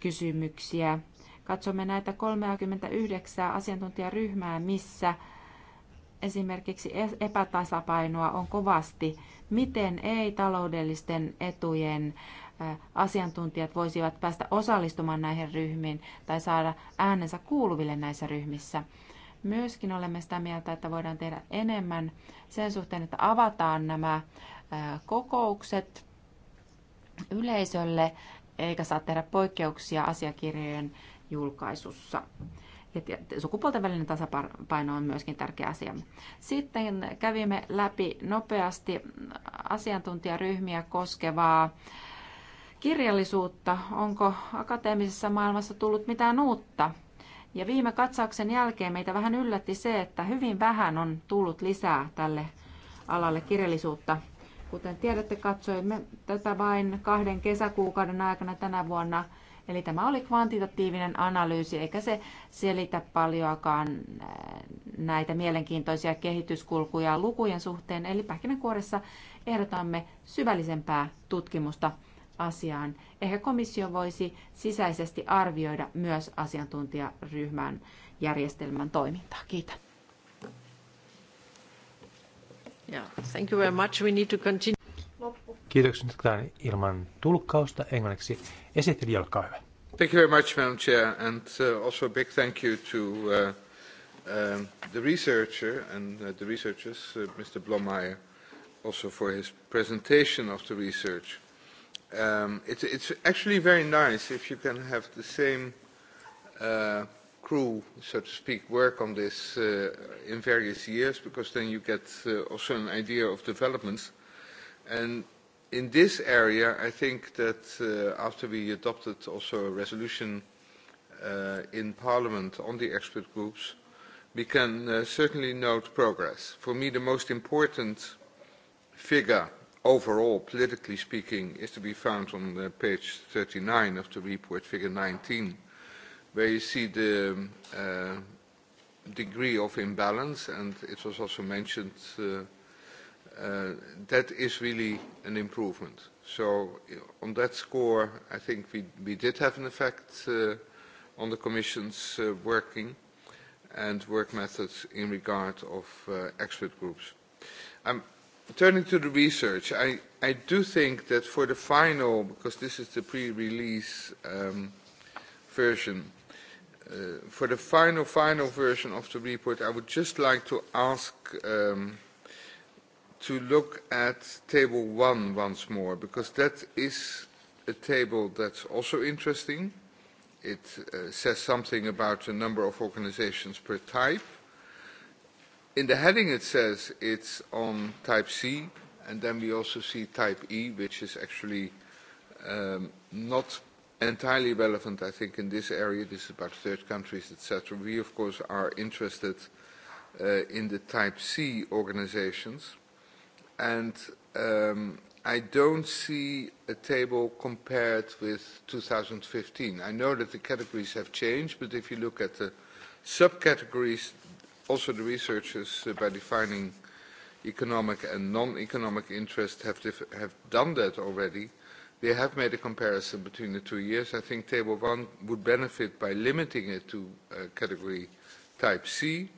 kysymyksiä. Katsomme näitä 39 asiantuntijaryhmää, missä esimerkiksi epätasapainoa on kovasti. Miten ei-taloudellisten etujen asiantuntijat voisivat päästä osallistumaan näihin ryhmiin tai saada äänensä kuuluville näissä ryhmissä. Myöskin olemme sitä mieltä, että voidaan tehdä enemmän sen suhteen, että avataan nämä kokoukset yleisölle, eikä saa tehdä poikkeuksia asiakirjojen julkaisussa. Ja sukupuolten välinen tasapaino on myöskin tärkeä asia. Sitten kävimme läpi nopeasti asiantuntijaryhmiä koskevaa kirjallisuutta? Onko akateemisessa maailmassa tullut mitään uutta? Ja viime katsauksen jälkeen meitä vähän yllätti se, että hyvin vähän on tullut lisää tälle alalle kirjallisuutta. Kuten tiedätte, katsoimme tätä vain kahden kesäkuukauden aikana tänä vuonna. Eli tämä oli kvantitatiivinen analyysi, eikä se selitä paljoakaan äh, näitä mielenkiintoisia kehityskulkuja lukujen suhteen. Eli pähkinänkuoressa ehdotamme syvällisempää tutkimusta asiaan. Ehkä komissio voisi sisäisesti arvioida myös asiantuntijaryhmän järjestelmän toimintaa. Kiitän. Yeah, thank you very much. We need to continue. Kiitoksia nyt ilman tulkkausta englanniksi. Esitteli, olkaa hyvä. Thank you very much, Madam Chair, and uh, also a big thank you to uh, uh, the researcher and uh, the researchers, uh, Mr. Blomeyer, also for his presentation of the research. Um, it, it's actually very nice if you can have the same uh, crew, so to speak, work on this uh, in various years, because then you get uh, also an idea of developments. And in this area, I think that uh, after we adopted also a resolution uh, in Parliament on the expert groups, we can uh, certainly note progress. For me, the most important figure overall, politically speaking, is to be found on uh, page 39 of the report, figure 19, where you see the um, uh, degree of imbalance, and it was also mentioned uh, uh, that is really an improvement. So on that score, I think we, we did have an effect uh, on the Commission's uh, working and work methods in regard of uh, expert groups. I'm um, Turning to the research, I, I do think that for the final, because this is the pre-release um, version, uh, for the final, final version of the report, I would just like to ask um, to look at table one once more, because that is a table that's also interesting. It uh, says something about the number of organizations per type in the heading it says it's on type C, and then we also see type E, which is actually um, not entirely relevant, I think, in this area. This is about third countries, etc. We, of course, are interested uh, in the type C organizations. And um, I don't see a table compared with 2015. I know that the categories have changed, but if you look at the subcategories, Also, the researchers, uh, by defining economic and non-economic interest, have, have done that already. They have made a comparison between the two years. I think Table 1 would benefit by limiting it to uh, category Type C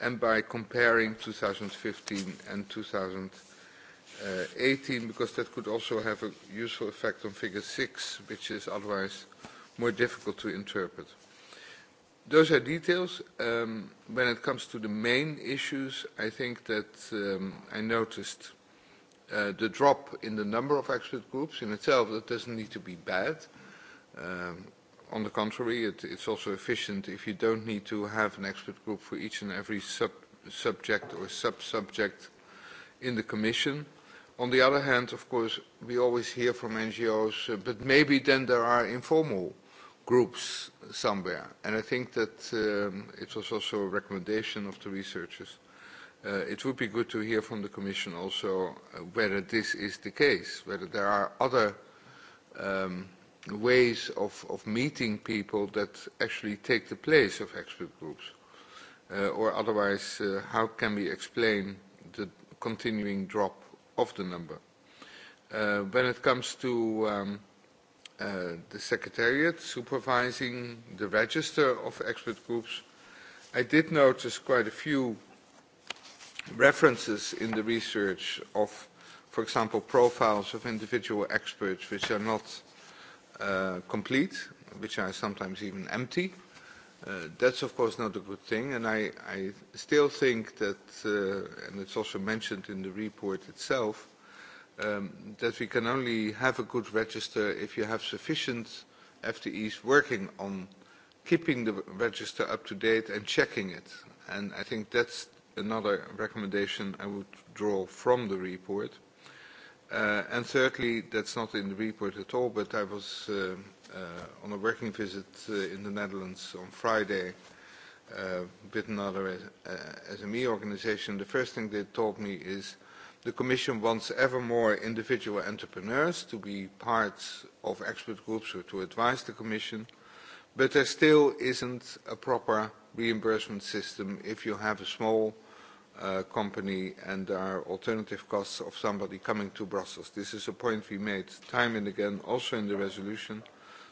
and by comparing 2015 and 2018, because that could also have a useful effect on Figure 6, which is otherwise more difficult to interpret. Those are details. Um, when it comes to the main issues, I think that um, I noticed uh, the drop in the number of expert groups in itself. That doesn't need to be bad. Um, on the contrary, it, it's also efficient if you don't need to have an expert group for each and every sub subject or sub-subject in the Commission. On the other hand, of course, we always hear from NGOs, uh, but maybe then there are informal uh, groups somewhere. And I think that um, it was also a recommendation of the researchers. Uh, it would be good to hear from the Commission also uh, whether this is the case, whether there are other um, ways of, of meeting people that actually take the place of expert groups. Uh, or otherwise, uh, how can we explain the continuing drop of the number? Uh, when it comes to um, Uh, the Secretariat supervising the register of expert groups. I did notice quite a few references in the research of, for example, profiles of individual experts which are not uh, complete, which are sometimes even empty. Uh, that's of course not a good thing, and I, I still think that, uh, and it's also mentioned in the report itself, Um, that we can only have a good register if you have sufficient FTEs working on keeping the register up to date and checking it. And I think that's another recommendation I would draw from the report. Uh, and thirdly, that's not in the report at all, but I was uh, uh, on a working visit uh, in the Netherlands on Friday uh, with another uh, SME organization. The first thing they told me is The Commission wants ever more individual entrepreneurs to be part of expert groups or to advise the Commission, but there still isn't a proper reimbursement system if you have a small uh, company and there are alternative costs of somebody coming to Brussels. This is a point we made time and again, also in the resolution.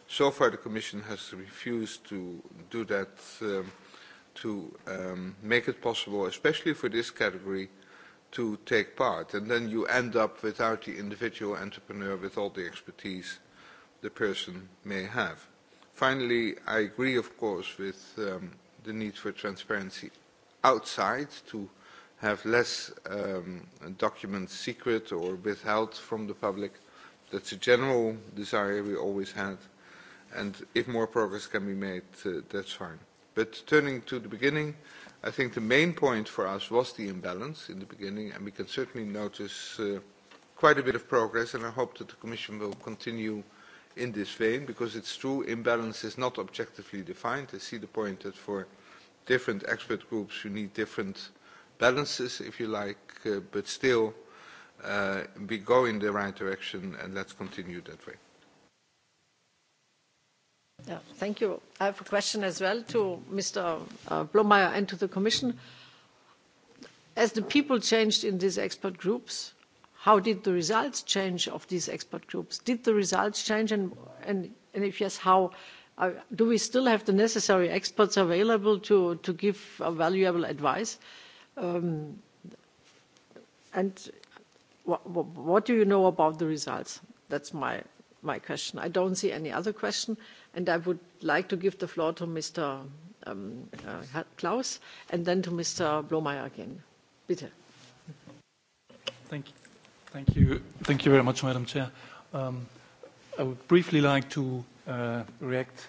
So far, the Commission has refused to do that, um, to um, make it possible, especially for this category, uh, to take part. And then you end up without the individual entrepreneur with all the expertise the person may have. Finally, I agree, of course, with um, the need for transparency outside to have less um, documents secret or withheld from the public. That's a general desire we always had. And if more progress can be made, uh, that's fine. But turning to the beginning, I think the main point for us was the imbalance in the beginning, and we can certainly notice uh, quite a bit of progress, and I hope that the Commission will continue in this vein, because it's true, imbalance is not objectively defined. I see the point that for different expert groups you need different balances, if you like, uh, but still uh, we go in the right direction, and let's continue that way thank you. I have a question as well to Mr. Uh, Blomeyer and to the Commission. As the people changed in these expert groups, how did the results change of these expert groups? Did the results change, and, and, and if yes, how? Uh, do we still have the necessary experts available to, to give valuable advice? Um, and what do you know about the results? That's my my question. I don't see any other question, and I would like to give the floor to Mr. Um, uh, Klaus and then to Mr. Blomeyer again. Bitte. Thank you. Thank you. Thank you very much, Madam Chair. Um, I would briefly like to uh, react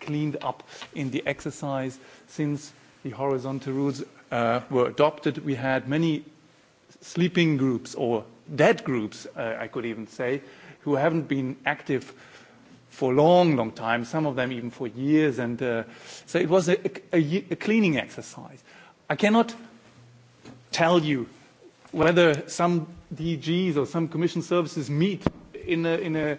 cleaned up in the exercise since the horizontal rules uh, were adopted. We had many sleeping groups or dead groups, uh, I could even say, who haven't been active for a long, long time, some of them even for years. And uh, so it was a, a, a cleaning exercise. I cannot tell you whether some DGs or some commission services meet in a, in a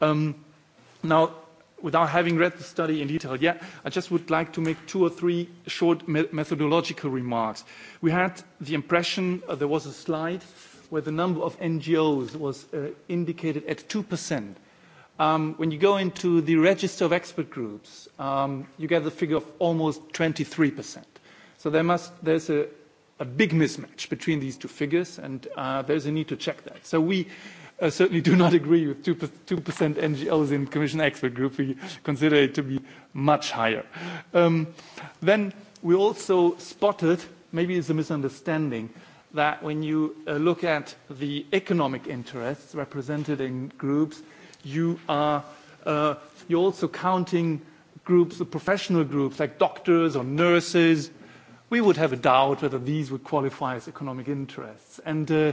Um, now, without having read the study in detail yet, I just would like to make two or three short me methodological remarks. We had the impression uh, there was a slide where the number of NGOs was uh, indicated at 2%. Um, when you go into the register of expert groups, um, you get the figure of almost 23%. So there must, there's a, a big mismatch between these two figures, and uh, there's a need to check that. So we I certainly do not agree with 2%, NGLs in Commission Expert Group. We consider it to be much higher. Um, then we also spotted, maybe it's a misunderstanding, that when you uh, look at the economic interests represented in groups, you are uh, you're also counting groups, the professional groups like doctors or nurses. We would have a doubt whether these would qualify as economic interests. And uh,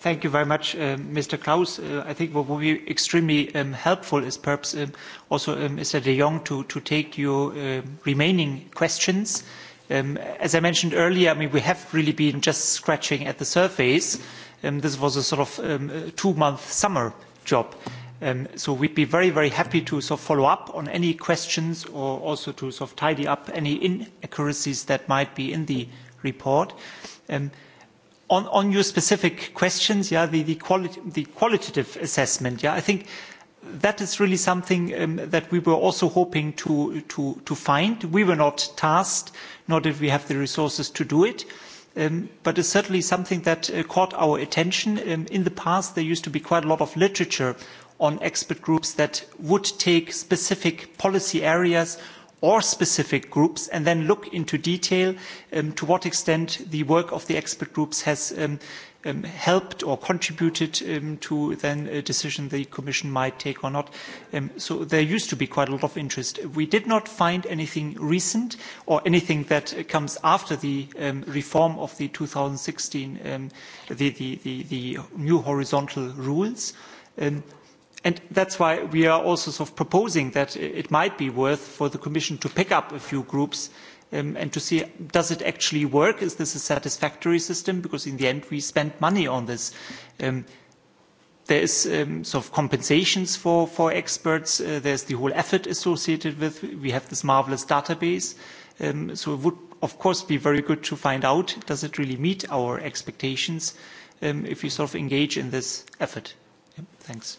thank you very much, uh, Mr. Klaus. Uh, I think what would be extremely um, helpful is perhaps um, also um, Mr. de Jong to, to take your uh, remaining questions. Um, as I mentioned earlier, I mean, we have really been just scratching at the surface. Um, this was a sort of um, two-month summer job. Um, so we'd be very, very happy to sort of follow up on any questions or also to sort of tidy up any inaccuracies that might be in the report. Um, on, your specific questions, yeah, the, qualitative assessment, yeah, I think that is really something um, that we were also hoping to, find. We were not tasked, nor did we have the resources to do it. Um, but it's certainly something that uh, caught our attention. Um, in the past, there used to be quite a lot of literature on expert groups that would take specific policy areas or specific groups and then look into detail um, to what extent the work of the expert groups has um, um, helped or contributed um, to then a decision the Commission might take or not. Um, so there used to be quite a lot of interest. We did not find anything recent or anything that comes after the um, reform of the 2016, um, the, the, the, the new horizontal rules. Um, And that's why we are also sort of proposing that it might be worth for the Commission to pick up a few groups um, and to see does it actually work? Is this a satisfactory system? Because in the end, we spend money on this. Um, there is um, sort of compensations for, for experts. Uh, there's the whole effort associated with. We have this marvelous database. Um, so it would, of course, be very good to find out does it really meet our expectations um, if you sort of engage in this effort. Yep, thanks